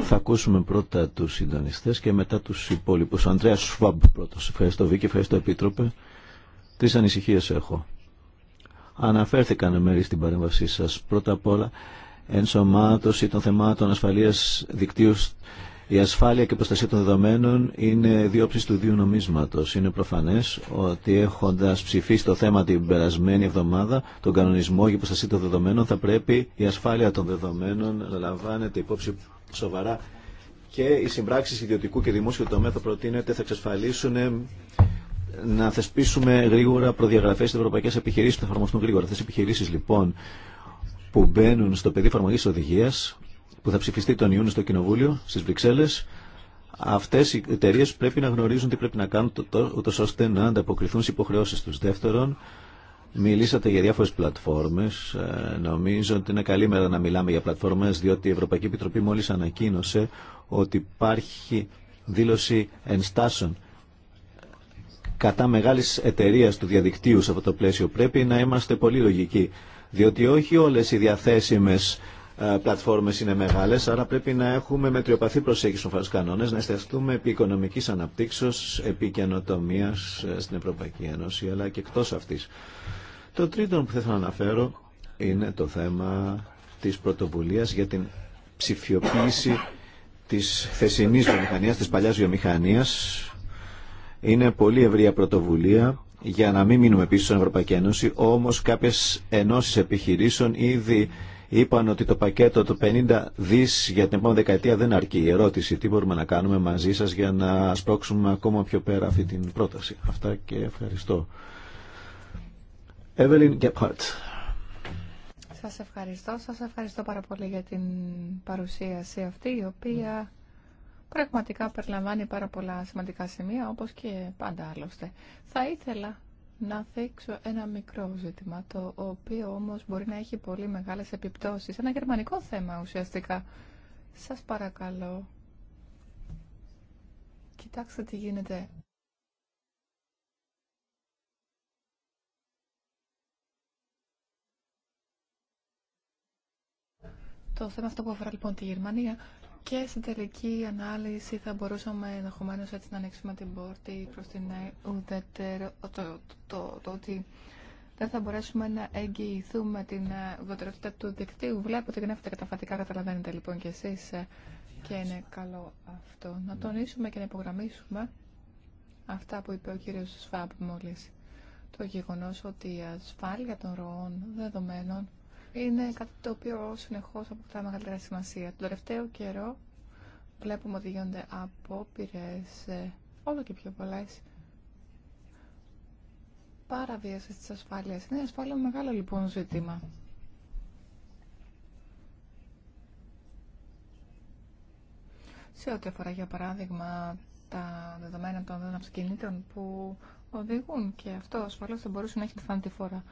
θα ακούσουμε πρώτα τους συντονιστές και μετά τους υπόλοιπους. Ο Ανδρέας Σφαμπ πρώτος. Ευχαριστώ Βίκη, ευχαριστώ Επίτροπε. Τρεις ανησυχίες έχω. Αναφέρθηκαν μέρη στην παρέμβασή σας. Πρώτα απ' όλα, ενσωμάτωση των θεμάτων ασφαλείας δικτύου η ασφάλεια και η προστασία των δεδομένων είναι δύο του δύο νομίσματος. Είναι προφανέ ότι έχοντα ψηφίσει το θέμα την περασμένη εβδομάδα, τον κανονισμό για προστασία των δεδομένων, θα πρέπει η ασφάλεια των δεδομένων να λαμβάνεται υπόψη σοβαρά και οι συμπράξει ιδιωτικού και δημόσιου τομέα θα προτείνεται, θα εξασφαλίσουν να θεσπίσουμε γρήγορα προδιαγραφέ στι ευρωπαϊκές επιχειρήσει, που θα εφαρμοστούν γρήγορα. Αυτέ οι επιχειρήσει λοιπόν που μπαίνουν στο πεδίο εφαρμογή οδηγία που θα ψηφιστεί τον Ιούνιο στο Κοινοβούλιο, στι Βρυξέλλε. Αυτέ οι εταιρείε πρέπει να γνωρίζουν τι πρέπει να κάνουν ούτω ώστε να ανταποκριθούν στις υποχρεώσει του Δεύτερον, Μιλήσατε για διάφορες πλατφόρμες. Ε, νομίζω ότι είναι καλή μέρα να μιλάμε για πλατφόρμες, διότι η Ευρωπαϊκή Επιτροπή μόλι ανακοίνωσε ότι υπάρχει δήλωση ενστάσεων κατά μεγάλη εταιρεία του διαδικτύου σε αυτό το πλαίσιο. Πρέπει να είμαστε πολύ λογικοί, διότι όχι όλε οι διαθέσιμε. Ε, πλατφόρμες είναι μεγάλες, άρα πρέπει να έχουμε μετριοπαθή προσέγγιση στους κανόνες, να εστιαστούμε επί οικονομικής αναπτύξεως, επί καινοτομίας ε, στην Ευρωπαϊκή Ένωση, αλλά και εκτός αυτής. Το τρίτο που θέλω να αναφέρω είναι το θέμα της πρωτοβουλίας για την ψηφιοποίηση της θεσινής βιομηχανίας, της παλιάς βιομηχανίας. Είναι πολύ ευρεία πρωτοβουλία για να μην μείνουμε πίσω στην Ευρωπαϊκή Ένωση, όμως κάποιες ενώσεις επιχειρήσεων ήδη είπαν ότι το πακέτο του 50 δις για την επόμενη δεκαετία δεν αρκεί. Η ερώτηση τι μπορούμε να κάνουμε μαζί σας για να σπρώξουμε ακόμα πιο πέρα αυτή την πρόταση. Αυτά και ευχαριστώ. Evelyn Gephardt. Σας ευχαριστώ. Σας ευχαριστώ πάρα πολύ για την παρουσίαση αυτή η οποία πραγματικά περιλαμβάνει πάρα πολλά σημαντικά σημεία όπως και πάντα άλλωστε. Θα ήθελα να θίξω ένα μικρό ζήτημα, το οποίο όμως μπορεί να έχει πολύ μεγάλες επιπτώσεις. Ένα γερμανικό θέμα ουσιαστικά. Σας παρακαλώ, κοιτάξτε τι γίνεται. Το θέμα αυτό που αφορά λοιπόν τη Γερμανία και στην τελική ανάλυση θα μπορούσαμε ενδεχομένω έτσι να ανοίξουμε την πόρτη προς την ουδετερο... το, το, ότι δεν θα μπορέσουμε να εγγυηθούμε την ουδετερότητα του δικτύου. Βλέπω ότι γνέφεται καταφατικά, καταλαβαίνετε λοιπόν κι εσείς ε, και είναι καλό αυτό. Να τονίσουμε και να υπογραμμίσουμε αυτά που είπε ο κύριος Σφάμπ μόλις. Το γεγονός ότι η ασφάλεια των ροών δεδομένων είναι κάτι το οποίο συνεχώ αποκτά μεγαλύτερη σημασία. Τον τελευταίο καιρό βλέπουμε ότι γίνονται απόπειρες ε, όλο και πιο πολλέ, παραβίαση τη ασφάλεια. Είναι ασφάλεια μεγάλο λοιπόν ζήτημα. σε ό,τι αφορά για παράδειγμα τα δεδομένα των αυτοκινήτων που οδηγούν και αυτό ασφαλώς θα μπορούσε να έχει τη φορά.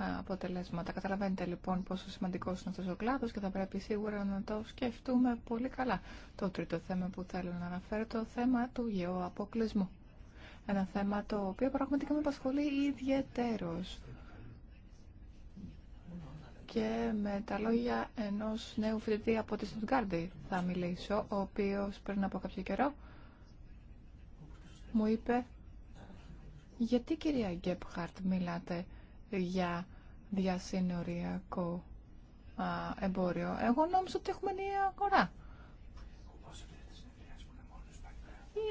Ε, αποτελέσματα. Καταλαβαίνετε λοιπόν πόσο σημαντικό είναι αυτό ο κλάδο και θα πρέπει σίγουρα να το σκεφτούμε πολύ καλά. Το τρίτο θέμα που θέλω να αναφέρω το θέμα του γεωαποκλεισμού. Ένα θέμα το οποίο πραγματικά με απασχολεί ιδιαίτερο. Και με τα λόγια ενό νέου φοιτητή από τη Στουτγκάρντι θα μιλήσω, ο οποίο πριν από κάποιο καιρό μου είπε. Γιατί κυρία Γκέπχαρτ μιλάτε για διασυνοριακό α, εμπόριο. Εγώ νόμιζα ότι έχουμε νέα αγορά.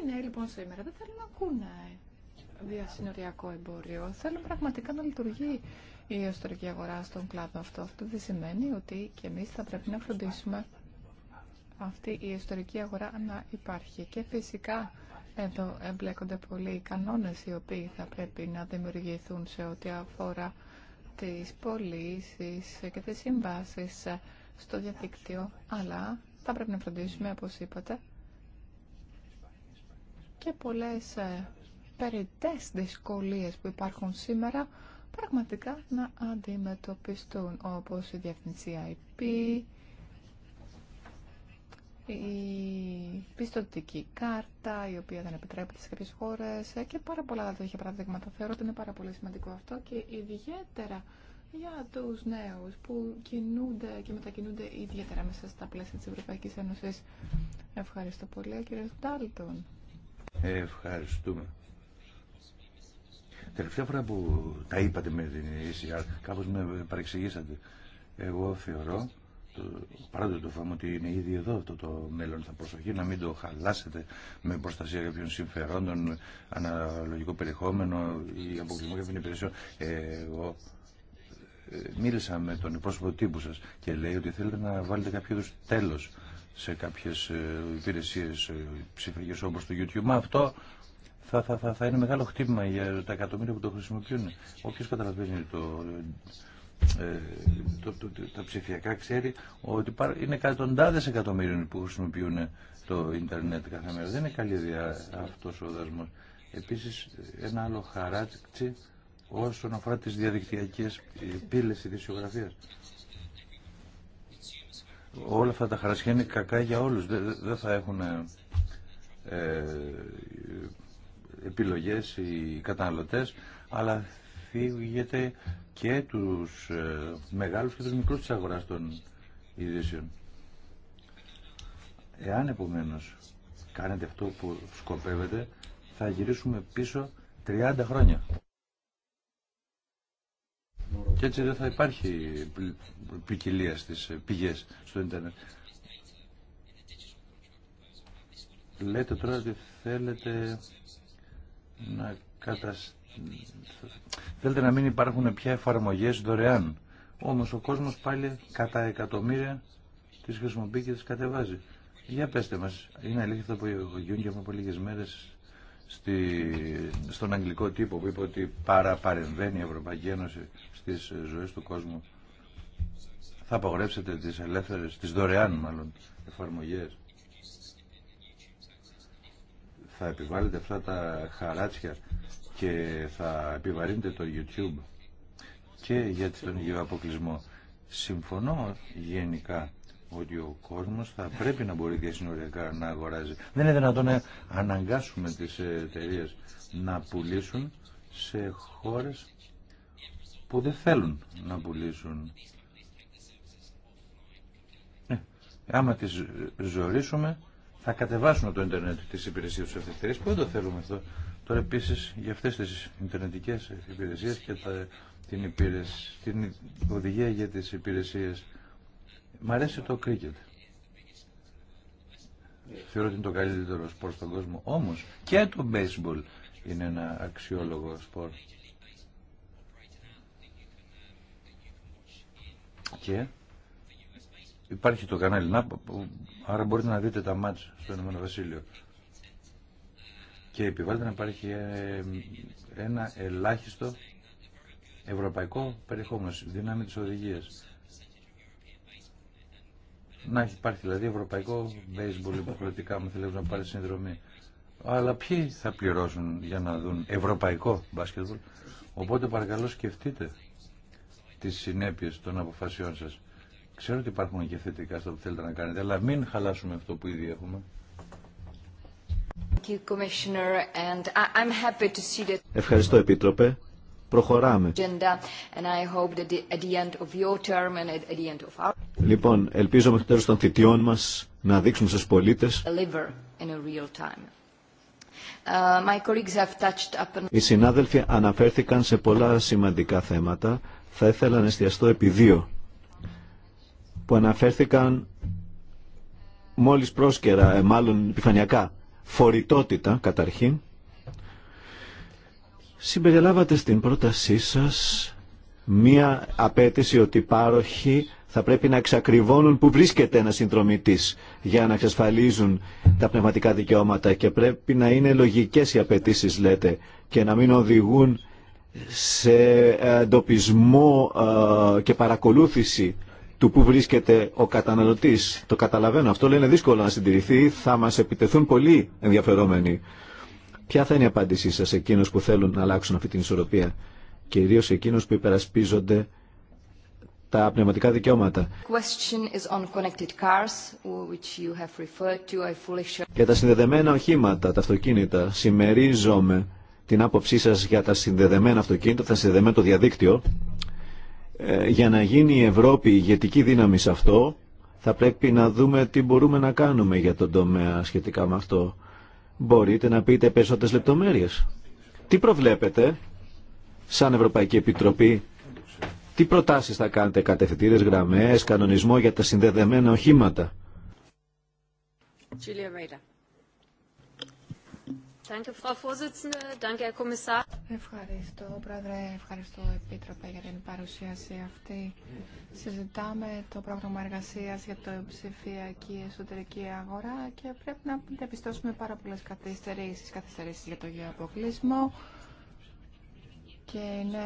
Είναι λοιπόν σήμερα, δεν θέλουν να ακούνε διασυνοριακό εμπόριο. Θέλουν πραγματικά να λειτουργεί η ιστορική αγορά στον κλάδο αυτό. Αυτό δεν σημαίνει ότι και εμείς θα πρέπει να φροντίσουμε αυτή η ιστορική αγορά να υπάρχει. Και φυσικά εδώ εμπλέκονται πολλοί οι κανόνες οι οποίοι θα πρέπει να δημιουργηθούν σε ό,τι αφορά τις πωλήσει και τις συμβάσεις στο διαδίκτυο, αλλά θα πρέπει να φροντίσουμε, όπως είπατε, και πολλές ε, περιττές δυσκολίες που υπάρχουν σήμερα πραγματικά να αντιμετωπιστούν, όπως η διευθυνσία IP, η πιστοτική κάρτα, η οποία δεν επιτρέπεται σε κάποιες χώρες ε, και πάρα πολλά άλλα τέτοια παραδείγματα. Θεωρώ ότι είναι πάρα πολύ σημαντικό αυτό και ιδιαίτερα για τους νέους που κινούνται και μετακινούνται ιδιαίτερα μέσα στα πλαίσια της Ευρωπαϊκής Ένωσης. Ευχαριστώ πολύ, κύριε Ντάλτον. Ευχαριστούμε. Τελευταία φορά που τα είπατε με την ECR, κάπως με παρεξηγήσατε. Εγώ θεωρώ παράδειγμα το φάμε ότι είναι ήδη εδώ το μέλλον θα προσοχή να μην το χαλάσετε με προστασία κάποιων συμφερόντων αναλογικό περιεχόμενο ή αποκλεισμό κάποιων υπηρεσιών εγώ ε, μίλησα με τον πρόσωπο τύπου σας και λέει ότι θέλετε να βάλετε κάποιο είδους τέλος σε κάποιες ε, υπηρεσίες ε, ψηφιακές όπως το YouTube. Μα αυτό θα, θα, θα, θα είναι μεγάλο χτύπημα για τα εκατομμύρια που το χρησιμοποιούν. Όποιος καταλαβαίνει το ε, το, το, το, τα ψηφιακά ξέρει ότι είναι εκατοντάδες εκατομμύριων που χρησιμοποιούν το ίντερνετ κάθε μέρα. Δεν είναι καλή ιδέα αυτός ο δασμός. Επίσης ένα άλλο χαράτσι όσον αφορά τις διαδικτυακές πύλες ειδησιογραφίας. Όλα αυτά τα χαρασιά είναι κακά για όλους. Δεν θα έχουν ε, ε, επιλογές οι καταναλωτές, αλλά φύγεται και τους ε, μεγάλους και τους μικρούς της αγοράς των ειδήσεων. Εάν επομένως κάνετε αυτό που σκοπεύετε, θα γυρίσουμε πίσω 30 χρόνια. Και έτσι δεν θα υπάρχει ποικιλία στις ε, πηγές στο ίντερνετ. Λέτε τώρα ότι θέλετε να καταστήσετε Θέλετε να μην υπάρχουν πια εφαρμογές δωρεάν. Όμως ο κόσμος πάλι κατά εκατομμύρια τις χρησιμοποιεί και τις κατεβάζει. Για πέστε μας, είναι αλήθεια αυτό που ο Γιούγκερ από λίγε μέρες στη, στον αγγλικό τύπο που είπε ότι παραπαρεμβαίνει η Ευρωπαϊκή Ένωση στις ζωές του κόσμου. Θα απαγορεύσετε τις ελεύθερες, τις δωρεάν μάλλον εφαρμογές. Θα επιβάλλετε αυτά τα χαράτσια και θα επιβαρύνεται το YouTube και για τον αποκλεισμό. Συμφωνώ γενικά ότι ο κόσμος θα πρέπει να μπορεί διασυνοριακά να αγοράζει. Δεν είναι δυνατόν να αναγκάσουμε τις εταιρείε να πουλήσουν σε χώρες που δεν θέλουν να πουλήσουν. Ε, άμα τις ζωρίσουμε θα κατεβάσουν το ίντερνετ της υπηρεσίας τους αυτής που δεν το θέλουμε αυτό. Τώρα επίση για αυτές τις ιντερνετικέ υπηρεσίε και τα, την, υπηρεσία, την οδηγία για τι υπηρεσίε. Μ' αρέσει το κρίκετ. Θεωρώ ότι είναι το καλύτερο σπορ στον κόσμο. όμω και το baseball είναι ένα αξιόλογο σπορ. Και υπάρχει το κανάλι να, άρα μπορείτε να δείτε τα μάτς στο Ηνωμένο Βασίλειο και επιβάλλεται να υπάρχει ε, ένα ελάχιστο ευρωπαϊκό περιεχόμενο, δυνάμει της οδηγίας. Να υπάρχει δηλαδή ευρωπαϊκό baseball υποχρεωτικά μου θέλει να πάρει συνδρομή. Αλλά ποιοι θα πληρώσουν για να δουν ευρωπαϊκό μπάσκετμπολ. Οπότε παρακαλώ σκεφτείτε τις συνέπειες των αποφασιών σας. Ξέρω ότι υπάρχουν και θετικά στο που θέλετε να κάνετε, αλλά μην χαλάσουμε αυτό που ήδη έχουμε. Ευχαριστώ, Επίτροπε. Προχωράμε. Λοιπόν, ελπίζω μέχρι τέλος των θητιών μας να δείξουμε στους πολίτες uh, οι συνάδελφοι αναφέρθηκαν σε πολλά σημαντικά θέματα. Θα ήθελα να εστιαστώ επί δύο που αναφέρθηκαν μόλις πρόσκαιρα, ε, μάλλον επιφανειακά φορητότητα καταρχήν, συμπεριλάβατε στην πρότασή σας μία απέτηση ότι οι πάροχοι θα πρέπει να εξακριβώνουν που βρίσκεται ένας συνδρομητής για να εξασφαλίζουν τα πνευματικά δικαιώματα και πρέπει να είναι λογικές οι απαιτήσει λέτε και να μην οδηγούν σε εντοπισμό ε, και παρακολούθηση του που βρίσκεται ο καταναλωτής. Το καταλαβαίνω αυτό, λένε δύσκολο να συντηρηθεί. Θα μας επιτεθούν πολλοί ενδιαφερόμενοι. Ποια θα είναι η απάντησή σας εκείνους που θέλουν να αλλάξουν αυτή την ισορροπία. Κυρίως εκείνους που υπερασπίζονται τα πνευματικά δικαιώματα. Για τα συνδεδεμένα οχήματα, τα αυτοκίνητα, συμμερίζομαι την άποψή σας για τα συνδεδεμένα αυτοκίνητα, τα συνδεδεμένα το διαδίκτυο. Ε, για να γίνει η Ευρώπη ηγετική δύναμη σε αυτό, θα πρέπει να δούμε τι μπορούμε να κάνουμε για τον τομέα σχετικά με αυτό. Μπορείτε να πείτε περισσότερες λεπτομέρειες. Τι προβλέπετε σαν Ευρωπαϊκή Επιτροπή, τι προτάσεις θα κάνετε, κατευθυντήρες γραμμές, κανονισμό για τα συνδεδεμένα οχήματα. Ευχαριστώ, Πρόεδρε. Ευχαριστώ, Επίτροπε, για την παρουσίαση αυτή. Συζητάμε το πρόγραμμα εργασία για το ψηφιακή εσωτερική αγορά και πρέπει να διαπιστώσουμε πάρα πολλέ καθυστερήσει. Καθυστερήσει για το γεωαποκλεισμό. Και είναι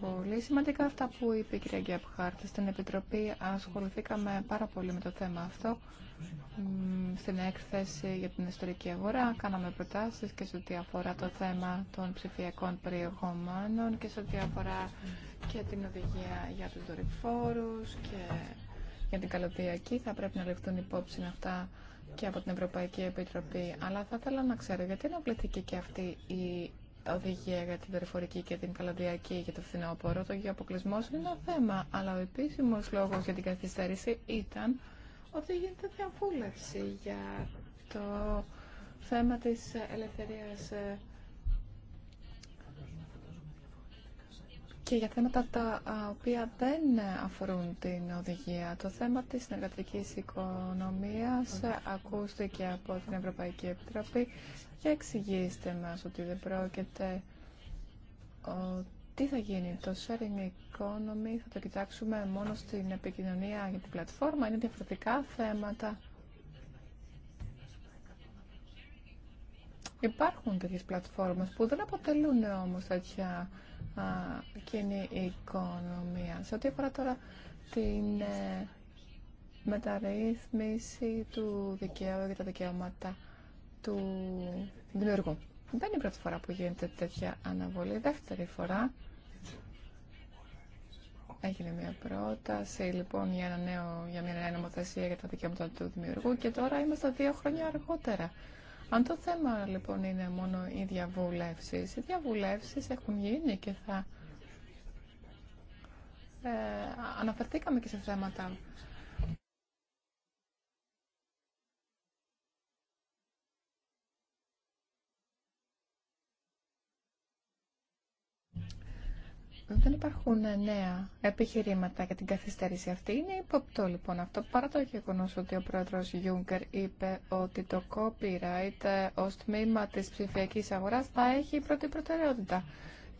πολύ σημαντικά αυτά που είπε η κυρία Γκέπχαρτ. Στην Επιτροπή ασχοληθήκαμε πάρα πολύ με το θέμα αυτό στην έκθεση για την ιστορική αγορά. Κάναμε προτάσεις και σε ό,τι αφορά το θέμα των ψηφιακών περιεχομένων και σε ό,τι αφορά και την οδηγία για τους δορυφόρους και για την καλωδιακή. Θα πρέπει να λεφτούν υπόψη αυτά και από την Ευρωπαϊκή Επιτροπή. Αλλά θα ήθελα να ξέρω γιατί είναι και αυτή η οδηγία για την δορυφορική και την καλωδιακή για το φθινόπωρο. Το γεωποκλεισμό είναι ένα θέμα, αλλά ο επίσημος λόγος για την καθυστέρηση ήταν ότι γίνεται διαβούλευση για το θέμα της ελευθερίας ε, και για θέματα τα οποία δεν αφορούν την οδηγία. Το θέμα της συνεργατικής οικονομίας ακούστηκε από την Ευρωπαϊκή Επιτροπή και εξηγήστε μας ότι δεν πρόκειται τι θα γίνει, το sharing economy θα το κοιτάξουμε μόνο στην επικοινωνία για την πλατφόρμα, είναι διαφορετικά θέματα. Υπάρχουν τέτοιες πλατφόρμες που δεν αποτελούν όμως τέτοια κοινή οικονομία. Σε ό,τι αφορά τώρα την ε, μεταρρύθμιση του δικαίου για τα δικαιώματα του δημιουργού. Δεν είναι η πρώτη φορά που γίνεται τέτοια αναβολή. Δεύτερη φορά Έγινε μια πρόταση λοιπόν για, ένα νέο, για μια νέα νομοθεσία για τα δικαιώματα του δημιουργού και τώρα είμαστε δύο χρόνια αργότερα. Αν το θέμα λοιπόν είναι μόνο οι διαβουλεύσει, οι διαβουλεύσει έχουν γίνει και θα. Ε, αναφερθήκαμε και σε θέματα δεν υπάρχουν νέα επιχειρήματα για την καθυστέρηση αυτή. Είναι υποπτό λοιπόν αυτό, παρά το γεγονό ότι ο πρόεδρο Γιούγκερ είπε ότι το copyright ω τμήμα τη ψηφιακή αγορά θα έχει πρώτη προτεραιότητα.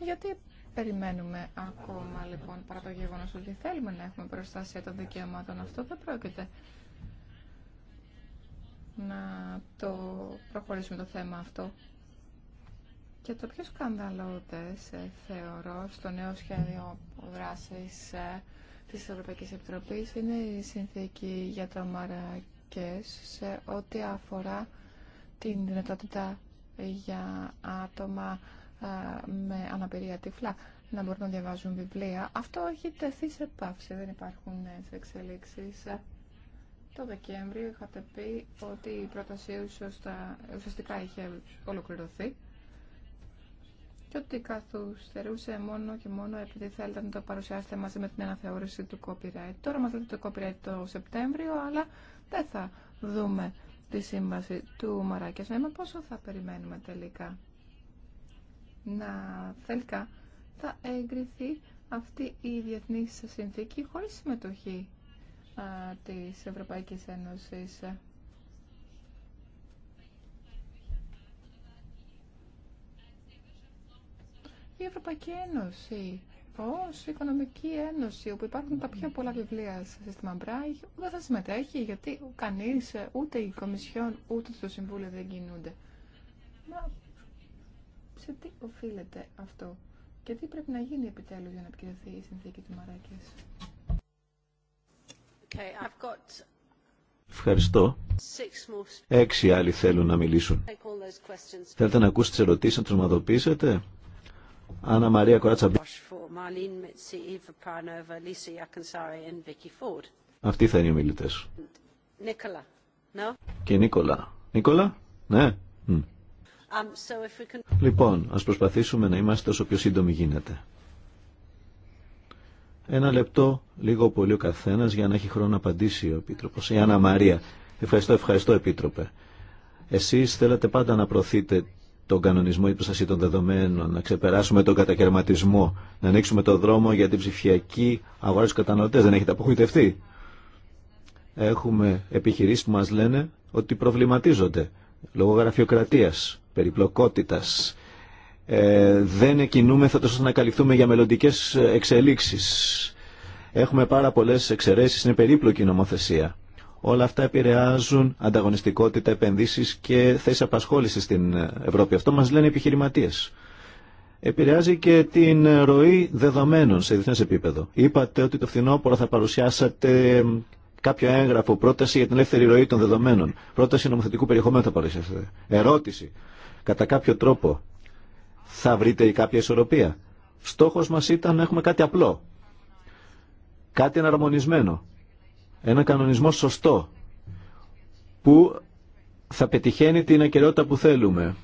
Γιατί περιμένουμε ακόμα λοιπόν, παρά το γεγονό ότι θέλουμε να έχουμε προστασία των δικαιωμάτων, αυτό δεν πρόκειται να το προχωρήσουμε το θέμα αυτό. Και το πιο σκανδαλώδες ε, θεωρώ στο νέο σχέδιο δράσης ε, της Ευρωπαϊκής Επιτροπής είναι η συνθήκη για το Μαρακές σε ό,τι αφορά την δυνατότητα για άτομα ε, με αναπηρία τυφλά να μπορούν να διαβάζουν βιβλία. Αυτό έχει τεθεί σε πάυση, δεν υπάρχουν νέες εξελίξεις. Το Δεκέμβριο είχατε πει ότι η πρόταση ουσιαστικά είχε ολοκληρωθεί και ότι καθυστερούσε μόνο και μόνο επειδή θέλετε να το παρουσιάσετε μαζί με την αναθεώρηση του copyright. Τώρα μας λέτε το copyright το Σεπτέμβριο, αλλά δεν θα δούμε τη σύμβαση του Μαράκια. Με πόσο θα περιμένουμε τελικά. Να τελικά θα εγκριθεί αυτή η διεθνή συνθήκη χωρίς συμμετοχή α, της Ευρωπαϊκής Ένωσης. η Ευρωπαϊκή Ένωση ως οικονομική ένωση όπου υπάρχουν τα πιο πολλά βιβλία σε σύστημα Μπράιχ δεν θα συμμετέχει γιατί κανείς ούτε η Κομισιόν ούτε το Συμβούλιο δεν κινούνται. Μα σε τι οφείλεται αυτό και τι πρέπει να γίνει επιτέλους για να επικυρωθεί η συνθήκη του Μαράκης. Ευχαριστώ. Έξι άλλοι θέλουν να μιλήσουν. Θέλετε να ακούσετε τις ερωτήσεις, να τους ομαδοποιήσετε. Ανά Μαρία Κοράτσα Αυτοί θα είναι οι ομιλητέ. Και Νίκολα. Νίκολα, ναι. Um, λοιπόν, ας προσπαθήσουμε να είμαστε όσο πιο σύντομοι γίνεται. Ένα λεπτό, λίγο πολύ ο καθένας, για να έχει χρόνο να απαντήσει ο Επίτροπος. Η Άννα Μαρία. Ευχαριστώ, ευχαριστώ Επίτροπε. Εσείς θέλατε πάντα να προωθείτε τον κανονισμό υποστασία των δεδομένων, να ξεπεράσουμε τον κατακαιρματισμό, να ανοίξουμε το δρόμο για την ψηφιακή αγορά στους καταναλωτές. Δεν έχετε αποχωρητευτεί. Έχουμε επιχειρήσεις που μας λένε ότι προβληματίζονται λόγω γραφειοκρατίας, περιπλοκότητας. Ε, δεν κινούμεθα τόσο να καλυφθούμε για μελλοντικέ εξελίξεις. Έχουμε πάρα πολλές εξαιρέσεις, είναι περίπλοκη νομοθεσία. Όλα αυτά επηρεάζουν ανταγωνιστικότητα, επενδύσεις και θέσει απασχόληση στην Ευρώπη. Αυτό μας λένε οι επιχειρηματίες. Επηρεάζει και την ροή δεδομένων σε διεθνές επίπεδο. Είπατε ότι το φθινόπωρο θα παρουσιάσατε κάποιο έγγραφο, πρόταση για την ελεύθερη ροή των δεδομένων. Πρόταση νομοθετικού περιεχομένου θα παρουσιάσετε. Ερώτηση. Κατά κάποιο τρόπο θα βρείτε η κάποια ισορροπία. Στόχος μας ήταν να έχουμε κάτι απλό. Κάτι εναρμονισμένο ένα κανονισμό σωστό που θα πετυχαίνει την ακαιρεότητα που θέλουμε.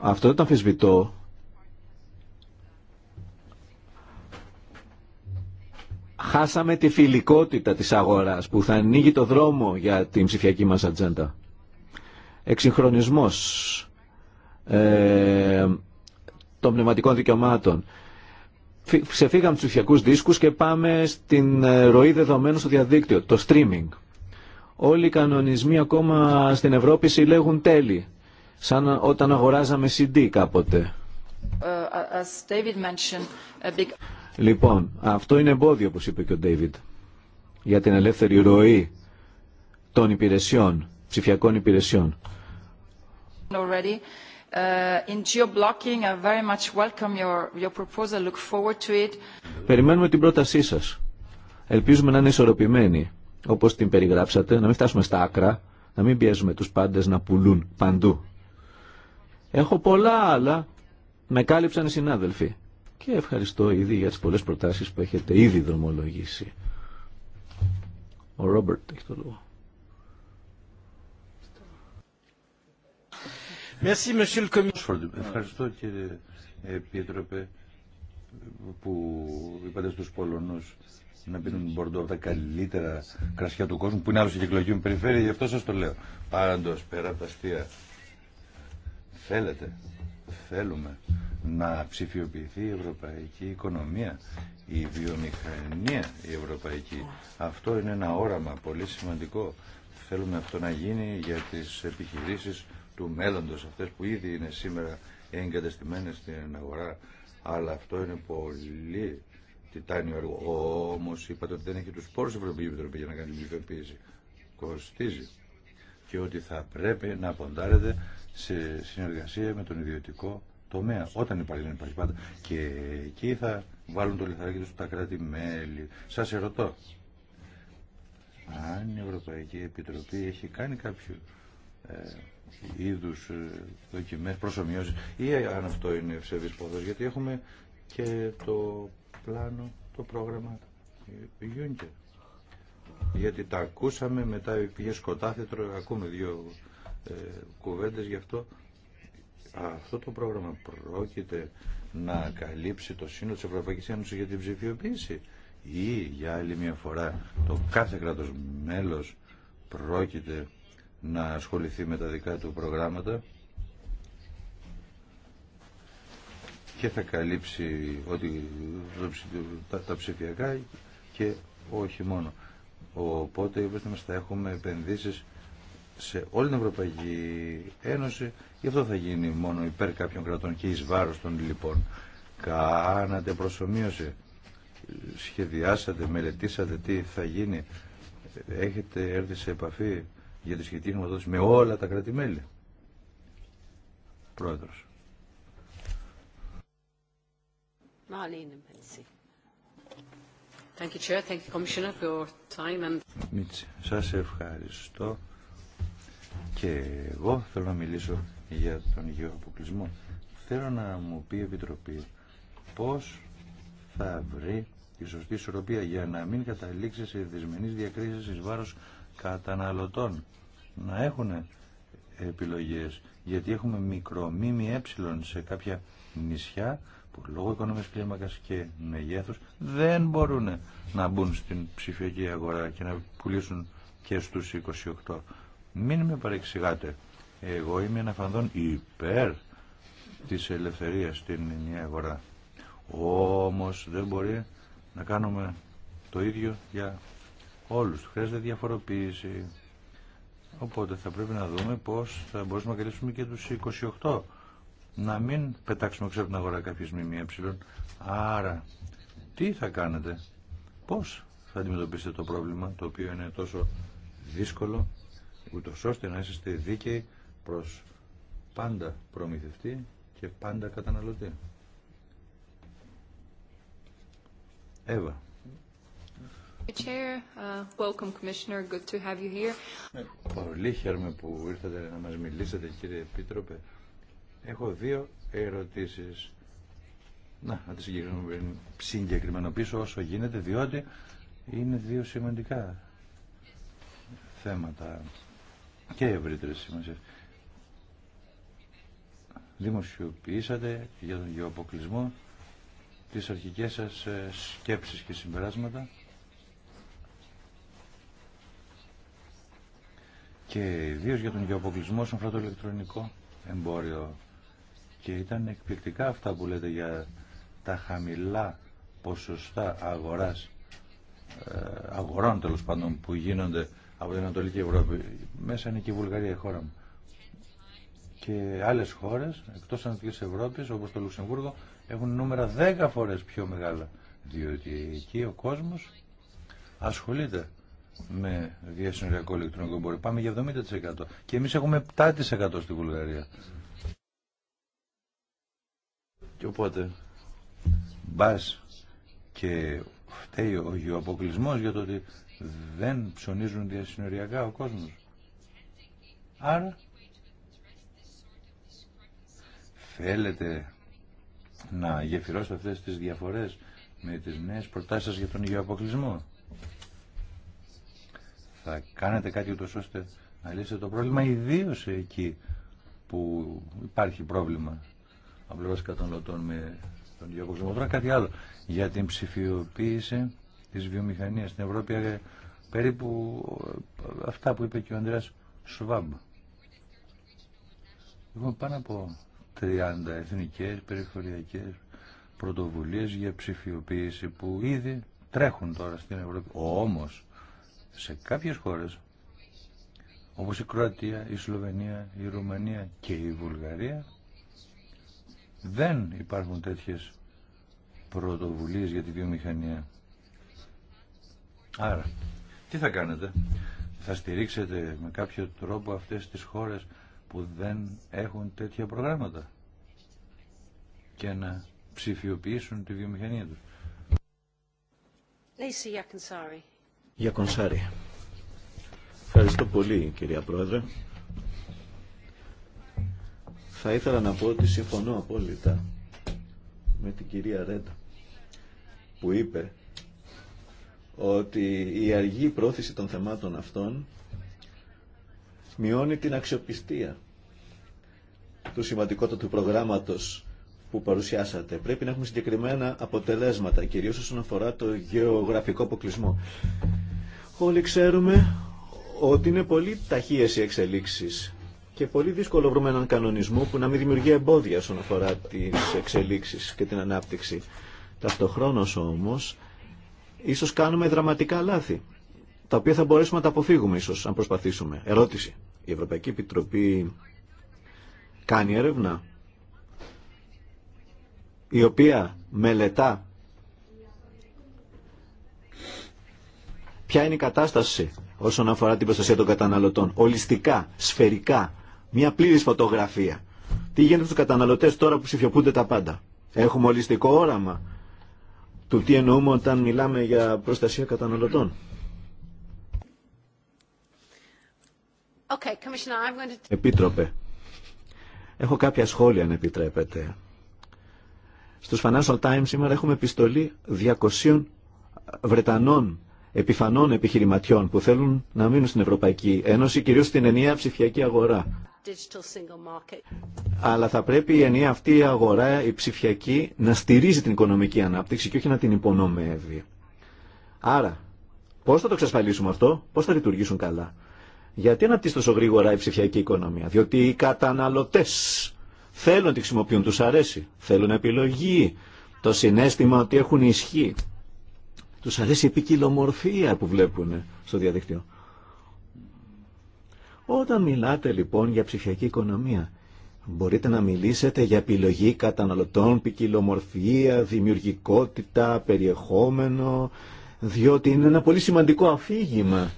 Αυτό δεν το αμφισβητώ. Χάσαμε τη φιλικότητα της αγοράς που θα ανοίγει το δρόμο για την ψηφιακή μας ατζέντα. Εξυγχρονισμός ε, των πνευματικών δικαιωμάτων ξεφύγαμε τους ψηφιακούς δίσκους και πάμε στην ε, ροή δεδομένων στο διαδίκτυο, το streaming. Όλοι οι κανονισμοί ακόμα στην Ευρώπη συλλέγουν τέλη, σαν όταν αγοράζαμε CD κάποτε. Ε, David ε, Λοιπόν, αυτό είναι εμπόδιο, όπως είπε και ο David, για την ελεύθερη ροή των υπηρεσιών, ψηφιακών υπηρεσιών. Already. Uh, in very much welcome your, your proposal. Look forward to it. Περιμένουμε την πρότασή σας. Ελπίζουμε να είναι ισορροπημένη, όπως την περιγράψατε, να μην φτάσουμε στα άκρα, να μην πιέζουμε τους πάντες να πουλούν παντού. Έχω πολλά άλλα, με κάλυψαν οι συνάδελφοι. Και ευχαριστώ ήδη για τις πολλές προτάσεις που έχετε ήδη δρομολογήσει. Ο Ρόμπερτ έχει το λόγο. Ευχαριστώ κύριε Επίτροπε που είπατε στους Πολωνούς να πίνουν Μπορντό από τα καλύτερα κρασιά του κόσμου που είναι άλλωστε και εκλογική μου περιφέρεια γι' αυτό σας το λέω. Πάντως πέρα από τα αστεία θέλετε, θέλουμε να ψηφιοποιηθεί η ευρωπαϊκή οικονομία, η βιομηχανία η ευρωπαϊκή. Αυτό είναι ένα όραμα πολύ σημαντικό. Θέλουμε αυτό να γίνει για τις επιχειρήσεις του μέλλοντος, αυτές που ήδη είναι σήμερα εγκαταστημένες στην αγορά, αλλά αυτό είναι πολύ τιτάνιο έργο. Όμως είπατε ότι δεν έχει τους πόρους η Ευρωπαϊκή Επιτροπή για να κάνει ψηφιοποίηση. Κοστίζει. Και ότι θα πρέπει να ποντάρεται σε συνεργασία με τον ιδιωτικό τομέα. Όταν υπάρχει, δεν υπάρχει πάντα. Και εκεί θα βάλουν το λιθαράκι του τα κράτη-μέλη. Σας ερωτώ. Αν η Ευρωπαϊκή Επιτροπή έχει κάνει κάποιο ε, είδου ε, δοκιμέ προσωμιώσει, ή αν αυτό είναι ψεύδη πόδο, γιατί έχουμε και το πλάνο, το πρόγραμμα Γιούνκερ. Γιατί τα ακούσαμε, μετά πήγε σκοτάθετρο, ακούμε δύο ε, κουβέντες γι' αυτό. Αυτό το πρόγραμμα πρόκειται να καλύψει το σύνολο της Ευρωπαϊκής Ένωσης για την ψηφιοποίηση ή για άλλη μια φορά το κάθε κράτος μέλος πρόκειται να ασχοληθεί με τα δικά του προγράμματα και θα καλύψει ότι, τα, τα ψηφιακά και όχι μόνο. Οπότε είπαστε μας θα έχουμε επενδύσεις σε όλη την Ευρωπαϊκή Ένωση γι' αυτό θα γίνει μόνο υπέρ κάποιων κρατών και εις βάρος των λοιπόν. Κάνατε προσωμείωση, σχεδιάσατε, μελετήσατε τι θα γίνει, έχετε έρθει σε επαφή για τη σχετική χρηματοδότηση με όλα τα κράτη-μέλη. Πρόεδρος. Thank σας ευχαριστώ και εγώ θέλω να μιλήσω για τον υγιό αποκλεισμό. Θέλω να μου πει η Επιτροπή πώς θα βρει τη σωστή ισορροπία για να μην καταλήξει σε δυσμενείς διακρίσεις εις βάρος καταναλωτών να έχουν επιλογές γιατί έχουμε μικρό μήμι ε σε κάποια νησιά που λόγω οικονομικής κλίμακα και μεγέθους δεν μπορούν να μπουν στην ψηφιακή αγορά και να πουλήσουν και στους 28. Μην με παρεξηγάτε. Εγώ είμαι φανδόν υπέρ της ελευθερίας στην ενιαία αγορά. Όμως δεν μπορεί να κάνουμε το ίδιο για όλους. Χρειάζεται διαφοροποίηση. Οπότε θα πρέπει να δούμε πώς θα μπορούμε να καλύψουμε και τους 28. Να μην πετάξουμε ξέρω την αγορά κάποιες ΜΜΕ. Άρα, τι θα κάνετε, πώς θα αντιμετωπίσετε το πρόβλημα το οποίο είναι τόσο δύσκολο, ούτω ώστε να είστε δίκαιοι προς πάντα προμηθευτή και πάντα καταναλωτή. έβα Πολύ χαίρομαι που ήρθατε να μας μιλήσετε κύριε Επίτροπε. Έχω δύο ερωτήσεις. Να, να τις συγκεκριμενοποιήσω όσο γίνεται, διότι είναι δύο σημαντικά θέματα και ευρύτερες σημασίες. Δημοσιοποιήσατε για τον γεωποκλεισμό τις αρχικές σας ε, σκέψεις και συμπεράσματα και ιδίω για τον γεωποκλεισμό στον το ηλεκτρονικό εμπόριο. Και ήταν εκπληκτικά αυτά που λέτε για τα χαμηλά ποσοστά αγοράς, ε, αγορών τέλο πάντων που γίνονται από την Ανατολική Ευρώπη. Μέσα είναι και η Βουλγαρία η χώρα μου. Και άλλες χώρες εκτός Ανατολικής Ευρώπης όπως το Λουξεμβούργο έχουν νούμερα δέκα φορές πιο μεγάλα διότι εκεί ο κόσμος ασχολείται με διασυνοριακό ηλεκτρονικό εμπόριο. Πάμε για 70%. Και εμείς έχουμε 7% στη Βουλγαρία. Και οπότε, μπα και φταίει ο γεωαποκλεισμό για το ότι δεν ψωνίζουν διασυνοριακά ο κόσμος. Άρα, θέλετε να γεφυρώσετε αυτές τις διαφορές με τις νέες προτάσεις για τον γεωαποκλεισμό θα κάνετε κάτι ούτως ώστε να λύσετε το πρόβλημα, ιδίω εκεί που υπάρχει πρόβλημα απλώς πλευρά καταναλωτών με τον διακοσμό. Τώρα κάτι άλλο. Για την ψηφιοποίηση τη βιομηχανία στην Ευρώπη, ε, περίπου ε, αυτά που είπε και ο Ανδρέας Σουβάμπ. Έχουμε πάνω από 30 εθνικές περιφερειακές πρωτοβουλίες για ψηφιοποίηση που ήδη τρέχουν τώρα στην Ευρώπη. Όμως σε κάποιες χώρες όπως η Κροατία, η Σλοβενία, η Ρουμανία και η Βουλγαρία δεν υπάρχουν τέτοιες πρωτοβουλίες για τη βιομηχανία. Άρα, τι θα κάνετε, θα στηρίξετε με κάποιο τρόπο αυτές τις χώρες που δεν έχουν τέτοια προγράμματα και να ψηφιοποιήσουν τη βιομηχανία τους. Για Κονσάρη. Ευχαριστώ πολύ κυρία Πρόεδρε. Θα ήθελα να πω ότι συμφωνώ απόλυτα με την κυρία Ρέντα που είπε ότι η αργή πρόθεση των θεμάτων αυτών μειώνει την αξιοπιστία του σημαντικότητα του προγράμματος που παρουσιάσατε. Πρέπει να έχουμε συγκεκριμένα αποτελέσματα, κυρίως όσον αφορά το γεωγραφικό αποκλεισμό. Όλοι ξέρουμε ότι είναι πολύ ταχύες οι εξελίξεις και πολύ δύσκολο βρούμε έναν κανονισμό που να μην δημιουργεί εμπόδια όσον αφορά τις εξελίξεις και την ανάπτυξη. Ταυτοχρόνως όμως, ίσω κάνουμε δραματικά λάθη, τα οποία θα μπορέσουμε να τα αποφύγουμε ίσως, αν προσπαθήσουμε. Ερώτηση. Η Ευρωπαϊκή Επιτροπή κάνει έρευνα η οποία μελετά ποια είναι η κατάσταση όσον αφορά την προστασία των καταναλωτών. Ολιστικά, σφαιρικά, μια πλήρη φωτογραφία. Τι γίνεται στου καταναλωτέ τώρα που ψηφιοποιούνται τα πάντα. Έχουμε ολιστικό όραμα του τι εννοούμε όταν μιλάμε για προστασία καταναλωτών. Okay, Επίτροπε, έχω κάποια σχόλια αν επιτρέπετε. Στους Financial Times σήμερα έχουμε επιστολή 200 Βρετανών επιφανών επιχειρηματιών που θέλουν να μείνουν στην Ευρωπαϊκή Ένωση, κυρίως στην ενιαία ψηφιακή αγορά. Αλλά θα πρέπει η ενιαία αυτή η αγορά, η ψηφιακή, να στηρίζει την οικονομική ανάπτυξη και όχι να την υπονομεύει. Άρα, πώς θα το εξασφαλίσουμε αυτό, πώς θα λειτουργήσουν καλά. Γιατί αναπτύσσει τόσο γρήγορα η ψηφιακή οικονομία. Διότι οι καταναλωτές θέλουν να τη χρησιμοποιούν, τους αρέσει, θέλουν επιλογή, το συνέστημα ότι έχουν ισχύ. Τους αρέσει η ποικιλομορφία που βλέπουν στο διαδικτύο. Όταν μιλάτε λοιπόν για ψηφιακή οικονομία, μπορείτε να μιλήσετε για επιλογή καταναλωτών, ποικιλομορφία, δημιουργικότητα, περιεχόμενο, διότι είναι ένα πολύ σημαντικό αφήγημα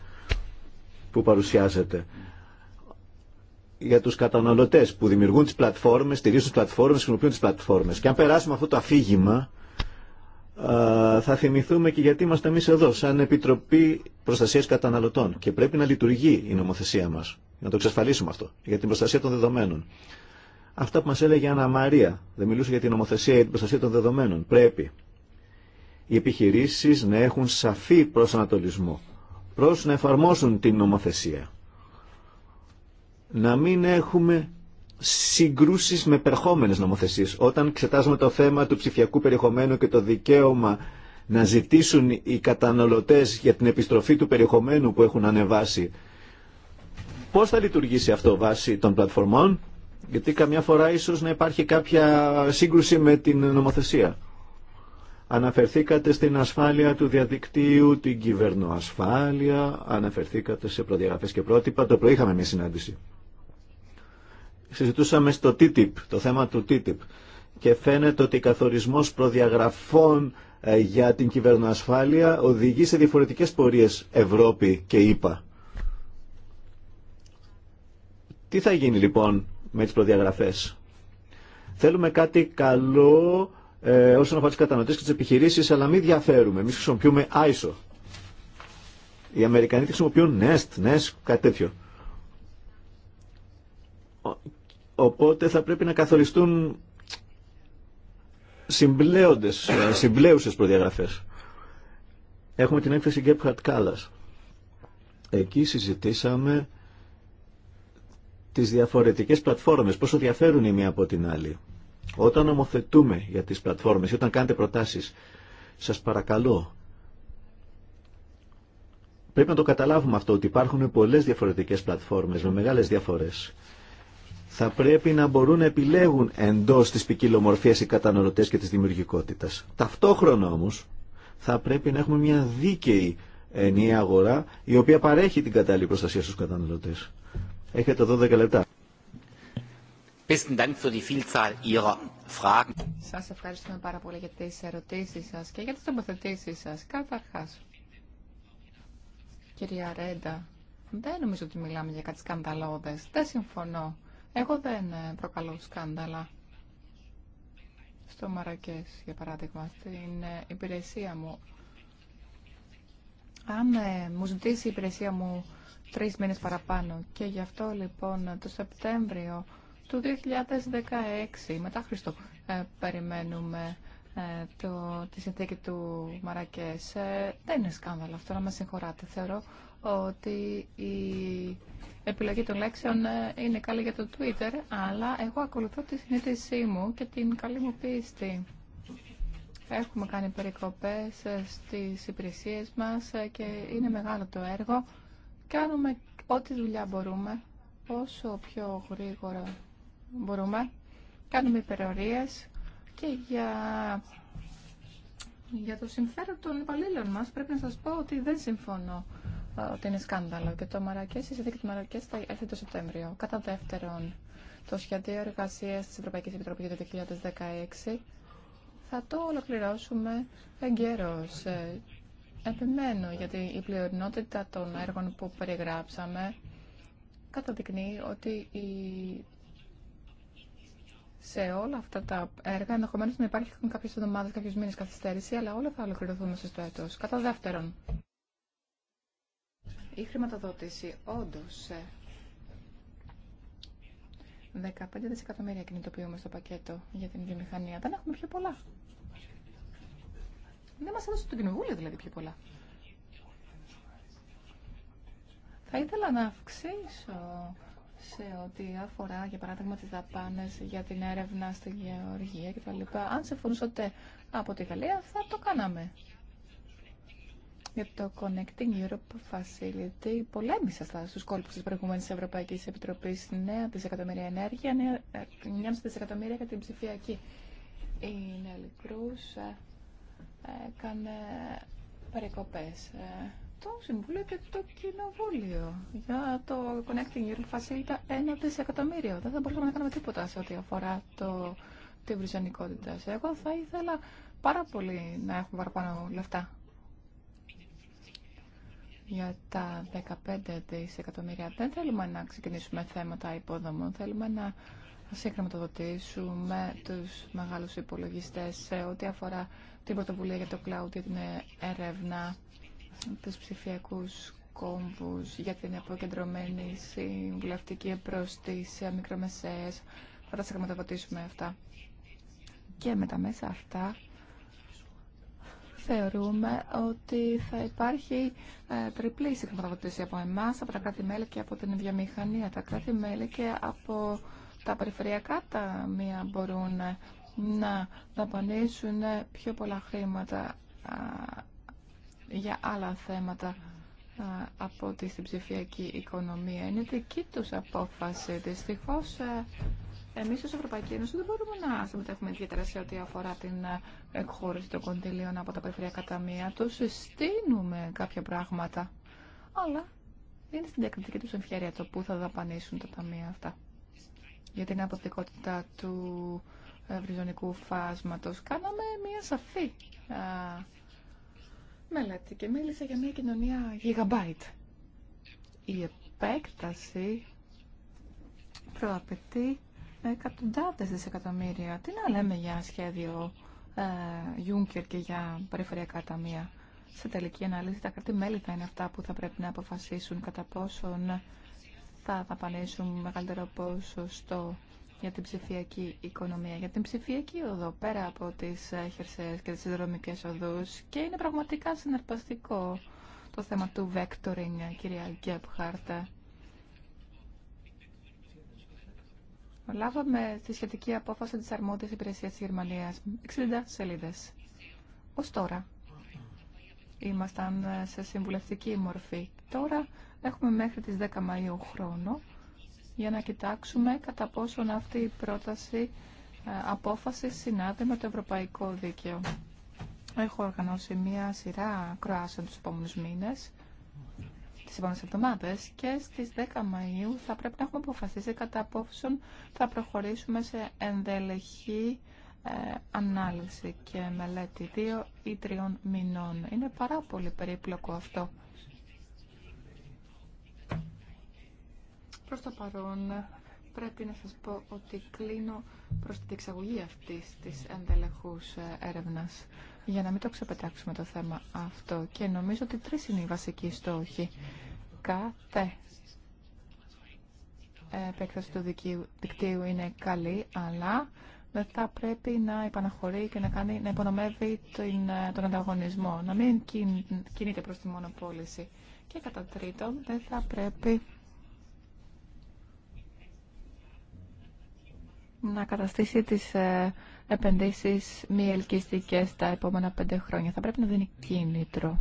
που παρουσιάζεται για τους καταναλωτές που δημιουργούν τις πλατφόρμες, στηρίζουν τις πλατφόρμες, χρησιμοποιούν τις πλατφόρμες. Και αν περάσουμε αυτό το αφήγημα, θα θυμηθούμε και γιατί είμαστε εμεί εδώ, σαν Επιτροπή Προστασία Καταναλωτών. Και πρέπει να λειτουργεί η νομοθεσία μα, να το εξασφαλίσουμε αυτό, για την προστασία των δεδομένων. Αυτά που μα έλεγε η Αννα Μαρία, δεν μιλούσε για την νομοθεσία ή την προστασία των δεδομένων. Πρέπει οι επιχειρήσει να έχουν σαφή προσανατολισμό προ να εφαρμόσουν την νομοθεσία. Να μην έχουμε συγκρούσεις με περχόμενες νομοθεσίες. Όταν εξετάζουμε το θέμα του ψηφιακού περιεχομένου και το δικαίωμα να ζητήσουν οι καταναλωτές για την επιστροφή του περιεχομένου που έχουν ανεβάσει, πώς θα λειτουργήσει αυτό βάσει των πλατφορμών, γιατί καμιά φορά ίσως να υπάρχει κάποια σύγκρουση με την νομοθεσία. Αναφερθήκατε στην ασφάλεια του διαδικτύου, την κυβερνοασφάλεια, αναφερθήκατε σε προδιαγραφές και πρότυπα, το πρωί μια συνάντηση συζητούσαμε στο TTIP, το θέμα του TTIP και φαίνεται ότι καθορισμός προδιαγραφών ε, για την κυβερνοασφάλεια οδηγεί σε διαφορετικές πορείες Ευρώπη και ΗΠΑ. Τι θα γίνει λοιπόν με τις προδιαγραφές. Θέλουμε κάτι καλό ε, όσον αφορά τις κατανοτές και τις επιχειρήσεις, αλλά μην διαφέρουμε. Εμείς χρησιμοποιούμε ISO. Οι Αμερικανοί χρησιμοποιούν NEST, NEST, κάτι τέτοιο. Οπότε θα πρέπει να καθοριστούν συμπλέοντες, ε, συμπλέουσες προδιαγραφές. Έχουμε την έκθεση Γκέπχαρτ Κάλλας. Εκεί συζητήσαμε τις διαφορετικές πλατφόρμες, πόσο διαφέρουν η μία από την άλλη. Όταν ομοθετούμε για τις πλατφόρμες όταν κάνετε προτάσεις, σας παρακαλώ, πρέπει να το καταλάβουμε αυτό, ότι υπάρχουν πολλές διαφορετικές πλατφόρμες με μεγάλες διαφορές θα πρέπει να μπορούν να επιλέγουν εντός της ποικιλομορφίας οι καταναλωτές και της δημιουργικότητας. Ταυτόχρονα όμως θα πρέπει να έχουμε μια δίκαιη ενιαία αγορά η οποία παρέχει την κατάλληλη προστασία στους καταναλωτές. Έχετε 12 λεπτά. Σας ευχαριστούμε πάρα πολύ για τις ερωτήσεις σας και για τις τοποθετήσεις σας. Καταρχάς, κυρία Ρέντα, δεν νομίζω ότι μιλάμε για κάτι σκανδαλώδες. Δεν συμφωνώ εγώ δεν ε, προκαλώ σκάνδαλα στο Μαρακές, για παράδειγμα, στην ε, υπηρεσία μου. Αν ε, μου ζητήσει η υπηρεσία μου τρεις μήνες παραπάνω και γι' αυτό λοιπόν το Σεπτέμβριο του 2016, μετά Χριστό, περιμένουμε το, τη συνθήκη του Μαρακές. δεν είναι σκάνδαλο αυτό, να με συγχωράτε. Θεωρώ ότι η επιλογή των λέξεων ε, είναι καλή για το Twitter, αλλά εγώ ακολουθώ τη συνείδησή μου και την καλή μου πίστη. Έχουμε κάνει περικοπές ε, στις υπηρεσίες μας ε, και είναι μεγάλο το έργο. Κάνουμε ό,τι δουλειά μπορούμε, όσο πιο γρήγορα μπορούμε. Κάνουμε υπερορίες και για για το συμφέρον των υπαλλήλων μας πρέπει να σας πω ότι δεν συμφωνώ ότι είναι σκάνδαλο και το Μαρακές, η συνθήκη του Μαρακές θα έρθει το Σεπτέμβριο. Κατά δεύτερον, το σχέδιο εργασία της Ευρωπαϊκής Επιτροπής για το 2016 θα το ολοκληρώσουμε εγκαίρως. Ε, επιμένω γιατί η πλειονότητα των έργων που περιγράψαμε καταδεικνύει ότι η... σε όλα αυτά τα έργα ενδεχομένω να υπάρχουν κάποιε εβδομάδε, κάποιε μήνε καθυστέρηση, αλλά όλα θα ολοκληρωθούν μέσα στο έτο. Κατά δεύτερον, η χρηματοδότηση όντως 15 ε, δισεκατομμύρια κινητοποιούμε στο πακέτο για την βιομηχανία. Δεν έχουμε πιο πολλά. Δεν μας έδωσε το κοινοβούλιο δηλαδή πιο πολλά. Θα ήθελα να αυξήσω σε ό,τι αφορά, για παράδειγμα, τις δαπάνες για την έρευνα στη Γεωργία κτλ. Αν σε από τη Γαλλία, θα το κάναμε για το Connecting Europe Facility πολέμησα στου κόλπου τη προηγούμενη Ευρωπαϊκή Επιτροπή. Νέα δισεκατομμύρια ενέργεια, νέα ε, δισεκατομμύρια για την ψηφιακή. Η Νέλη Κρούς ε, έκανε περικοπέ. Ε, το Συμβούλιο και το Κοινοβούλιο για το Connecting Europe Facility ένα δισεκατομμύριο. Δεν θα μπορούσαμε να κάνουμε τίποτα σε ό,τι αφορά το, την βρυζανικότητα. Εγώ θα ήθελα πάρα πολύ να έχουμε παραπάνω λεφτά για τα 15 δισεκατομμύρια. Δεν θέλουμε να ξεκινήσουμε θέματα υπόδομων, θέλουμε να συγχρηματοδοτήσουμε τους μεγάλους υπολογιστές σε ό,τι αφορά την πρωτοβουλία για το cloud, για την έρευνα, του ψηφιακούς κόμβους, για την αποκεντρωμένη συμβουλευτική προς τις μικρομεσαίες. Θα τα συγχρηματοδοτήσουμε αυτά. Και με τα μέσα αυτά θεωρούμε ότι θα υπάρχει ε, τριπλή συγχρηματοδότηση από εμά, από τα κράτη-μέλη και από την βιομηχανία. Τα κράτη-μέλη και από τα περιφερειακά ταμεία μπορούν ε, να δαπανίσουν ε, πιο πολλά χρήματα για άλλα θέματα από τη στην ψηφιακή οικονομία. Είναι δική τους απόφαση. Δυστυχώς ε, Εμεί ως Ευρωπαϊκή Ένωση δεν μπορούμε να συμμετέχουμε ιδιαίτερα σε ό,τι αφορά την ε, εκχώρηση των κοντιλίων από τα περιφερειακά ταμεία. Του συστήνουμε κάποια πράγματα, αλλά είναι στην διακριτική του ευχαίρεια το πού θα δαπανίσουν τα ταμεία αυτά. Για την αποδικότητα του ευρυζωνικού φάσματο. κάναμε μια σαφή α, μελέτη και μίλησα για μια κοινωνία γιγαμπάιτ. Η επέκταση προαπαιτεί εκατοντάδες δισεκατομμύρια. Τι να λέμε για σχέδιο ε, Juncker και για περιφερειακά ταμεία. Σε τελική ανάλυση τα κράτη-μέλη θα είναι αυτά που θα πρέπει να αποφασίσουν κατά πόσον θα δαπανίσουν μεγαλύτερο ποσοστό για την ψηφιακή οικονομία, για την ψηφιακή οδό, πέρα από τις ε, χερσαίες και τις δρομικές οδούς. Και είναι πραγματικά συναρπαστικό το θέμα του vectoring, ε, κυρία Γκέπχαρτ. Λάβαμε τη σχετική απόφαση της αρμόδιας υπηρεσίας της Γερμανίας. 60 σελίδες. Ως τώρα. Ήμασταν σε συμβουλευτική μορφή. Τώρα έχουμε μέχρι τις 10 Μαΐου χρόνο για να κοιτάξουμε κατά πόσον αυτή η πρόταση ε, απόφαση συνάδει με το ευρωπαϊκό δίκαιο. Έχω οργανώσει μία σειρά κροάσεων τους επόμενους μήνες τις επόμενες εβδομάδες και στις 10 Μαΐου θα πρέπει να έχουμε αποφασίσει κατά απόψεων θα προχωρήσουμε σε ενδελεχή ε, ανάλυση και μελέτη δύο ή τριών μηνών. Είναι πάρα πολύ περίπλοκο αυτό. Προς το παρόν πρέπει να σας πω ότι κλείνω προς την εξαγωγή αυτής της ενδελεχούς ε, έρευνας για να μην το ξεπετάξουμε το θέμα αυτό. Και νομίζω ότι τρεις είναι οι βασικοί στόχοι. Κάθε επέκταση του δικτύου είναι καλή, αλλά δεν θα πρέπει να επαναχωρεί και να, κάνει, να υπονομεύει τον, ανταγωνισμό, να μην κινείται προς τη μονοπόληση. Και κατά τρίτον, δεν θα πρέπει να καταστήσει τις ε, επενδύσεις μη ελκυστικές τα επόμενα πέντε χρόνια. Θα πρέπει να δίνει κίνητρο.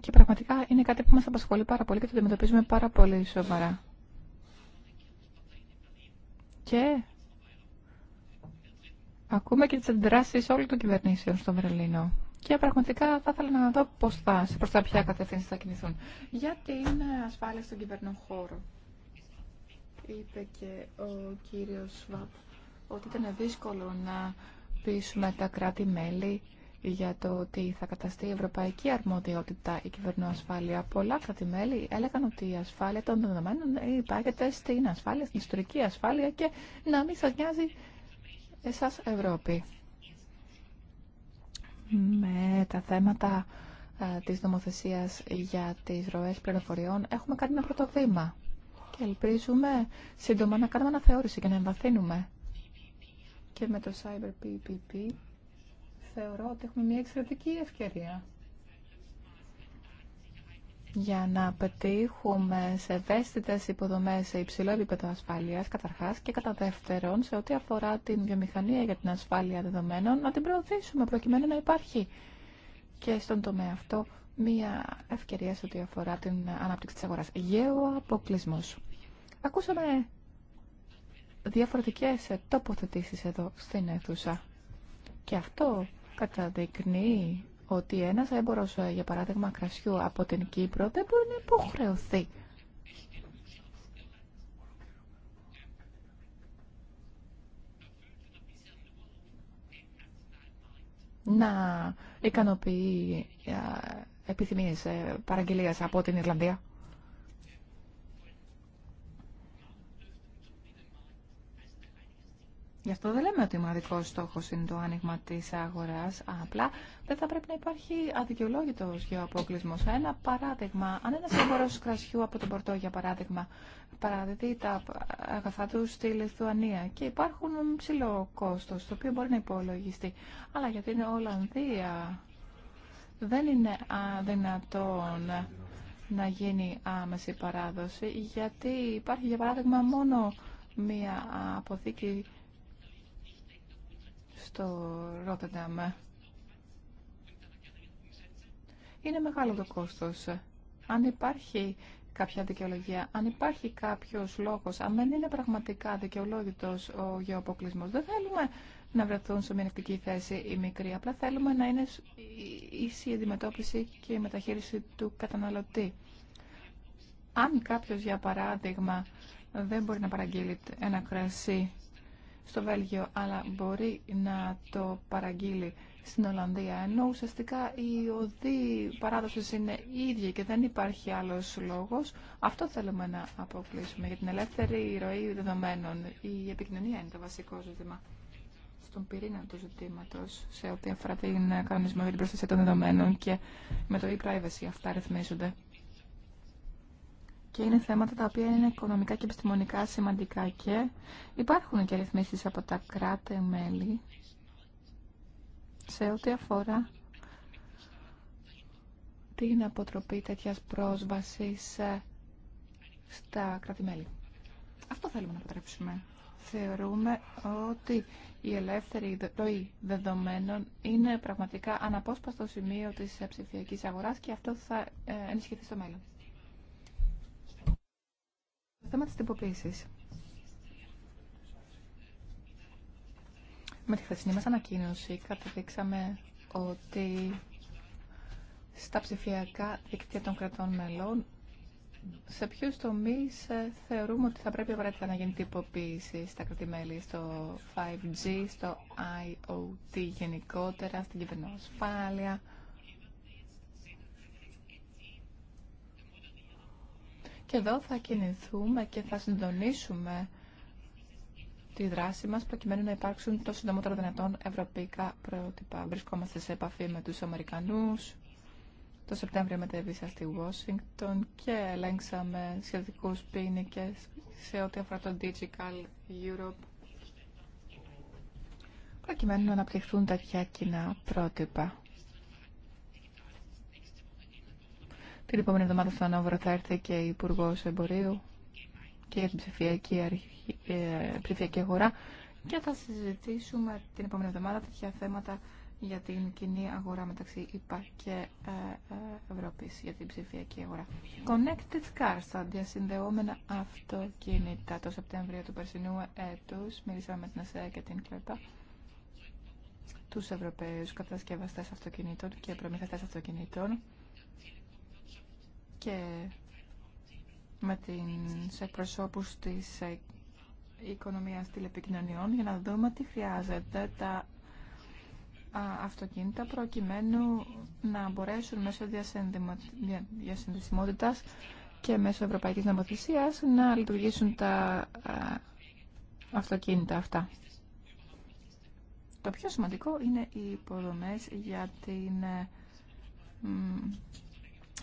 Και πραγματικά είναι κάτι που μας απασχολεί πάρα πολύ και το αντιμετωπίζουμε πάρα πολύ σοβαρά. Και ακούμε και τις αντιδράσεις όλων των κυβερνήσεων στο Βερολίνο και πραγματικά θα ήθελα να δω πώ θα, προ τα ποια κατευθύνσεις θα κινηθούν. Για την ασφάλεια στον κυβερνό χώρο, Είπε και ο κύριο Σβάπ ότι ήταν δύσκολο να πείσουμε τα κράτη-μέλη για το ότι θα καταστεί η ευρωπαϊκή αρμοδιότητα η κυβερνό πολλα Πολλά κράτη-μέλη έλεγαν ότι η ασφάλεια των δεδομένων υπάρχει στην ασφάλεια, στην ιστορική ασφάλεια και να μην σα νοιάζει εσάς Ευρώπη με τα θέματα ε, της νομοθεσίας για τις ροές πληροφοριών έχουμε κάνει ένα πρώτο βήμα και ελπίζουμε σύντομα να κάνουμε αναθεώρηση και να εμβαθύνουμε. Και με το Cyber PPP θεωρώ ότι έχουμε μια εξαιρετική ευκαιρία για να πετύχουμε σε ευαίσθητε υποδομέ σε υψηλό επίπεδο ασφάλεια, καταρχά, και κατά δεύτερον, σε ό,τι αφορά την βιομηχανία για την ασφάλεια δεδομένων, να την προωθήσουμε προκειμένου να υπάρχει και στον τομέα αυτό μία ευκαιρία σε ό,τι αφορά την ανάπτυξη της αγοράς. γεώ αποκλεισμός. Ακούσαμε διαφορετικές τοποθετήσεις εδώ στην αίθουσα. Και αυτό καταδεικνύει ότι ένας έμπορος, ε, για παράδειγμα, κρασιού από την Κύπρο δεν μπορεί να υποχρεωθεί να ικανοποιεί ε, επιθυμίες ε, παραγγελίας από την Ιρλανδία. Γι' αυτό δεν λέμε ότι ο μοναδικό στόχο είναι το άνοιγμα τη αγορά. Απλά δεν θα πρέπει να υπάρχει αδικαιολόγητο γεωαποκλεισμό. Ένα παράδειγμα, αν ένα αγορό κρασιού από τον Πορτό, για παράδειγμα, παραδίδει τα αγαθά του στη Λιθουανία και υπάρχουν ψηλό κόστο, το οποίο μπορεί να υπολογιστεί. Αλλά γιατί είναι Ολλανδία, δεν είναι αδυνατόν να γίνει άμεση παράδοση, γιατί υπάρχει για παράδειγμα μόνο μία αποθήκη στο Ρότερνταμ. Είναι μεγάλο το κόστος. Αν υπάρχει κάποια δικαιολογία, αν υπάρχει κάποιος λόγος, αν δεν είναι πραγματικά δικαιολόγητος ο γεωποκλεισμός, δεν θέλουμε να βρεθούν σε μειονεκτική θέση οι μικροί. Απλά θέλουμε να είναι ίση η αντιμετώπιση και η μεταχείριση του καταναλωτή. Αν κάποιος, για παράδειγμα, δεν μπορεί να παραγγείλει ένα κρασί στο Βέλγιο, αλλά μπορεί να το παραγγείλει στην Ολλανδία. Ενώ ουσιαστικά οι οδοί παράδοση είναι ίδια και δεν υπάρχει άλλο λόγο. Αυτό θέλουμε να αποκλείσουμε για την ελεύθερη ροή δεδομένων. Η επικοινωνία είναι το βασικό ζήτημα στον πυρήνα του ζητήματο σε ό,τι αφορά την κανονισμό για την προστασία των δεδομένων και με το e-privacy αυτά ρυθμίζονται και είναι θέματα τα οποία είναι οικονομικά και επιστημονικά σημαντικά και υπάρχουν και ρυθμίσεις από τα κράτη-μέλη σε ό,τι αφορά την αποτροπή τέτοιας πρόσβασης ε, στα κράτη-μέλη. Αυτό θέλουμε να αποτρέψουμε. Θεωρούμε ότι η ελεύθερη ροή δεδομένων είναι πραγματικά αναπόσπαστο σημείο της ε, ψηφιακής αγοράς και αυτό θα ε, ενισχυθεί στο μέλλον θέμα της τυποποίησης. Με τη χθεσινή μας ανακοίνωση καταδείξαμε ότι στα ψηφιακά δίκτυα των κρατών μελών σε ποιου τομεί ε, θεωρούμε ότι θα πρέπει απαραίτητα να γίνει τυποποίηση στα κρατημέλη, στο 5G, στο IoT γενικότερα, στην κυβερνοασφάλεια, Και εδώ θα κινηθούμε και θα συντονίσουμε τη δράση μας προκειμένου να υπάρξουν το συντομότερο δυνατόν ευρωπαϊκά πρότυπα. Βρισκόμαστε σε επαφή με τους Αμερικανούς. Το Σεπτέμβριο μετέβησα στη Washington και ελέγξαμε σχετικούς πίνικες σε ό,τι αφορά το Digital Europe προκειμένου να αναπτυχθούν τέτοια κοινά πρότυπα. Την επόμενη εβδομάδα στο Ανόβρο θα έρθει και η Υπουργό Εμπορίου και για την ψηφιακή, αρχή, ε, ψηφιακή αγορά και θα συζητήσουμε την επόμενη εβδομάδα τέτοια θέματα για την κοινή αγορά μεταξύ ΙΠΑ και ε, ε, Ευρώπης για την ψηφιακή αγορά. Connected Cars, τα διασυνδεόμενα αυτοκίνητα. Το Σεπτέμβριο του περσινού έτους μίλησαμε με την ΕΣΕΑ και την ΚΕΠΑ τους Ευρωπαίους κατασκευαστές αυτοκινήτων και προμηθευτέ αυτοκινήτων και με την εκπροσώπους της ε, οικονομίας τηλεπικοινωνιών για να δούμε τι χρειάζεται τα αυτοκίνητα προκειμένου να μπορέσουν μέσω διασυνδεσιμότητας και μέσω ευρωπαϊκής νομοθεσίας να λειτουργήσουν τα αυτοκίνητα αυτά. Το πιο σημαντικό είναι οι υποδομές για την ε,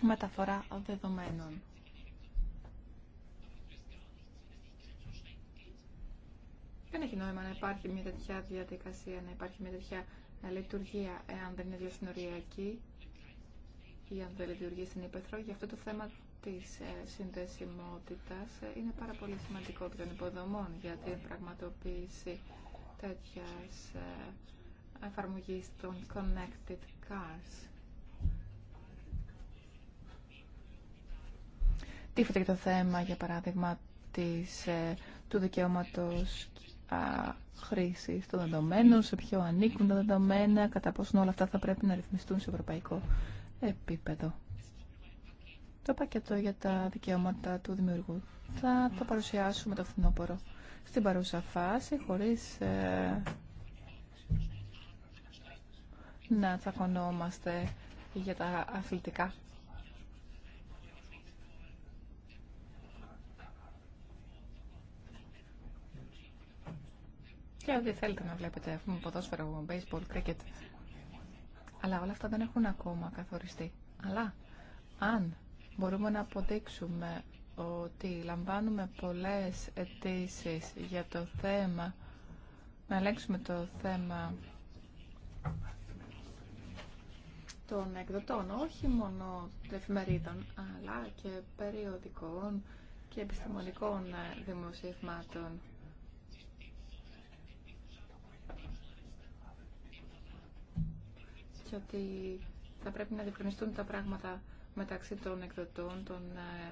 μεταφορά δεδομένων. Δεν έχει νόημα να υπάρχει μια τέτοια διαδικασία, να υπάρχει μια τέτοια λειτουργία, εάν δεν είναι διασυνοριακή ή αν δεν λειτουργεί στην Ήπεθρο. Γι' αυτό το θέμα της ε, συνδεσιμότητας ε, είναι πάρα πολύ σημαντικό και των υποδομών για την πραγματοποίηση τέτοιας ε, εφαρμογής των Connected Cars. Τίφεται και το θέμα, για παράδειγμα, της, ε, του δικαιώματος χρήσης των δεδομένων, σε ποιο ανήκουν τα δεδομένα, κατά πόσον όλα αυτά θα πρέπει να ρυθμιστούν σε ευρωπαϊκό επίπεδο. Το πακέτο για τα δικαιώματα του δημιουργού θα το παρουσιάσουμε το φθινόπωρο. Στην παρούσα φάση, χωρίς ε, να τσακωνόμαστε για τα αθλητικά και ό,τι θέλετε να βλέπετε. Έχουμε ποδόσφαιρο, baseball, cricket. Αλλά όλα αυτά δεν έχουν ακόμα καθοριστεί. Αλλά αν μπορούμε να αποδείξουμε ότι λαμβάνουμε πολλές αιτήσει για το θέμα, να ελέγξουμε το θέμα των εκδοτών, όχι μόνο των εφημερίδων, αλλά και περιοδικών και επιστημονικών δημοσιευμάτων. και ότι θα πρέπει να διευκρινιστούν τα πράγματα μεταξύ των εκδοτών, των ε,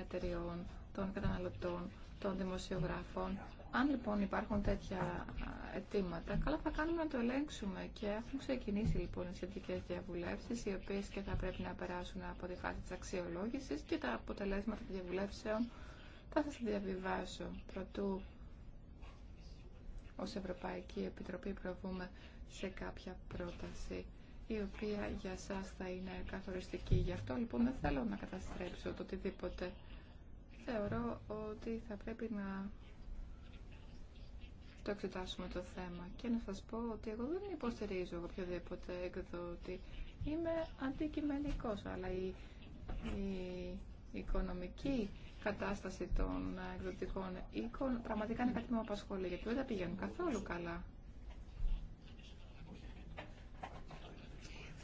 εταιριών, των καταναλωτών, των δημοσιογράφων. Αν λοιπόν υπάρχουν τέτοια αιτήματα, καλά θα κάνουμε να το ελέγξουμε και έχουν ξεκινήσει λοιπόν οι σχετικέ διαβουλεύσει, οι οποίε και θα πρέπει να περάσουν από τη φάση τη αξιολόγηση και τα αποτελέσματα των διαβουλεύσεων θα σα διαβιβάσω προτού ως Ευρωπαϊκή Επιτροπή προβούμε σε κάποια πρόταση η οποία για σας θα είναι καθοριστική. Γι' αυτό λοιπόν δεν θέλω να καταστρέψω το οτιδήποτε. Θεωρώ ότι θα πρέπει να το εξετάσουμε το θέμα και να σας πω ότι εγώ δεν υποστηρίζω οποιοδήποτε εκδότη. Είμαι αντικειμενικός, αλλά η, η οικονομική κατάσταση των εκδοτικών οίκων πραγματικά είναι κάτι που με απασχολεί, γιατί δεν τα πηγαίνουν καθόλου καλά.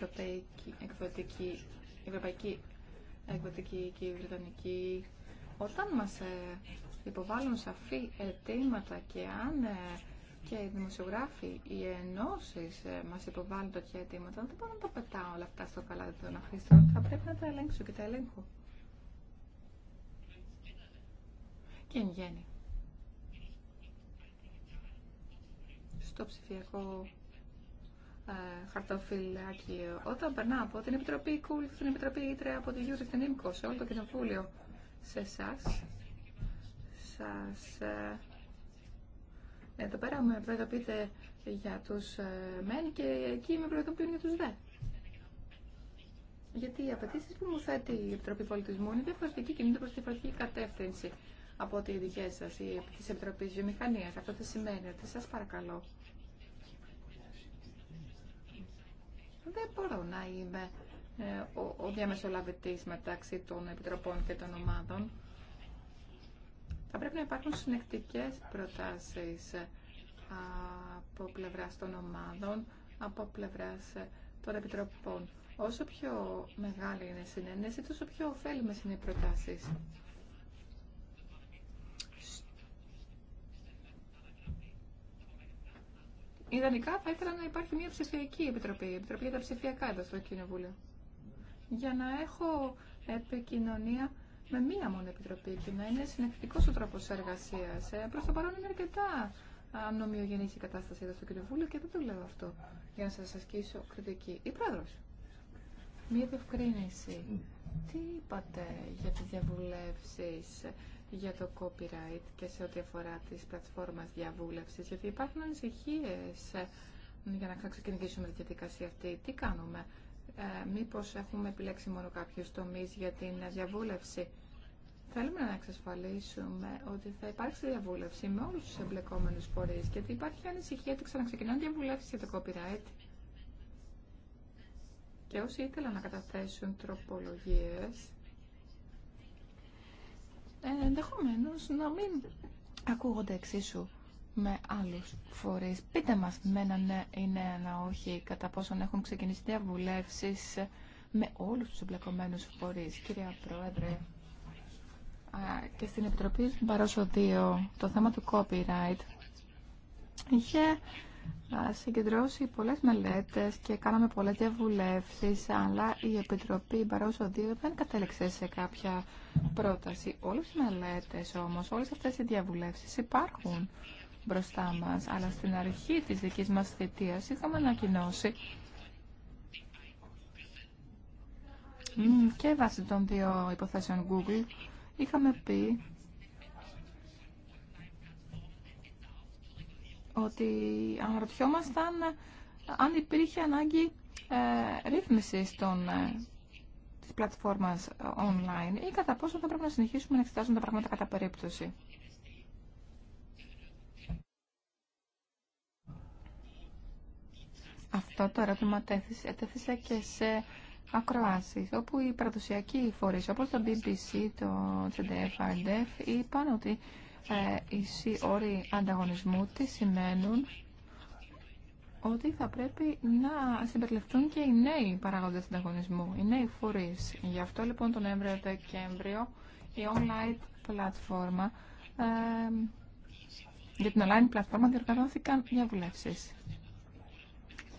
ευρωπαϊκή εκδοτική και η βρετανική όταν μας ε, υποβάλλουν σαφή αιτήματα και αν ε, και οι δημοσιογράφοι, οι ενώσει ε, μα υποβάλλουν τέτοια αιτήματα. Δεν μπορώ να τα πετάω όλα αυτά στο καλάδι των αχρήστων. Θα πρέπει να τα ελέγξω και τα ελέγχω. Και εν γέννη. Στο ψηφιακό ε, χαρτοφυλάκιο. Όταν περνά από την Επιτροπή Κούλ, cool, στην Επιτροπή Ήτρε, από τη Γιούρη, στην ΕΜΚΟ, σε όλο το κοινοβούλιο, σε εσά, σας... Ε, εδώ πέρα με προειδοποιείτε για τους ε, μεν και εκεί με προειδοποιούν για τους δε. Γιατί οι απαιτήσει που μου θέτει η Επιτροπή Πολιτισμού είναι διαφορετική και είναι προ διαφορετική κατεύθυνση από ό,τι οι δικέ σα ή τη Επιτροπή Βιομηχανία. Αυτό δεν σημαίνει ότι σα παρακαλώ Δεν μπορώ να είμαι ε, ο, ο διαμεσολαβητής μεταξύ των επιτροπών και των ομάδων. Θα πρέπει να υπάρχουν συνεκτικές προτάσεις ε, από πλευράς των ομάδων, από πλευράς ε, των επιτροπών. Όσο πιο μεγάλη είναι η συνένεση, τόσο πιο ωφέλιμες είναι οι προτάσεις. Ιδανικά θα ήθελα να υπάρχει μια ψηφιακή επιτροπή, επιτροπή για τα ψηφιακά εδώ στο Κοινοβούλιο. Για να έχω επικοινωνία με μία μόνο επιτροπή και να είναι συνεκτικό ο τρόπο εργασία. Ε, Προ το παρόν είναι αρκετά νομιογενή η κατάσταση εδώ στο Κοινοβούλιο και δεν το λέω αυτό για να σα ασκήσω κριτική. Η πρόεδρο. Μία διευκρίνηση. Τι είπατε για τι διαβουλεύσει για το copyright και σε ό,τι αφορά τις πλατφόρμες διαβούλευσης, γιατί υπάρχουν ανησυχίε ε, για να ξεκινήσουμε τη διαδικασία αυτή. Τι κάνουμε, ε, μήπως έχουμε επιλέξει μόνο κάποιους τομεί για την διαβούλευση. Θέλουμε να εξασφαλίσουμε ότι θα υπάρξει διαβούλευση με όλους τους εμπλεκόμενους φορείς, γιατί υπάρχει ανησυχία ότι ξαναξεκινάνε διαβουλεύσεις για το copyright. Και όσοι ήθελαν να καταθέσουν τροπολογίες, ενδεχομένω να μην ακούγονται εξίσου με άλλου φορεί. Πείτε μα με ένα ναι ή ναι, ένα όχι, κατά πόσον έχουν ξεκινήσει διαβουλεύσει με όλου του εμπλεκομένου φορεί. Κυρία Πρόεδρε, και στην Επιτροπή Μπαρόσο 2, το θέμα του copyright είχε συγκεντρώσει πολλές μελέτες και κάναμε πολλές διαβουλεύσεις, αλλά η Επιτροπή Μπαρόσο 2 δεν κατέληξε σε κάποια πρόταση. Όλες οι μελέτες όμως, όλες αυτές οι διαβουλεύσεις υπάρχουν μπροστά μας, αλλά στην αρχή της δικής μας θητείας είχαμε ανακοινώσει και βάσει των δύο υποθέσεων Google είχαμε πει ότι αναρωτιόμασταν αν υπήρχε ανάγκη ε, ρύθμισης των, ε, της πλατφόρμας ε, online ή κατά πόσο θα πρέπει να συνεχίσουμε να εξετάζουμε τα πράγματα κατά περίπτωση. Αυτό το ερώτημα τέθησε και σε ακροάσεις, όπου οι παραδοσιακοί φορείς, όπως το BBC, το CDF, RDF, είπαν ότι ε, οι όροι ανταγωνισμού, τι σημαίνουν ότι θα πρέπει να συμπεριληφθούν και οι νέοι παράγοντες ανταγωνισμού, οι νέοι φορείς. Γι' αυτό λοιπόν τον Νοέμβριο-Δεκέμβριο η online πλατφόρμα, ε, για την online πλατφόρμα διοργανώθηκαν διαβουλεύσεις.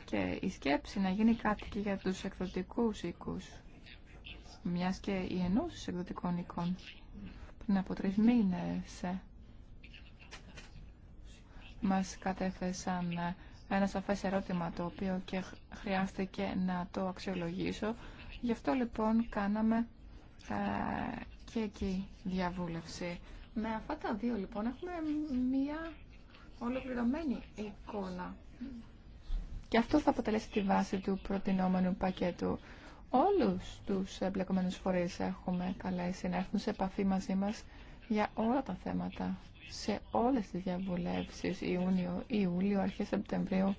Και η σκέψη να γίνει κάτι και για τους εκδοτικούς οίκους, μιας και οι ενός εκδοτικών οίκων, πριν από τρεις μήνες ε, μας κατέθεσαν ένα σαφές ερώτημα το οποίο και χρειάστηκε να το αξιολογήσω. Γι' αυτό λοιπόν κάναμε ε, και εκεί διαβούλευση. Με αυτά τα δύο λοιπόν έχουμε μία ολοκληρωμένη εικόνα. Και αυτό θα αποτελέσει τη βάση του προτινόμενου πακέτου. Όλους τους εμπλεκομένους φορείς έχουμε καλέσει να έρθουν σε επαφή μαζί μας για όλα τα θέματα σε όλες τις διαβουλεύσεις Ιούνιο, Ιούλιο, αρχές Σεπτεμβρίου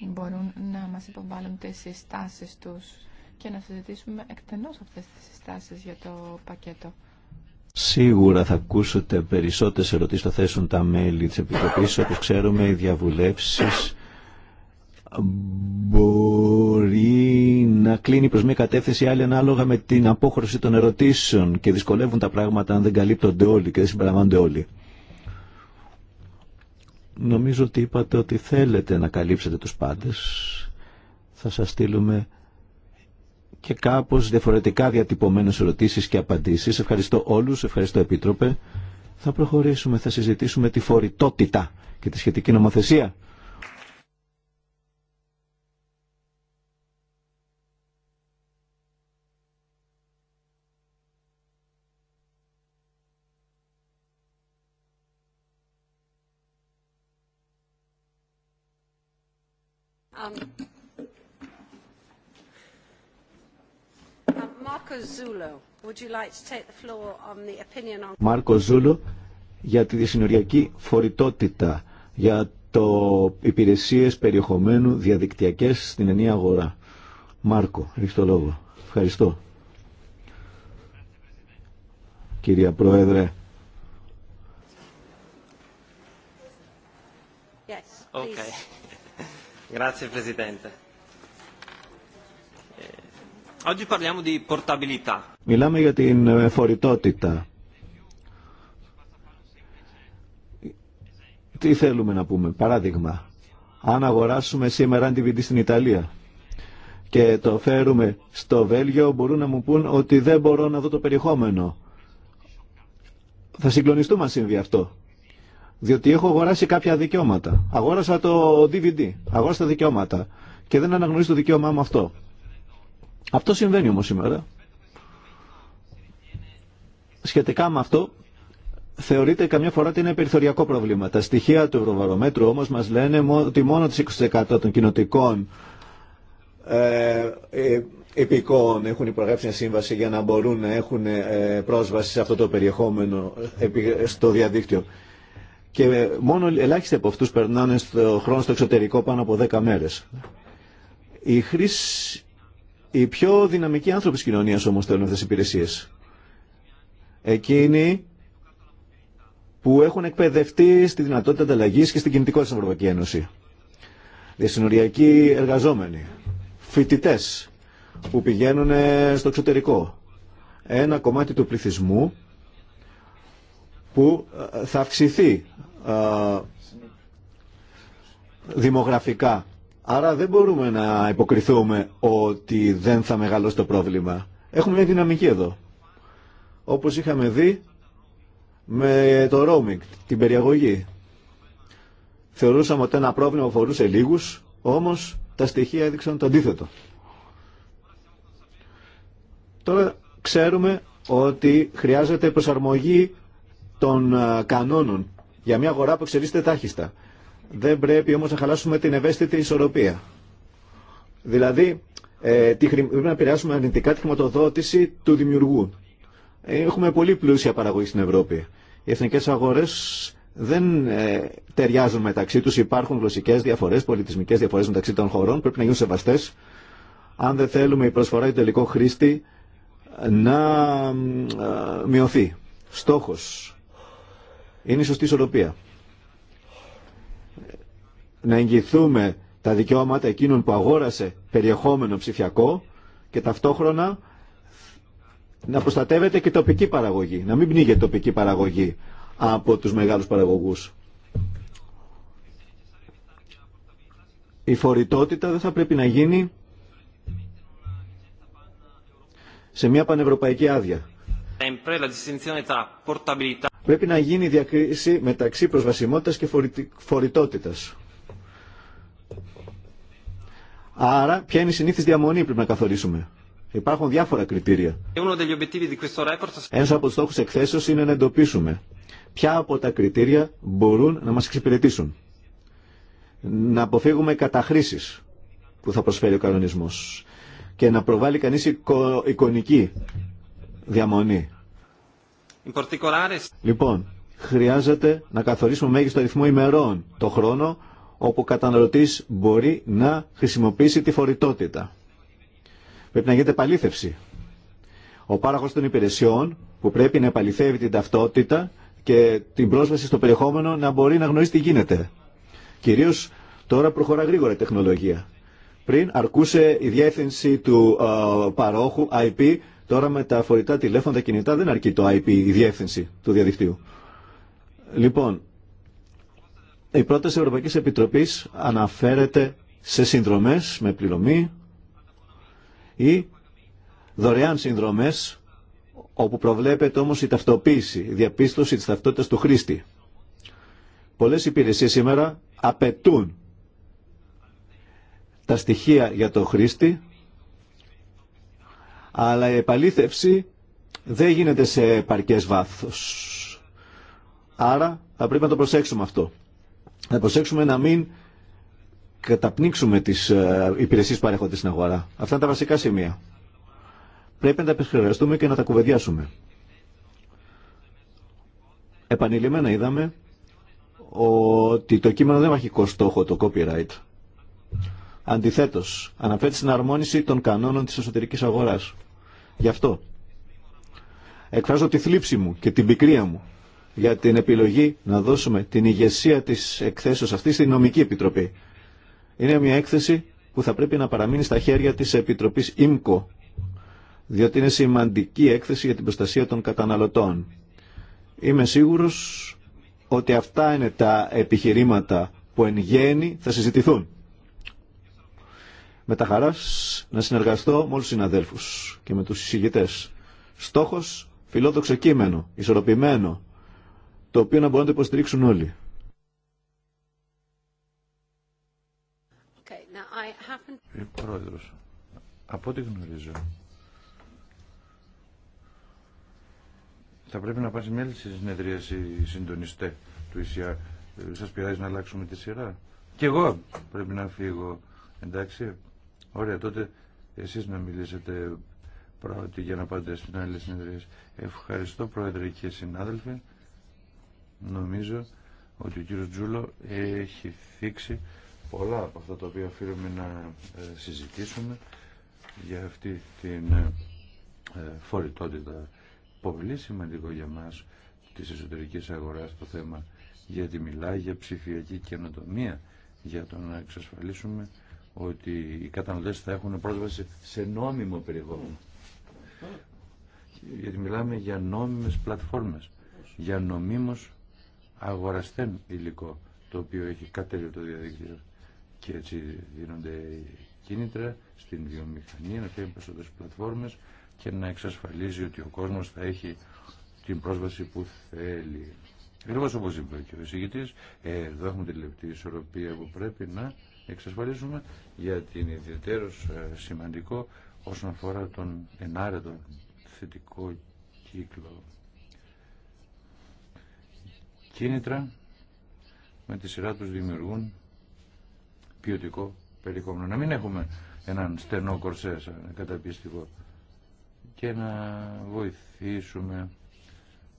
μπορούν να μας υποβάλουν τις συστάσεις τους και να συζητήσουμε εκτενώς αυτές τις συστάσεις για το πακέτο. Σίγουρα θα ακούσετε περισσότερες ερωτήσεις θα θέσουν τα μέλη της Επιτροπής. Όπως ξέρουμε, οι διαβουλεύσεις μπορεί να κλείνει προς μια κατεύθυνση άλλη ανάλογα με την απόχρωση των ερωτήσεων και δυσκολεύουν τα πράγματα αν δεν καλύπτονται όλοι και δεν συμπεραμβάνονται όλοι. Νομίζω ότι είπατε ότι θέλετε να καλύψετε τους πάντες. Θα σας στείλουμε και κάπως διαφορετικά διατυπωμένες ερωτήσεις και απαντήσεις. Ευχαριστώ όλους, ευχαριστώ Επίτροπε. Θα προχωρήσουμε, θα συζητήσουμε τη φορητότητα και τη σχετική νομοθεσία. Μάρκο Ζούλο για τη δυσυνοριακή φορητότητα για το υπηρεσίες περιεχομένου διαδικτυακές στην ενία αγορά. Μάρκο, έχεις το λόγο. Ευχαριστώ. Κυρία Πρόεδρε. Yes, okay. πρόεδρε. Eh, oggi parliamo di portabilità. Μιλάμε για την ε, φορητότητα. Τι θέλουμε να πούμε. Παράδειγμα, αν αγοράσουμε σήμερα DVD στην Ιταλία και το φέρουμε στο Βέλγιο, μπορούν να μου πούν ότι δεν μπορώ να δω το περιεχόμενο. Θα συγκλονιστούμε αν συμβεί αυτό. Διότι έχω αγοράσει κάποια δικαιώματα. Αγόρασα το DVD, αγόρασα τα δικαιώματα και δεν αναγνωρίζω το δικαίωμά μου αυτό. Αυτό συμβαίνει όμως σήμερα. Σχετικά με αυτό, θεωρείται καμιά φορά ότι είναι περιθωριακό πρόβλημα. Τα στοιχεία του Ευρωβαρομέτρου όμως μας λένε ότι μόνο το 20% των κοινοτικών ε, ε, επικών έχουν υπογράψει μια σύμβαση για να μπορούν να έχουν ε, πρόσβαση σε αυτό το περιεχόμενο ε, στο διαδίκτυο. Και μόνο ελάχιστοι από αυτούς περνάνε στο χρόνο στο εξωτερικό πάνω από 10 μέρες. Οι, οι πιο δυναμικοί άνθρωποι της κοινωνίας όμως θέλουν αυτές τις υπηρεσίες εκείνοι που έχουν εκπαιδευτεί στη δυνατότητα ανταλλαγή και στην κινητικότητα στην Ευρωπαϊκή Ένωση. Διασυνοριακοί εργαζόμενοι, φοιτητέ που πηγαίνουν στο εξωτερικό. Ένα κομμάτι του πληθυσμού που ε, θα αυξηθεί ε, δημογραφικά. Άρα δεν μπορούμε να υποκριθούμε ότι δεν θα μεγαλώσει το πρόβλημα. Έχουμε μια δυναμική εδώ όπως είχαμε δει με το roaming, την περιαγωγή. Θεωρούσαμε ότι ένα πρόβλημα αφορούσε λίγους, όμως τα στοιχεία έδειξαν το αντίθετο. Τώρα ξέρουμε ότι χρειάζεται προσαρμογή των ε, κανόνων για μια αγορά που εξελίσσεται τάχιστα. Δεν πρέπει όμως να χαλάσουμε την ευαίσθητη ισορροπία. Δηλαδή, ε, τη, πρέπει να επηρεάσουμε αρνητικά τη χρηματοδότηση του δημιουργού Έχουμε πολύ πλούσια παραγωγή στην Ευρώπη. Οι εθνικές αγορές δεν ε, ταιριάζουν μεταξύ τους. Υπάρχουν γλωσσικές διαφορές, πολιτισμικές διαφορές μεταξύ των χωρών. Πρέπει να γίνουν σεβαστές. Αν δεν θέλουμε η προσφορά του τελικό χρήστη ε, να ε, μειωθεί. Στόχος είναι η σωστή ισορροπία. Να εγγυηθούμε τα δικαιώματα εκείνων που αγόρασε περιεχόμενο ψηφιακό και ταυτόχρονα να προστατεύεται και η τοπική παραγωγή, να μην πνίγεται η τοπική παραγωγή από τους μεγάλους παραγωγούς. Η φορητότητα δεν θα πρέπει να γίνει σε μια πανευρωπαϊκή άδεια. Πρέπει να γίνει η διακρίση μεταξύ προσβασιμότητας και φορητότητας. Άρα, ποια είναι η συνήθιση διαμονή πρέπει να καθορίσουμε. Υπάρχουν διάφορα κριτήρια. Ένα από του στόχου εκθέσεω είναι να εντοπίσουμε ποια από τα κριτήρια μπορούν να μα εξυπηρετήσουν. Να αποφύγουμε καταχρήσει που θα προσφέρει ο κανονισμό και να προβάλλει κανεί εικονική διαμονή. Λοιπόν, χρειάζεται να καθορίσουμε μέγιστο αριθμό ημερών το χρόνο όπου ο καταναλωτής μπορεί να χρησιμοποιήσει τη φορητότητα. Πρέπει να γίνεται επαλήθευση. Ο πάροχο των υπηρεσιών που πρέπει να επαληθεύει την ταυτότητα και την πρόσβαση στο περιεχόμενο να μπορεί να γνωρίζει τι γίνεται. Κυρίω τώρα προχωρά γρήγορα η τεχνολογία. Πριν αρκούσε η διεύθυνση του ε, παρόχου IP, τώρα με τα φορητά τηλέφωνα, κινητά δεν αρκεί το IP, η διεύθυνση του διαδικτύου. Λοιπόν, η πρόταση Ευρωπαϊκής Επιτροπής αναφέρεται σε συνδρομές με πληρωμή, ή δωρεάν συνδρομές όπου προβλέπεται όμως η ταυτοποίηση, η διαπίστωση της ταυτότητας του χρήστη. Πολλές υπηρεσίες σήμερα απαιτούν τα στοιχεία για το χρήστη, αλλά η επαλήθευση δεν γίνεται σε παρκές βάθος. Άρα θα πρέπει να το προσέξουμε αυτό. Να προσέξουμε να μην καταπνίξουμε τις ε, υπηρεσίε που παρέχονται στην αγορά. Αυτά είναι τα βασικά σημεία. Πρέπει να τα επισκευαστούμε και να τα κουβεντιάσουμε. Επανειλημμένα είδαμε ότι το κείμενο δεν έχει στόχο το copyright. Αντιθέτω, αναφέρει στην αρμόνιση των κανόνων τη εσωτερική αγορά. Γι' αυτό εκφράζω τη θλίψη μου και την πικρία μου για την επιλογή να δώσουμε την ηγεσία της εκθέσεως αυτής στην νομική επιτροπή. Είναι μια έκθεση που θα πρέπει να παραμείνει στα χέρια της Επιτροπής ΙΜΚΟ, διότι είναι σημαντική έκθεση για την προστασία των καταναλωτών. Είμαι σίγουρος ότι αυτά είναι τα επιχειρήματα που εν γέννη θα συζητηθούν. Με τα χαράς να συνεργαστώ με όλους τους συναδέλφους και με τους συζητητές. Στόχος, φιλόδοξο κείμενο, ισορροπημένο, το οποίο να μπορούν να το υποστηρίξουν όλοι. Η πρόεδρος, από ό,τι γνωρίζω, θα πρέπει να πάει σε μια άλλη συνεδρίαση συντονιστέ του ΙΣΙΑ. Ε, σας πειράζει να αλλάξουμε τη σειρά. Κι εγώ πρέπει να φύγω. Εντάξει. Ωραία, τότε εσείς να μιλήσετε πρώτοι για να πάτε στην άλλη συνεδρίαση. Ευχαριστώ πρόεδρε και συνάδελφοι. Νομίζω ότι ο κύριος Τζούλο έχει θίξει πολλά από αυτά τα οποία οφείλουμε να ε, συζητήσουμε για αυτή την ε, ε, φορητότητα πολύ σημαντικό για μας της εσωτερικής αγοράς το θέμα γιατί μιλάει για ψηφιακή καινοτομία για το να εξασφαλίσουμε ότι οι καταναλωτές θα έχουν πρόσβαση σε νόμιμο περιεχόμενο. Γιατί μιλάμε για νόμιμες πλατφόρμες, για νομίμως αγοραστέν υλικό το οποίο έχει κατέλει το διαδίκτυο και έτσι δίνονται κίνητρα στην βιομηχανία να φτιάχνει περισσότερε πλατφόρμες και να εξασφαλίζει ότι ο κόσμος θα έχει την πρόσβαση που θέλει. Ακριβώ όπω είπε και ο εισηγητή, εδώ έχουμε τη λεπτή ισορροπία που πρέπει να εξασφαλίσουμε γιατί είναι ιδιαίτερο ε, σημαντικό όσον αφορά τον ενάρετο θετικό κύκλο. Κίνητρα με τη σειρά τους δημιουργούν ποιοτικό περιεχόμενο. Να μην έχουμε έναν στενό κορσέ ε, καταπιστικό και να βοηθήσουμε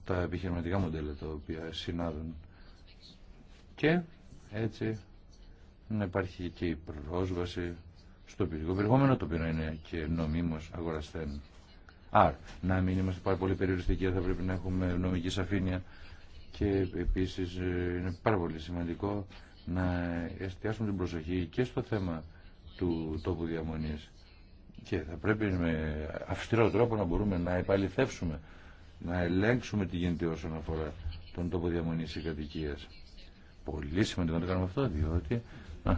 τα επιχειρηματικά μοντέλα τα οποία συνάδουν και έτσι να υπάρχει και η πρόσβαση στο ποιοτικό περιεχόμενο το οποίο είναι και νομίμως αγοραστέν. Άρα, να μην είμαστε πάρα πολύ περιοριστικοί, θα πρέπει να έχουμε νομική σαφήνεια και επίσης ε, είναι πάρα πολύ σημαντικό να εστιάσουμε την προσοχή και στο θέμα του τόπου διαμονής και θα πρέπει με αυστηρό τρόπο να μπορούμε να επαληθεύσουμε, να ελέγξουμε τι γίνεται όσον αφορά τον τόπο διαμονής και κατοικίας. Πολύ σημαντικό να το κάνουμε αυτό, διότι α,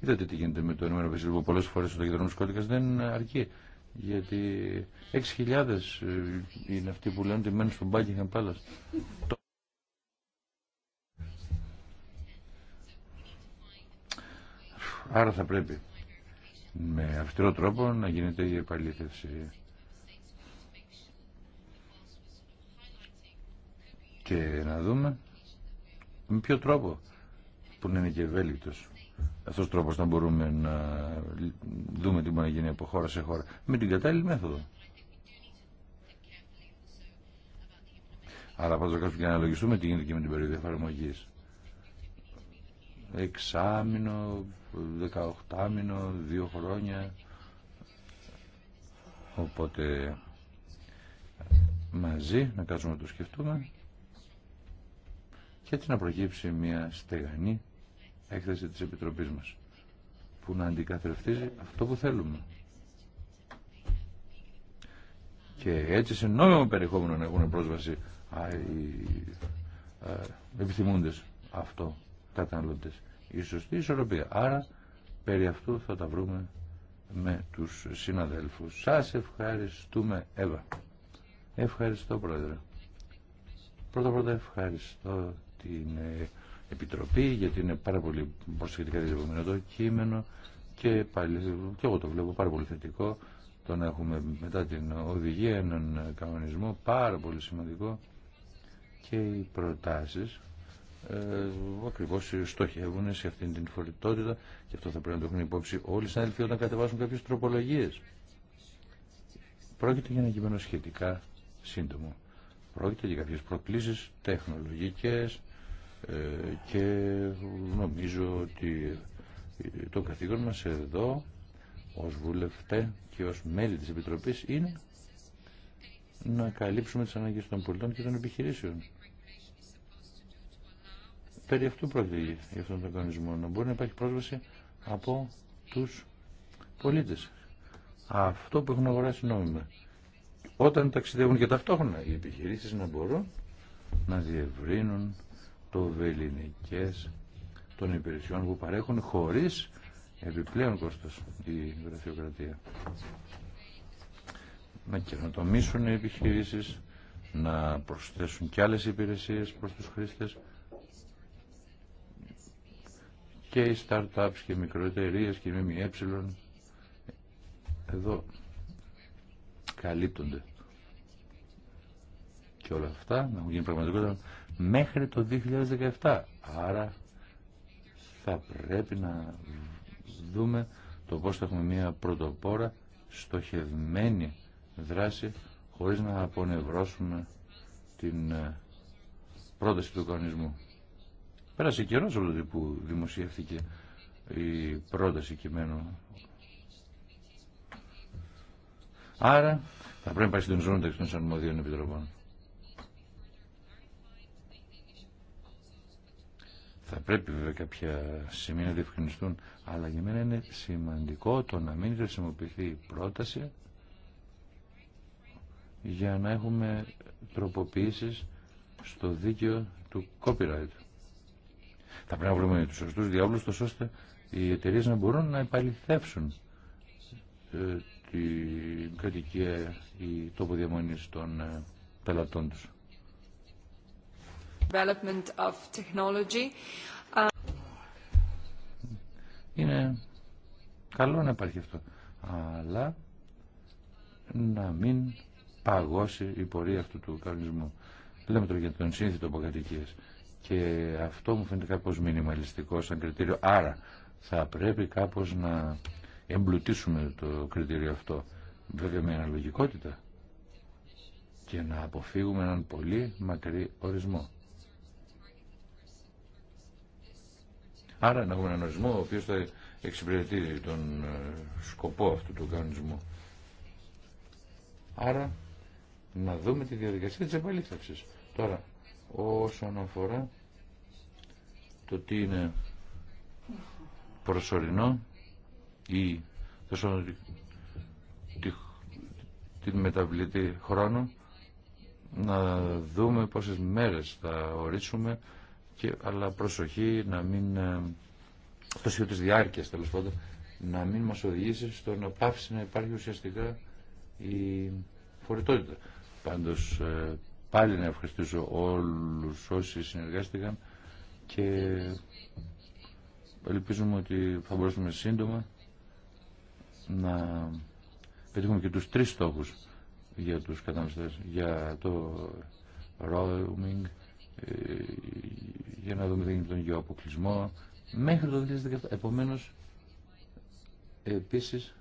είδατε τι γίνεται με το νούμερο που πολλές φορές ο κεντρικό κώδικας δεν αρκεί. Γιατί 6.000 ε, είναι αυτοί που λένε ότι μένουν στον Buckingham Palace. Άρα θα πρέπει με αυστηρό τρόπο να γίνεται η επαλήθευση. Και να δούμε με ποιο τρόπο που να είναι και ευέλικτος αυτός τρόπος να μπορούμε να δούμε τι μπορεί να γίνει από χώρα σε χώρα με την κατάλληλη μέθοδο. Αλλά πάντως θα και να αναλογιστούμε τι γίνεται και με την περίοδο εφαρμογή εξάμηνο, δεκαοχτάμηνο, δύο χρόνια. Οπότε μαζί να κάτσουμε να το σκεφτούμε και έτσι να προκύψει μια στεγανή έκθεση της Επιτροπής μας που να αντικαθρεφτίζει αυτό που θέλουμε. Και έτσι σε νόμιμο περιεχόμενο να έχουν πρόσβαση οι ε, επιθυμούντες αυτό καταναλωτές. Η σωστή ισορροπία. Άρα περί αυτού θα τα βρούμε με τους συναδέλφους. Σας ευχαριστούμε Εύα. Ευχαριστώ Πρόεδρε. Πρώτα πρώτα ευχαριστώ την ε, Επιτροπή γιατί είναι πάρα πολύ προσεκτικά διευκολυνμένο το κείμενο και πάλι και εγώ το βλέπω πάρα πολύ θετικό το να έχουμε μετά την οδηγία έναν κανονισμό πάρα πολύ σημαντικό και οι προτάσεις ε, ακριβώ στοχεύουν σε αυτήν την φορητότητα και αυτό θα πρέπει να το έχουν υπόψη όλοι οι συνάδελφοι όταν κατεβάσουν κάποιε τροπολογίε. Πρόκειται για ένα κείμενο σχετικά σύντομο. Πρόκειται για κάποιε προκλήσει τεχνολογικέ ε, και νομίζω ότι το καθήκον μας εδώ ω βουλευτέ και ω μέλη τη επιτροπή είναι να καλύψουμε τι ανάγκε των πολιτών και των επιχειρήσεων. Περί αυτού πρόκειται για αυτόν τον κανονισμό. Να μπορεί να υπάρχει πρόσβαση από τους πολίτες. Αυτό που έχουν αγοράσει νόμιμα. Όταν ταξιδεύουν και ταυτόχρονα οι επιχειρήσει να μπορούν να διευρύνουν το βεληνικέ των υπηρεσιών που παρέχουν χωρίς επιπλέον κόστος η γραφειοκρατία. Να καινοτομήσουν οι επιχειρήσει, να προσθέσουν και άλλε υπηρεσίε προ του χρήστε και οι startups και οι μικροεταιρείες και οι ΜΜΕ εδώ καλύπτονται. Και όλα αυτά να μου γίνει πραγματικότητα μέχρι το 2017. Άρα θα πρέπει να δούμε το πώς θα έχουμε μια πρωτοπόρα στοχευμένη δράση χωρίς να απονευρώσουμε την ε, πρόταση του οικονομισμού. Πέρασε καιρό από που δημοσιεύθηκε η πρόταση κειμένου. Άρα θα πρέπει να πάει συντονισμό μεταξύ των αρμοδίων επιτροπών. Θα πρέπει βέβαια κάποια σημεία να διευκρινιστούν, αλλά για μένα είναι σημαντικό το να μην χρησιμοποιηθεί η πρόταση για να έχουμε τροποποιήσεις στο δίκαιο του copyright. Θα πρέπει να βρούμε τους σωστού διάβλους, ώστε οι εταιρείε να μπορούν να επαληθεύσουν ε, την κατοικία ή ε, τόπο διαμονή των ε, πελατών του. Είναι καλό να υπάρχει αυτό, αλλά να μην παγώσει η πορεία αυτού του κανονισμού. Λέμε τώρα για τον σύνθητο από κατοικίες. Και αυτό μου φαίνεται κάπως μινιμαλιστικό σαν κριτήριο. Άρα θα πρέπει κάπως να εμπλουτίσουμε το κριτήριο αυτό. Βέβαια με αναλογικότητα και να αποφύγουμε έναν πολύ μακρύ ορισμό. Άρα να έχουμε έναν ορισμό ο οποίος θα εξυπηρετεί τον ε, σκοπό αυτού του οργανισμού. Άρα να δούμε τη διαδικασία της επαλήθευσης. Τώρα όσον αφορά το τι είναι προσωρινό ή την μεταβλητή χρόνο να δούμε πόσες μέρες θα ορίσουμε και, αλλά προσοχή να μην το σχέδιο της διάρκειας τέλος πάντων να μην μας οδηγήσει στο να πάψει να υπάρχει ουσιαστικά η φορητότητα. Πάντως ε, πάλι να ευχαριστήσω όλους όσοι συνεργάστηκαν και ελπίζουμε ότι θα μπορέσουμε σύντομα να πετύχουμε και τους τρεις στόχους για τους καταναλωτές, για το roaming, ε, για να δούμε τι γίνεται τον γεωαποκλεισμό, μέχρι το 2017. Επομένως, επίσης,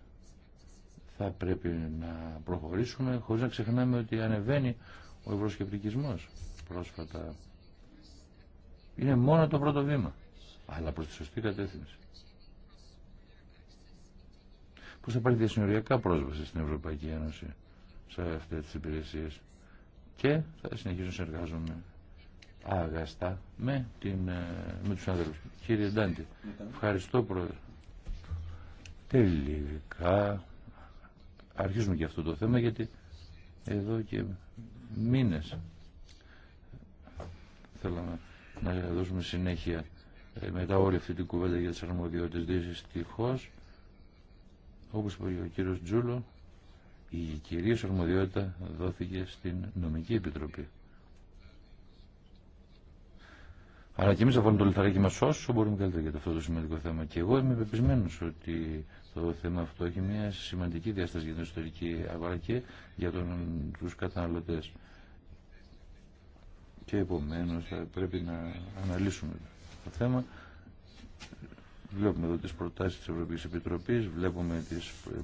θα πρέπει να προχωρήσουμε χωρίς να ξεχνάμε ότι ανεβαίνει ο ευρωσκεπτικισμός πρόσφατα είναι μόνο το πρώτο βήμα, αλλά προς τη σωστή κατεύθυνση. Πώς θα πάρει διασυνοριακά πρόσβαση στην Ευρωπαϊκή Ένωση σε αυτές τις υπηρεσίες και θα συνεχίσουν να συνεργάζομαι αγαστά με, την, ε, με τους άντρους. Κύριε Ντάντη, ευχαριστώ πρόεδρε. Τελικά αρχίζουμε και αυτό το θέμα γιατί εδώ και μήνες. Θέλω να δώσουμε συνέχεια ε, μετά όλη αυτή την κουβέντα για τις αρμοδιότητες δυστυχώς όπως είπε ο κύριος Τζούλο η κυρίως αρμοδιότητα δόθηκε στην νομική επιτροπή. Αλλά και εμεί θα βάλουμε το λιθαράκι μα όσο μπορούμε καλύτερα για αυτό το σημαντικό θέμα. Και εγώ είμαι πεπισμένο ότι το θέμα αυτό έχει μια σημαντική διάσταση για την ιστορική αγορά και για του καταναλωτέ. Και επομένω θα πρέπει να αναλύσουμε το θέμα. Βλέπουμε εδώ τις προτάσεις της Ευρωπαϊκής Επιτροπής, βλέπουμε τι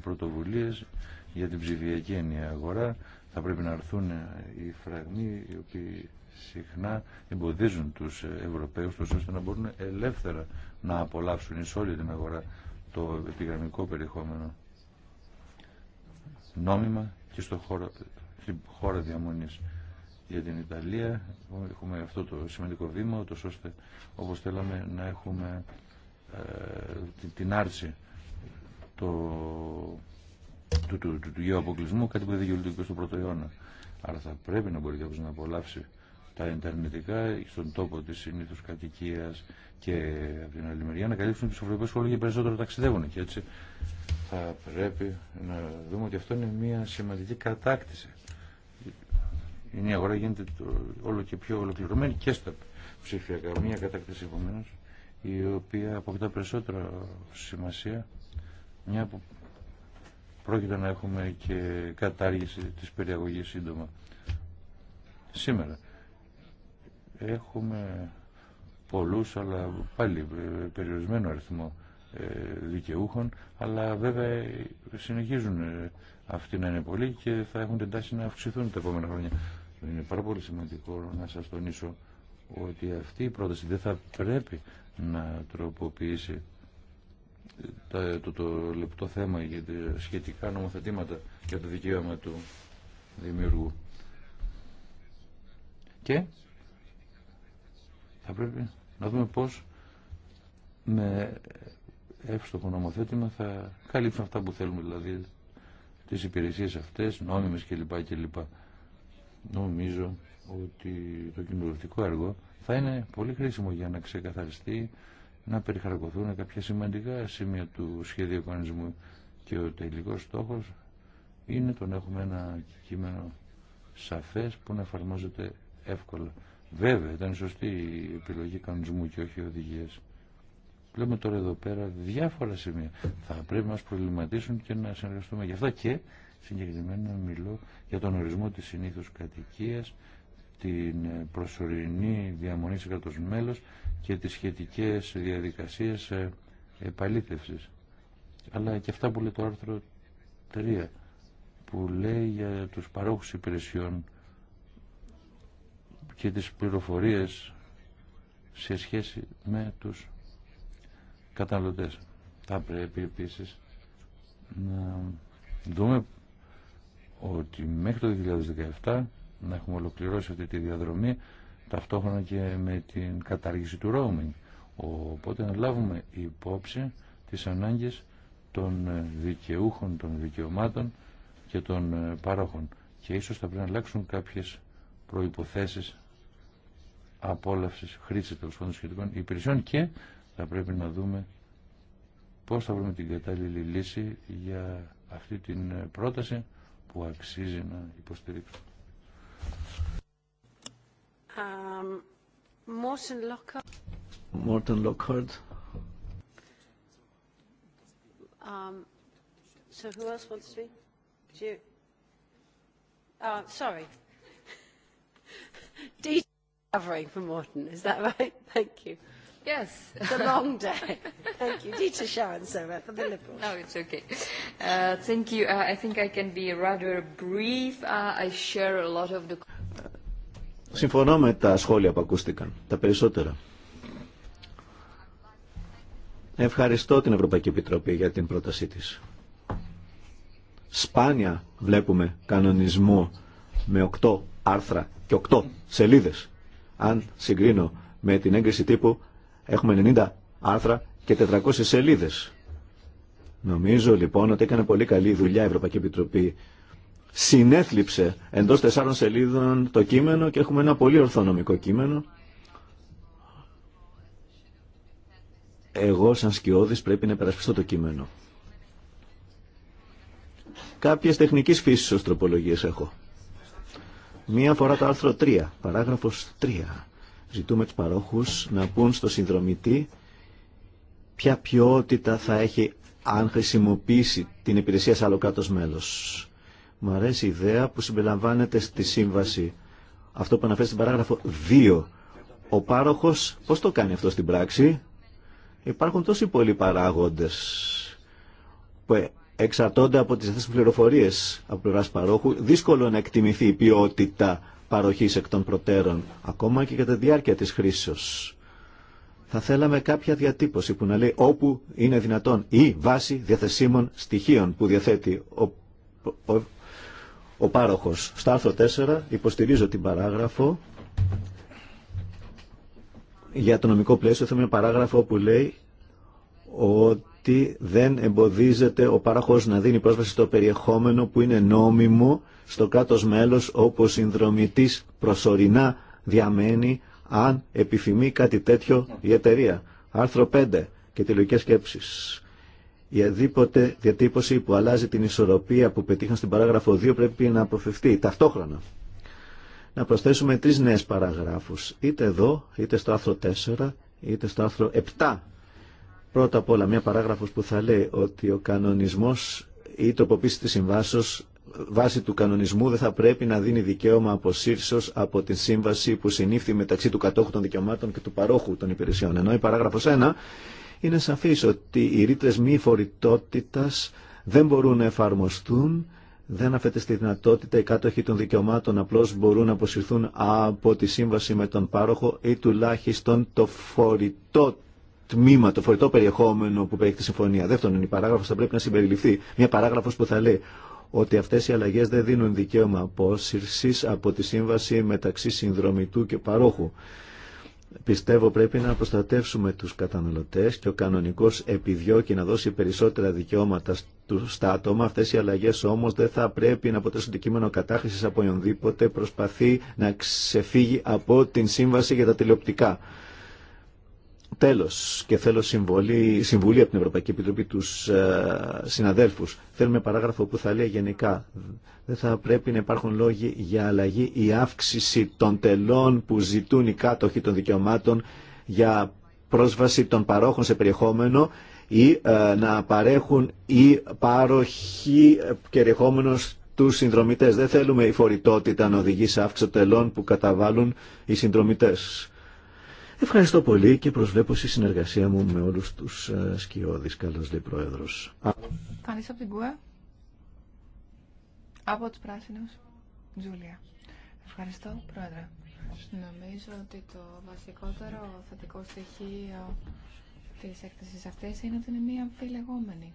πρωτοβουλίες για την ψηφιακή ενιαία αγορά. Θα πρέπει να έρθουν οι φραγμοί οι οποίοι συχνά εμποδίζουν τους Ευρωπαίους ώστε να μπορούν ελεύθερα να απολαύσουν εις όλη την αγορά το επιγραμμικό περιεχόμενο νόμιμα και στο χώρο, στην χώρα διαμονής για την Ιταλία έχουμε αυτό το σημαντικό βήμα ώστε όπως θέλαμε να έχουμε ε, την άρση το, του, του, του, γεωαποκλεισμού κάτι που δεν δικαιολογείται στο πρώτο αιώνα. Άρα θα πρέπει να μπορεί κάποιο να απολαύσει τα ενταρνητικά στον τόπο της συνήθω κατοικία και από την άλλη μεριά να καλύψουν του ευρωπαϊκούς σχολούς και περισσότερο ταξιδεύουν και έτσι θα πρέπει να δούμε ότι αυτό είναι μια σημαντική κατάκτηση η νέα αγορά γίνεται όλο και πιο ολοκληρωμένη και στα ψηφιακά μια κατάκτηση επομένω, η οποία αποκτά περισσότερο σημασία μια που πρόκειται να έχουμε και κατάργηση της περιαγωγής σύντομα σήμερα έχουμε πολλούς αλλά πάλι ε, περιορισμένο αριθμό ε, δικαιούχων αλλά βέβαια ε, συνεχίζουν αυτοί να είναι πολλοί και θα έχουν την τάση να αυξηθούν τα επόμενα χρόνια. Είναι πάρα πολύ σημαντικό να σας τονίσω ότι αυτή η πρόταση δεν θα πρέπει να τροποποιήσει το, το, το λεπτό θέμα για τα σχετικά νομοθετήματα για το δικαίωμα του δημιουργού. Και θα πρέπει να δούμε πώς με εύστοχο νομοθέτημα θα καλύψουν αυτά που θέλουμε, δηλαδή τις υπηρεσίες αυτές, νόμιμες κλπ. κλπ. Νομίζω ότι το κοινοβουλευτικό έργο θα είναι πολύ χρήσιμο για να ξεκαθαριστεί, να περιχαρακωθούν κάποια σημαντικά σημεία του σχεδίου οικονομισμού και ο τελικός στόχος είναι το να έχουμε ένα κείμενο σαφές που να εφαρμόζεται εύκολα. Βέβαια, ήταν σωστή η επιλογή κανονισμού και όχι οδηγίε. Βλέπουμε τώρα εδώ πέρα διάφορα σημεία. Θα πρέπει να μας προβληματίσουν και να συνεργαστούμε γι' αυτά και συγκεκριμένα μιλώ για τον ορισμό τη συνήθους κατοικία, την προσωρινή διαμονή σε κράτο μέλο και τις σχετικές διαδικασίες ε, επαλήθευση. Αλλά και αυτά που λέει το άρθρο 3 που λέει για τους παρόχους υπηρεσιών και τις πληροφορίες σε σχέση με τους καταναλωτές. Θα πρέπει επίσης να δούμε ότι μέχρι το 2017 να έχουμε ολοκληρώσει αυτή τη διαδρομή ταυτόχρονα και με την κατάργηση του roaming. Οπότε να λάβουμε υπόψη τις ανάγκες των δικαιούχων, των δικαιωμάτων και των πάροχων. Και ίσως θα πρέπει να αλλάξουν κάποιες προϋποθέσεις απόλαυση χρήση τέλο πάντων σχετικών υπηρεσιών και θα πρέπει να δούμε πώ θα βρούμε την κατάλληλη λύση για αυτή την πρόταση που αξίζει να υποστηρίξουμε. Um, Morten Lockhart. Morten Lockhart. Um, so who else wants to be? You. Uh, sorry. covering for Morton. Is that right? Thank you. Yes. It's a long day. Thank you. Dieter Sharon-Sova for the Liberals. No, it's okay. Uh, thank you. Uh, I think I can be rather brief. Uh, I share a lot of the... Συμφωνώ με τα σχόλια που ακούστηκαν, τα περισσότερα. Ευχαριστώ την Ευρωπαϊκή Επιτροπή για την πρότασή της. Σπάνια βλέπουμε κανονισμό με οκτώ άρθρα και οκτώ σελίδες. Αν συγκρίνω με την έγκριση τύπου, έχουμε 90 άρθρα και 400 σελίδες. Νομίζω λοιπόν ότι έκανε πολύ καλή δουλειά η Ευρωπαϊκή Επιτροπή. Συνέθλιψε εντός τεσσάρων σελίδων το κείμενο και έχουμε ένα πολύ ορθονομικό κείμενο. Εγώ σαν σκιώδης πρέπει να υπερασπιστώ το κείμενο. Κάποιες τεχνικής φύσης ως τροπολογίες έχω. Μία φορά το άρθρο 3, παράγραφος 3. Ζητούμε τους παρόχους να πούν στο συνδρομητή ποια ποιότητα θα έχει αν χρησιμοποιήσει την υπηρεσία σε άλλο κάτω μέλος. Μου αρέσει η ιδέα που συμπεριλαμβάνεται στη σύμβαση. Αυτό που αναφέρει στην παράγραφο 2. Ο πάροχος πώς το κάνει αυτό στην πράξη. Υπάρχουν τόσοι πολλοί παράγοντες ε, εξαρτώνται από τις θέσεις πληροφορίες από πλευράς παρόχου. Δύσκολο να εκτιμηθεί η ποιότητα παροχής εκ των προτέρων, ακόμα και κατά τη διάρκεια της χρήσεως. Θα θέλαμε κάποια διατύπωση που να λέει όπου είναι δυνατόν ή βάση διαθεσίμων στοιχείων που διαθέτει ο, ο, πάροχος. Στα άρθρο 4 υποστηρίζω την παράγραφο για το νομικό πλαίσιο. Θέλουμε ένα παράγραφο που λέει ότι γιατί δεν εμποδίζεται ο παραχός να δίνει πρόσβαση στο περιεχόμενο που είναι νόμιμο στο κάτω μέλος όπου συνδρομητής προσωρινά διαμένει αν επιθυμεί κάτι τέτοιο η εταιρεία. Άρθρο 5 και τη λογική σκέψεις. Η αδίποτε διατύπωση που αλλάζει την ισορροπία που πετύχαν στην παράγραφο 2 πρέπει να αποφευθεί ταυτόχρονα. Να προσθέσουμε τρεις νέες παραγράφους, είτε εδώ, είτε στο άρθρο 4, είτε στο άρθρο 7 Πρώτα απ' όλα μια παράγραφος που θα λέει ότι ο κανονισμός ή η τροποποίηση της συμβάσεως βάσει του κανονισμού δεν θα πρέπει να δίνει δικαίωμα αποσύρσεως από την σύμβαση που συνήφθη μεταξύ του κατόχου των δικαιωμάτων και του παρόχου των υπηρεσιών. Ενώ η παράγραφος 1 είναι σαφής ότι οι ρήτρες μη φορητότητας δεν μπορούν να εφαρμοστούν δεν αφαιτεί στη δυνατότητα οι κάτοχοι των δικαιωμάτων απλώς μπορούν να αποσυρθούν από τη σύμβαση με τον πάροχο ή τουλάχιστον το φορητό τμήμα, το φορητό περιεχόμενο που περιέχει τη συμφωνία. Δεύτερον, η παράγραφο, θα πρέπει να συμπεριληφθεί. Μια παράγραφό που θα λέει ότι αυτέ οι αλλαγέ δεν δίνουν δικαίωμα απόσυρση από τη σύμβαση μεταξύ συνδρομητού και παρόχου. Πιστεύω πρέπει να προστατεύσουμε τους καταναλωτές και ο κανονικός επιδιώκει να δώσει περισσότερα δικαιώματα στα άτομα. Αυτές οι αλλαγές όμως δεν θα πρέπει να αποτελούν το κείμενο κατάχρησης από οποιονδήποτε προσπαθεί να ξεφύγει από την σύμβαση για τα τηλεοπτικά. Τέλος, και θέλω συμβολή, συμβουλή από την Ευρωπαϊκή Επιτροπή τους ε, συναδέλφους. Θέλουμε παράγραφο που θα λέει γενικά. Δεν θα πρέπει να υπάρχουν λόγοι για αλλαγή ή αύξηση των τελών που ζητούν οι κάτοχοι των δικαιωμάτων για πρόσβαση των παρόχων σε περιεχόμενο ή ε, να παρέχουν ή παροχή περιεχόμενο στους συνδρομητές. Δεν θέλουμε η παροχη περιεχομενο του συνδρομητες δεν θελουμε η φορητοτητα να οδηγεί σε αύξηση των τελών που καταβάλουν οι συνδρομητές Ευχαριστώ πολύ και προσβλέπω στη συνεργασία μου με όλους τους ε, σκιώδεις. Καλώς λέει Πρόεδρος. Φανείς από την ΚΟΕ. Από τους Πράσινους. Τζούλια. Ευχαριστώ Πρόεδρε. Νομίζω ότι το βασικότερο θετικό στοιχείο της έκθεσης αυτής είναι ότι είναι μία αμφιλεγόμενη.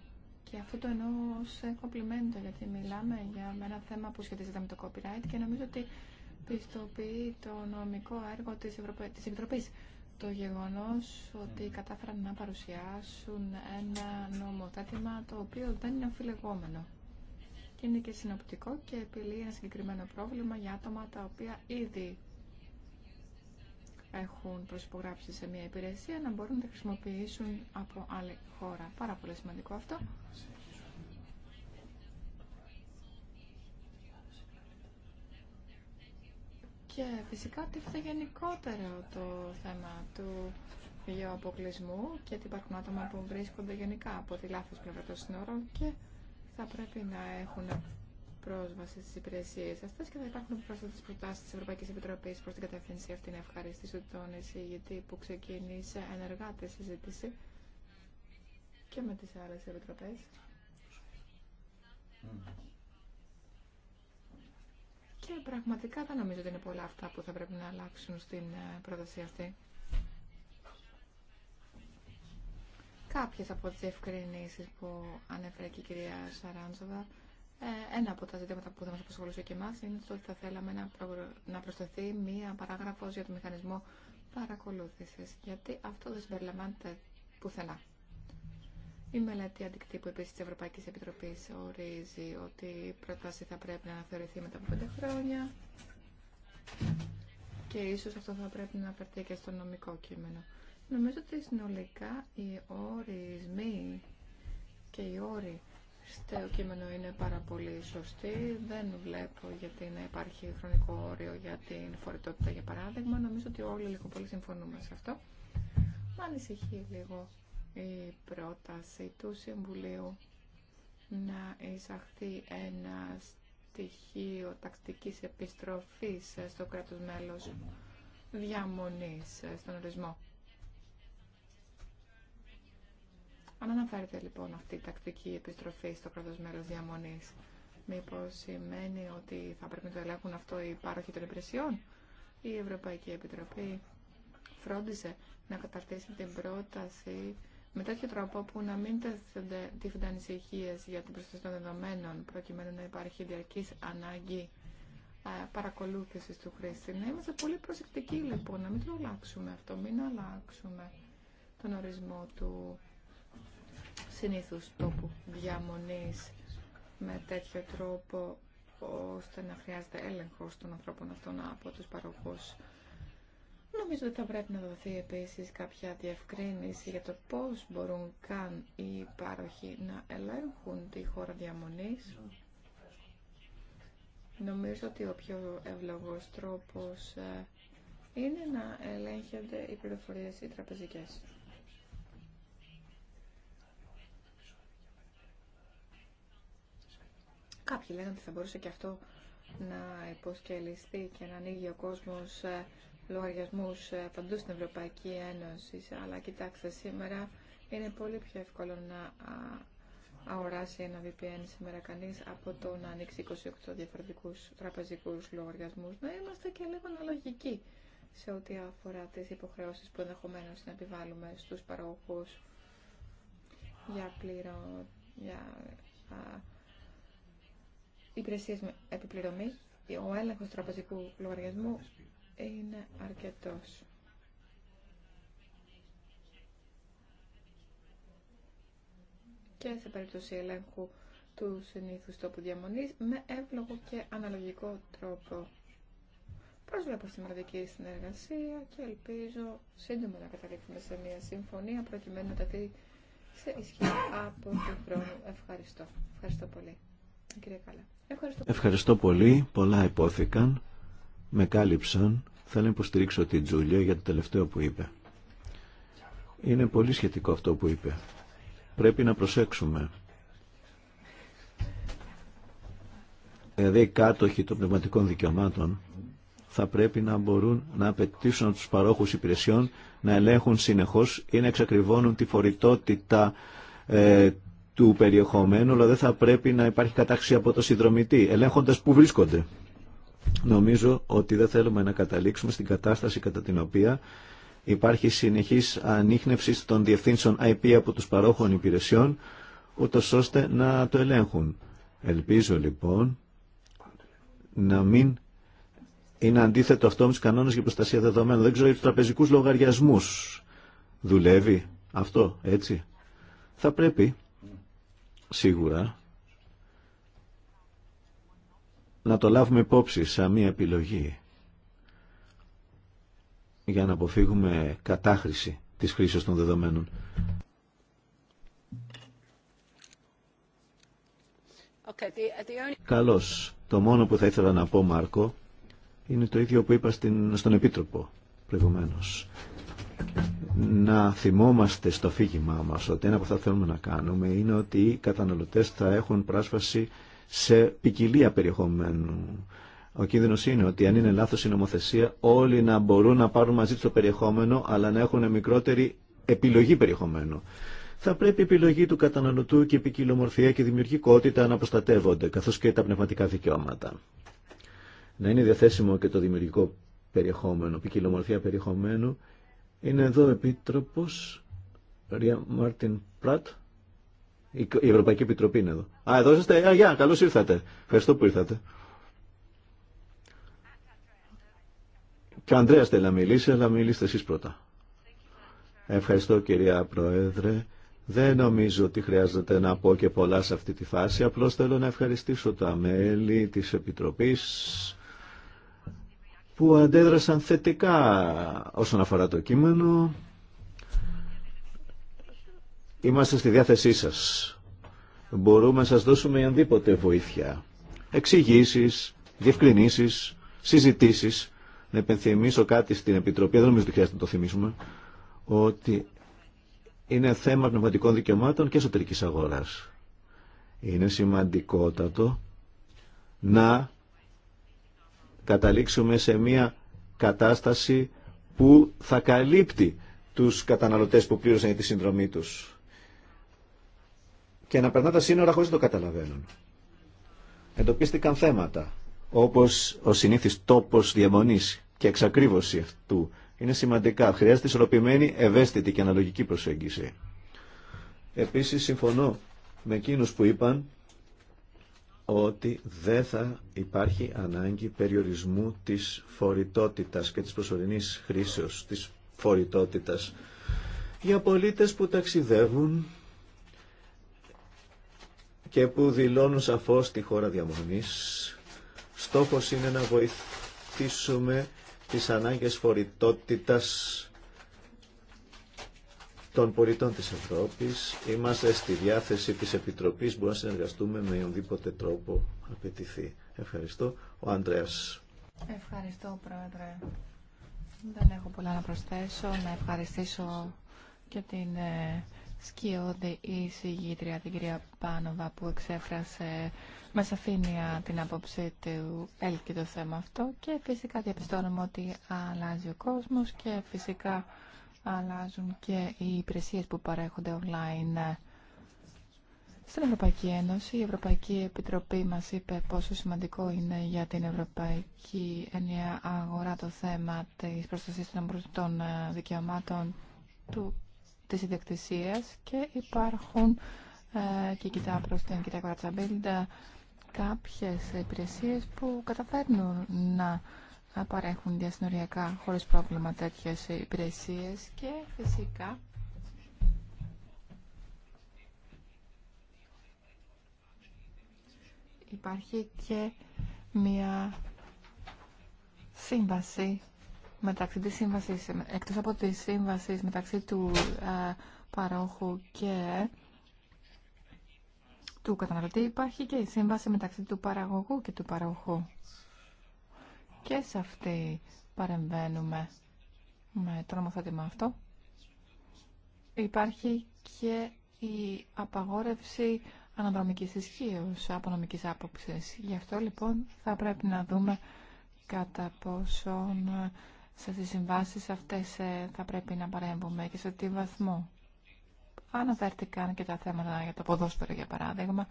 Και αυτό το εννοώ ως ε, κομπλιμέντο, γιατί μιλάμε για ένα θέμα που σχετίζεται με το copyright και νομίζω ότι πιστοποιεί το νομικό έργο της, Ευρωπα... Επιτροπής το γεγονός ότι κατάφεραν να παρουσιάσουν ένα νομοθέτημα το οποίο δεν είναι αμφιλεγόμενο. Και είναι και συνοπτικό και επιλύει ένα συγκεκριμένο πρόβλημα για άτομα τα οποία ήδη έχουν προσυπογράψει σε μια υπηρεσία να μπορούν να τα χρησιμοποιήσουν από άλλη χώρα. Πάρα πολύ σημαντικό αυτό. Και φυσικά τίθεται γενικότερο το θέμα του βιοαποκλεισμού και ότι υπάρχουν άτομα που βρίσκονται γενικά από τη λάθο πλευρά των σύνορων και θα πρέπει να έχουν πρόσβαση στι υπηρεσίε αυτέ και θα υπάρχουν πρόσθετες προτάσει τη Ευρωπαϊκή Επιτροπή προς την κατεύθυνση αυτή να ευχαριστήσω τον εισηγητή που ξεκίνησε ενεργά τη συζήτηση και με τι άλλε επιτροπέ πραγματικά δεν νομίζω ότι είναι πολλά αυτά που θα πρέπει να αλλάξουν στην ε, πρόταση αυτή. Κάποιες από τις ευκρινήσεις που ανέφερε και η κυρία Σαράντζοβα, ε, ένα από τα ζητήματα που θα μας απασχολούσε και εμάς είναι το ότι θα θέλαμε να, προσθεθεί μία παράγραφος για το μηχανισμό παρακολούθησης, γιατί αυτό δεν συμπεριλαμβάνεται πουθενά. Η μελέτη αντικτύπου επίση τη Ευρωπαϊκή Επιτροπή ορίζει ότι η πρόταση θα πρέπει να αναθεωρηθεί μετά από πέντε χρόνια και ίσω αυτό θα πρέπει να αναφερθεί και στο νομικό κείμενο. Νομίζω ότι συνολικά οι ορισμοί και οι όροι στο κείμενο είναι πάρα πολύ σωστοί. Δεν βλέπω γιατί να υπάρχει χρονικό όριο για την φορητότητα, για παράδειγμα. Νομίζω ότι όλοι λίγο πολύ συμφωνούμε σε αυτό. Μ' ανησυχεί λίγο η πρόταση του Συμβουλίου να εισαχθεί ένα στοιχείο τακτικής επιστροφής στο κράτος μέλος διαμονής ε, στον ορισμό. Αν αναφέρεται λοιπόν αυτή η τακτική επιστροφή στο κράτος μέλος διαμονής, μήπως σημαίνει ότι θα πρέπει να το ελέγχουν αυτό οι πάροχοι των υπηρεσιών. Η Ευρωπαϊκή Επιτροπή φρόντισε να καταρτήσει την πρόταση με τέτοιο τρόπο που να μην τίθενται ανησυχίε για την προστασία των δεδομένων προκειμένου να υπάρχει διαρκή ανάγκη παρακολούθησης του χρήστη. Να είμαστε πολύ προσεκτικοί λοιπόν, να μην το αλλάξουμε αυτό, μην αλλάξουμε τον ορισμό του συνήθους τόπου διαμονής με τέτοιο τρόπο ώστε να χρειάζεται έλεγχο των ανθρώπων αυτών από τους παροχούς Νομίζω ότι θα πρέπει να δοθεί επίσης κάποια διευκρίνηση για το πώς μπορούν καν οι πάροχοι να ελέγχουν τη χώρα διαμονής. Νομίζω ότι ο πιο ευλογός τρόπος ε, είναι να ελέγχονται οι πληροφορίες οι τραπεζικές. Κάποιοι λένε ότι θα μπορούσε και αυτό να υποσκελιστεί και να ανοίγει ο κόσμος ε, λογαριασμού ε, παντού στην Ευρωπαϊκή Ένωση, αλλά κοιτάξτε, σήμερα είναι πολύ πιο εύκολο να αγοράσει ένα VPN σήμερα κανείς από το να ανοίξει 28 διαφορετικούς τραπεζικούς λογαριασμούς. Να είμαστε και λίγο αναλογικοί σε ό,τι αφορά τις υποχρεώσεις που ενδεχομένω να επιβάλλουμε στους παραγωγούς για πλήρω, για α, υπηρεσίες με επιπληρωμή. Ο έλεγχος τραπεζικού λογαριασμού είναι αρκετός. Και σε περίπτωση ελέγχου του συνήθους τόπου διαμονής με εύλογο και αναλογικό τρόπο. Προσβλέπω στη μελλοντική συνεργασία και ελπίζω σύντομα να καταλήξουμε σε μια συμφωνία προκειμένου να τεθεί σε ισχύ από τον χρόνο. Ευχαριστώ. Ευχαριστώ πολύ. Κύριε Καλά. Ευχαριστώ. Ευχαριστώ πολύ. Πολλά υπόθηκαν. Με κάλυψαν. Θέλω να υποστηρίξω την Τζούλια για το τελευταίο που είπε. Είναι πολύ σχετικό αυτό που είπε. Πρέπει να προσέξουμε. Δηλαδή οι κάτοχοι των πνευματικών δικαιωμάτων θα πρέπει να μπορούν να απαιτήσουν από τους παρόχους υπηρεσιών να ελέγχουν συνεχώς ή να εξακριβώνουν τη φορητότητα ε, του περιεχομένου, αλλά δεν θα πρέπει να υπάρχει κατάξη από το συνδρομητή, ελέγχοντας που βρίσκονται. Νομίζω ότι δεν θέλουμε να καταλήξουμε στην κατάσταση κατά την οποία υπάρχει συνεχής ανείχνευση των διευθύνσεων IP από τους παρόχων υπηρεσιών, ούτως ώστε να το ελέγχουν. Ελπίζω λοιπόν να μην είναι αντίθετο αυτό με τους κανόνες για προστασία δεδομένων. Δεν ξέρω για τους τραπεζικούς λογαριασμούς. Δουλεύει αυτό, έτσι. Θα πρέπει σίγουρα να το λάβουμε υπόψη σαν μία επιλογή για να αποφύγουμε κατάχρηση της χρήσης των δεδομένων. Okay, Καλώς. Το μόνο που θα ήθελα να πω, Μάρκο, είναι το ίδιο που είπα στην, στον Επίτροπο προηγουμένως. Να θυμόμαστε στο φύγημά μας ότι ένα από αυτά θέλουμε να κάνουμε είναι ότι οι καταναλωτές θα έχουν πράσβαση σε ποικιλία περιεχομένου. Ο κίνδυνο είναι ότι αν είναι λάθο η νομοθεσία, όλοι να μπορούν να πάρουν μαζί του το περιεχόμενο, αλλά να έχουν μικρότερη επιλογή περιεχομένου. Θα πρέπει η επιλογή του καταναλωτού και η ποικιλομορφία και η δημιουργικότητα να προστατεύονται, καθώ και τα πνευματικά δικαιώματα. Να είναι διαθέσιμο και το δημιουργικό περιεχόμενο, ποικιλομορφία περιεχομένου. Είναι εδώ ο Επίτροπο Μάρτιν Πρατ η Ευρωπαϊκή Επιτροπή είναι εδώ. Α, εδώ είστε. Α, γεια, καλώς ήρθατε. Ευχαριστώ που ήρθατε. Και ο Ανδρέας θέλει να μιλήσει, αλλά μιλήστε εσείς πρώτα. Ευχαριστώ κυρία Πρόεδρε. Δεν νομίζω ότι χρειάζεται να πω και πολλά σε αυτή τη φάση. Απλώς θέλω να ευχαριστήσω τα μέλη της Επιτροπής που αντέδρασαν θετικά όσον αφορά το κείμενο. Είμαστε στη διάθεσή σας. Μπορούμε να σας δώσουμε ενδήποτε βοήθεια. Εξηγήσεις, διευκρινήσεις, συζητήσεις. Να επενθυμίσω κάτι στην Επιτροπή, δεν νομίζω ότι χρειάζεται να το θυμίσουμε, ότι είναι θέμα πνευματικών δικαιωμάτων και εσωτερικής αγοράς. Είναι σημαντικότατο να καταλήξουμε σε μια κατάσταση που θα καλύπτει τους καταναλωτές που πλήρωσαν τη συνδρομή τους και να περνά τα σύνορα χωρίς να το καταλαβαίνουν. Εντοπίστηκαν θέματα, όπως ο συνήθις τόπος διαμονής και εξακρίβωση αυτού. Είναι σημαντικά. Χρειάζεται ισορροπημένη, ευαίσθητη και αναλογική προσέγγιση. Επίσης, συμφωνώ με εκείνους που είπαν ότι δεν θα υπάρχει ανάγκη περιορισμού της φορητότητας και της προσωρινής χρήσεως της φορητότητας για πολίτες που ταξιδεύουν και που δηλώνουν σαφώς τη χώρα διαμονής. Στόχος είναι να βοηθήσουμε τις ανάγκες φορητότητας των πολιτών της Ευρώπης. Είμαστε στη διάθεση της Επιτροπής, μπορούμε να συνεργαστούμε με οποιοδήποτε τρόπο απαιτηθεί. Ευχαριστώ. Ο Ανδρέας. Ευχαριστώ, Πρόεδρε. Δεν έχω πολλά να προσθέσω. Να ευχαριστήσω και την ε, σκιώδη η συγγήτρια την κυρία Πάνοβα που εξέφρασε με σαφήνεια την άποψη του έλκει το θέμα αυτό και φυσικά διαπιστώνουμε ότι αλλάζει ο κόσμος και φυσικά αλλάζουν και οι υπηρεσίες που παρέχονται online στην Ευρωπαϊκή Ένωση. Η Ευρωπαϊκή Επιτροπή μας είπε πόσο σημαντικό είναι για την Ευρωπαϊκή Ενιαία Αγορά το θέμα της προστασίας των δικαιωμάτων του της και υπάρχουν ε, και κοιτά προς την κυρία Κορατσαμπίλντα κάποιες υπηρεσίες που καταφέρνουν να παρέχουν διασυνοριακά χωρίς πρόβλημα τέτοιες υπηρεσίες και φυσικά υπάρχει και μια σύμβαση μεταξύ της σύμβασης, εκτός από τη σύμβαση μεταξύ του ε, παρόχου και του καταναλωτή υπάρχει και η σύμβαση μεταξύ του παραγωγού και του παρόχου. Και σε αυτή παρεμβαίνουμε με το νομοθέτημα αυτό. Υπάρχει και η απαγόρευση αναδρομικής ισχύω από νομικής άποψης. Γι' αυτό λοιπόν θα πρέπει να δούμε κατά πόσον σε τι συμβάσεις αυτές ε, θα πρέπει να παρέμβουμε και σε τι βαθμό. Αναφέρθηκαν και τα θέματα για το ποδόσφαιρο, για παράδειγμα,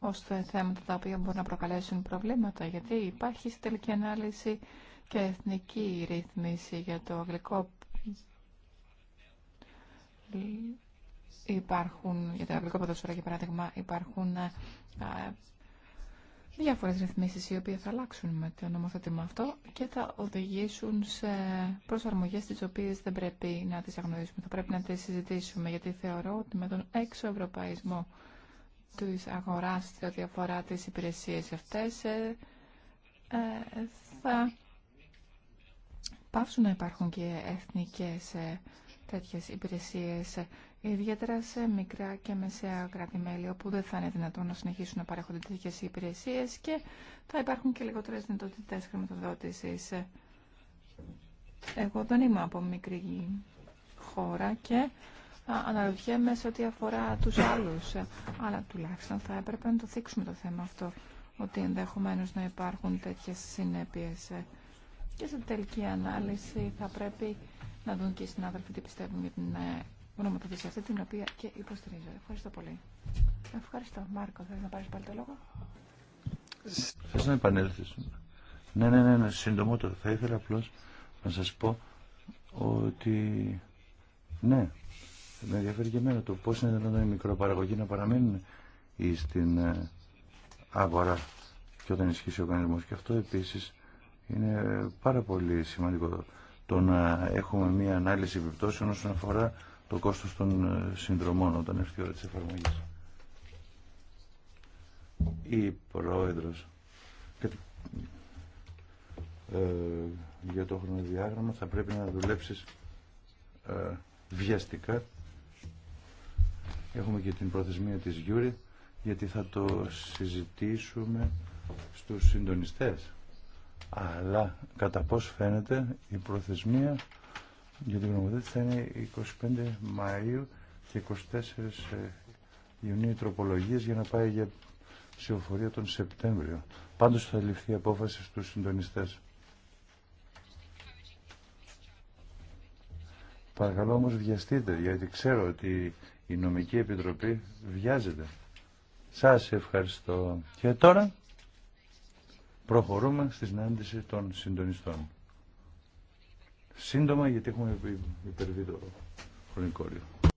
ω θέματα τα οποία μπορούν να προκαλέσουν προβλήματα, γιατί υπάρχει στη τελική ανάλυση και εθνική ρύθμιση για το αγγλικό υπάρχουν, για το αγγλικό ποδόσφαιρο για παράδειγμα, υπάρχουν ε, Διάφορε ρυθμίσει οι οποίε θα αλλάξουν με το νομοθέτημα αυτό και θα οδηγήσουν σε προσαρμογέ τις οποίες δεν πρέπει να τις αγνοήσουμε. Θα πρέπει να τι συζητήσουμε γιατί θεωρώ ότι με τον έξω ευρωπαϊσμό της αγοράς σε ό,τι αφορά τι υπηρεσίες αυτές ε, ε, θα πάψουν να υπάρχουν και εθνικές ε, τέτοιες υπηρεσίες Ιδιαίτερα σε μικρά και μεσαία κράτη-μέλη, όπου δεν θα είναι δυνατόν να συνεχίσουν να παρέχονται τέτοιε υπηρεσίε και θα υπάρχουν και λιγότερε δυνατότητε χρηματοδότηση. Εγώ δεν είμαι από μικρή χώρα και αναρωτιέμαι σε ό,τι αφορά του άλλου. Αλλά τουλάχιστον θα έπρεπε να το θίξουμε το θέμα αυτό, ότι ενδεχομένω να υπάρχουν τέτοιε συνέπειε. Και σε τελική ανάλυση θα πρέπει να δουν και οι συνάδελφοι τι πιστεύουν για την ε, σε αυτή την οποία και υποστηρίζω. Ευχαριστώ πολύ. Ευχαριστώ. Μάρκο, θέλει να πάρει πάλι το λόγο. Θε να επανέλθει. Ναι, ναι, ναι, ναι, συντομότερο. Θα ήθελα απλώ να σα πω ότι ναι, με ενδιαφέρει και εμένα το πώ είναι δυνατόν οι μικροπαραγωγοί να παραμείνουν στην ε, αγορά και όταν ισχύσει ο οργανισμό. Και αυτό επίση είναι πάρα πολύ σημαντικό το να έχουμε μια ανάλυση επιπτώσεων όσον αφορά το κόστος των ε, συνδρομών όταν έρθει η ώρα της εφαρμογής. Η Πρόεδρος ε, για το χρονοδιάγραμμα θα πρέπει να δουλέψεις ε, βιαστικά. Έχουμε και την προθεσμία της Γιούρη γιατί θα το συζητήσουμε στους συντονιστές. Αλλά κατά πώς φαίνεται η προθεσμία για την γνωμοδότηση θα είναι 25 Μαΐου και 24 ε, Ιουνίου τροπολογίες για να πάει για ψηφοφορία τον Σεπτέμβριο. Πάντως θα ληφθεί η απόφαση στους συντονιστές. Παρακαλώ όμως βιαστείτε, γιατί ξέρω ότι η νομική επιτροπή βιάζεται. Σας ευχαριστώ. Και τώρα προχωρούμε στη συνάντηση των συντονιστών σύντομα γιατί έχουμε υπερβεί το χρονικό όριο.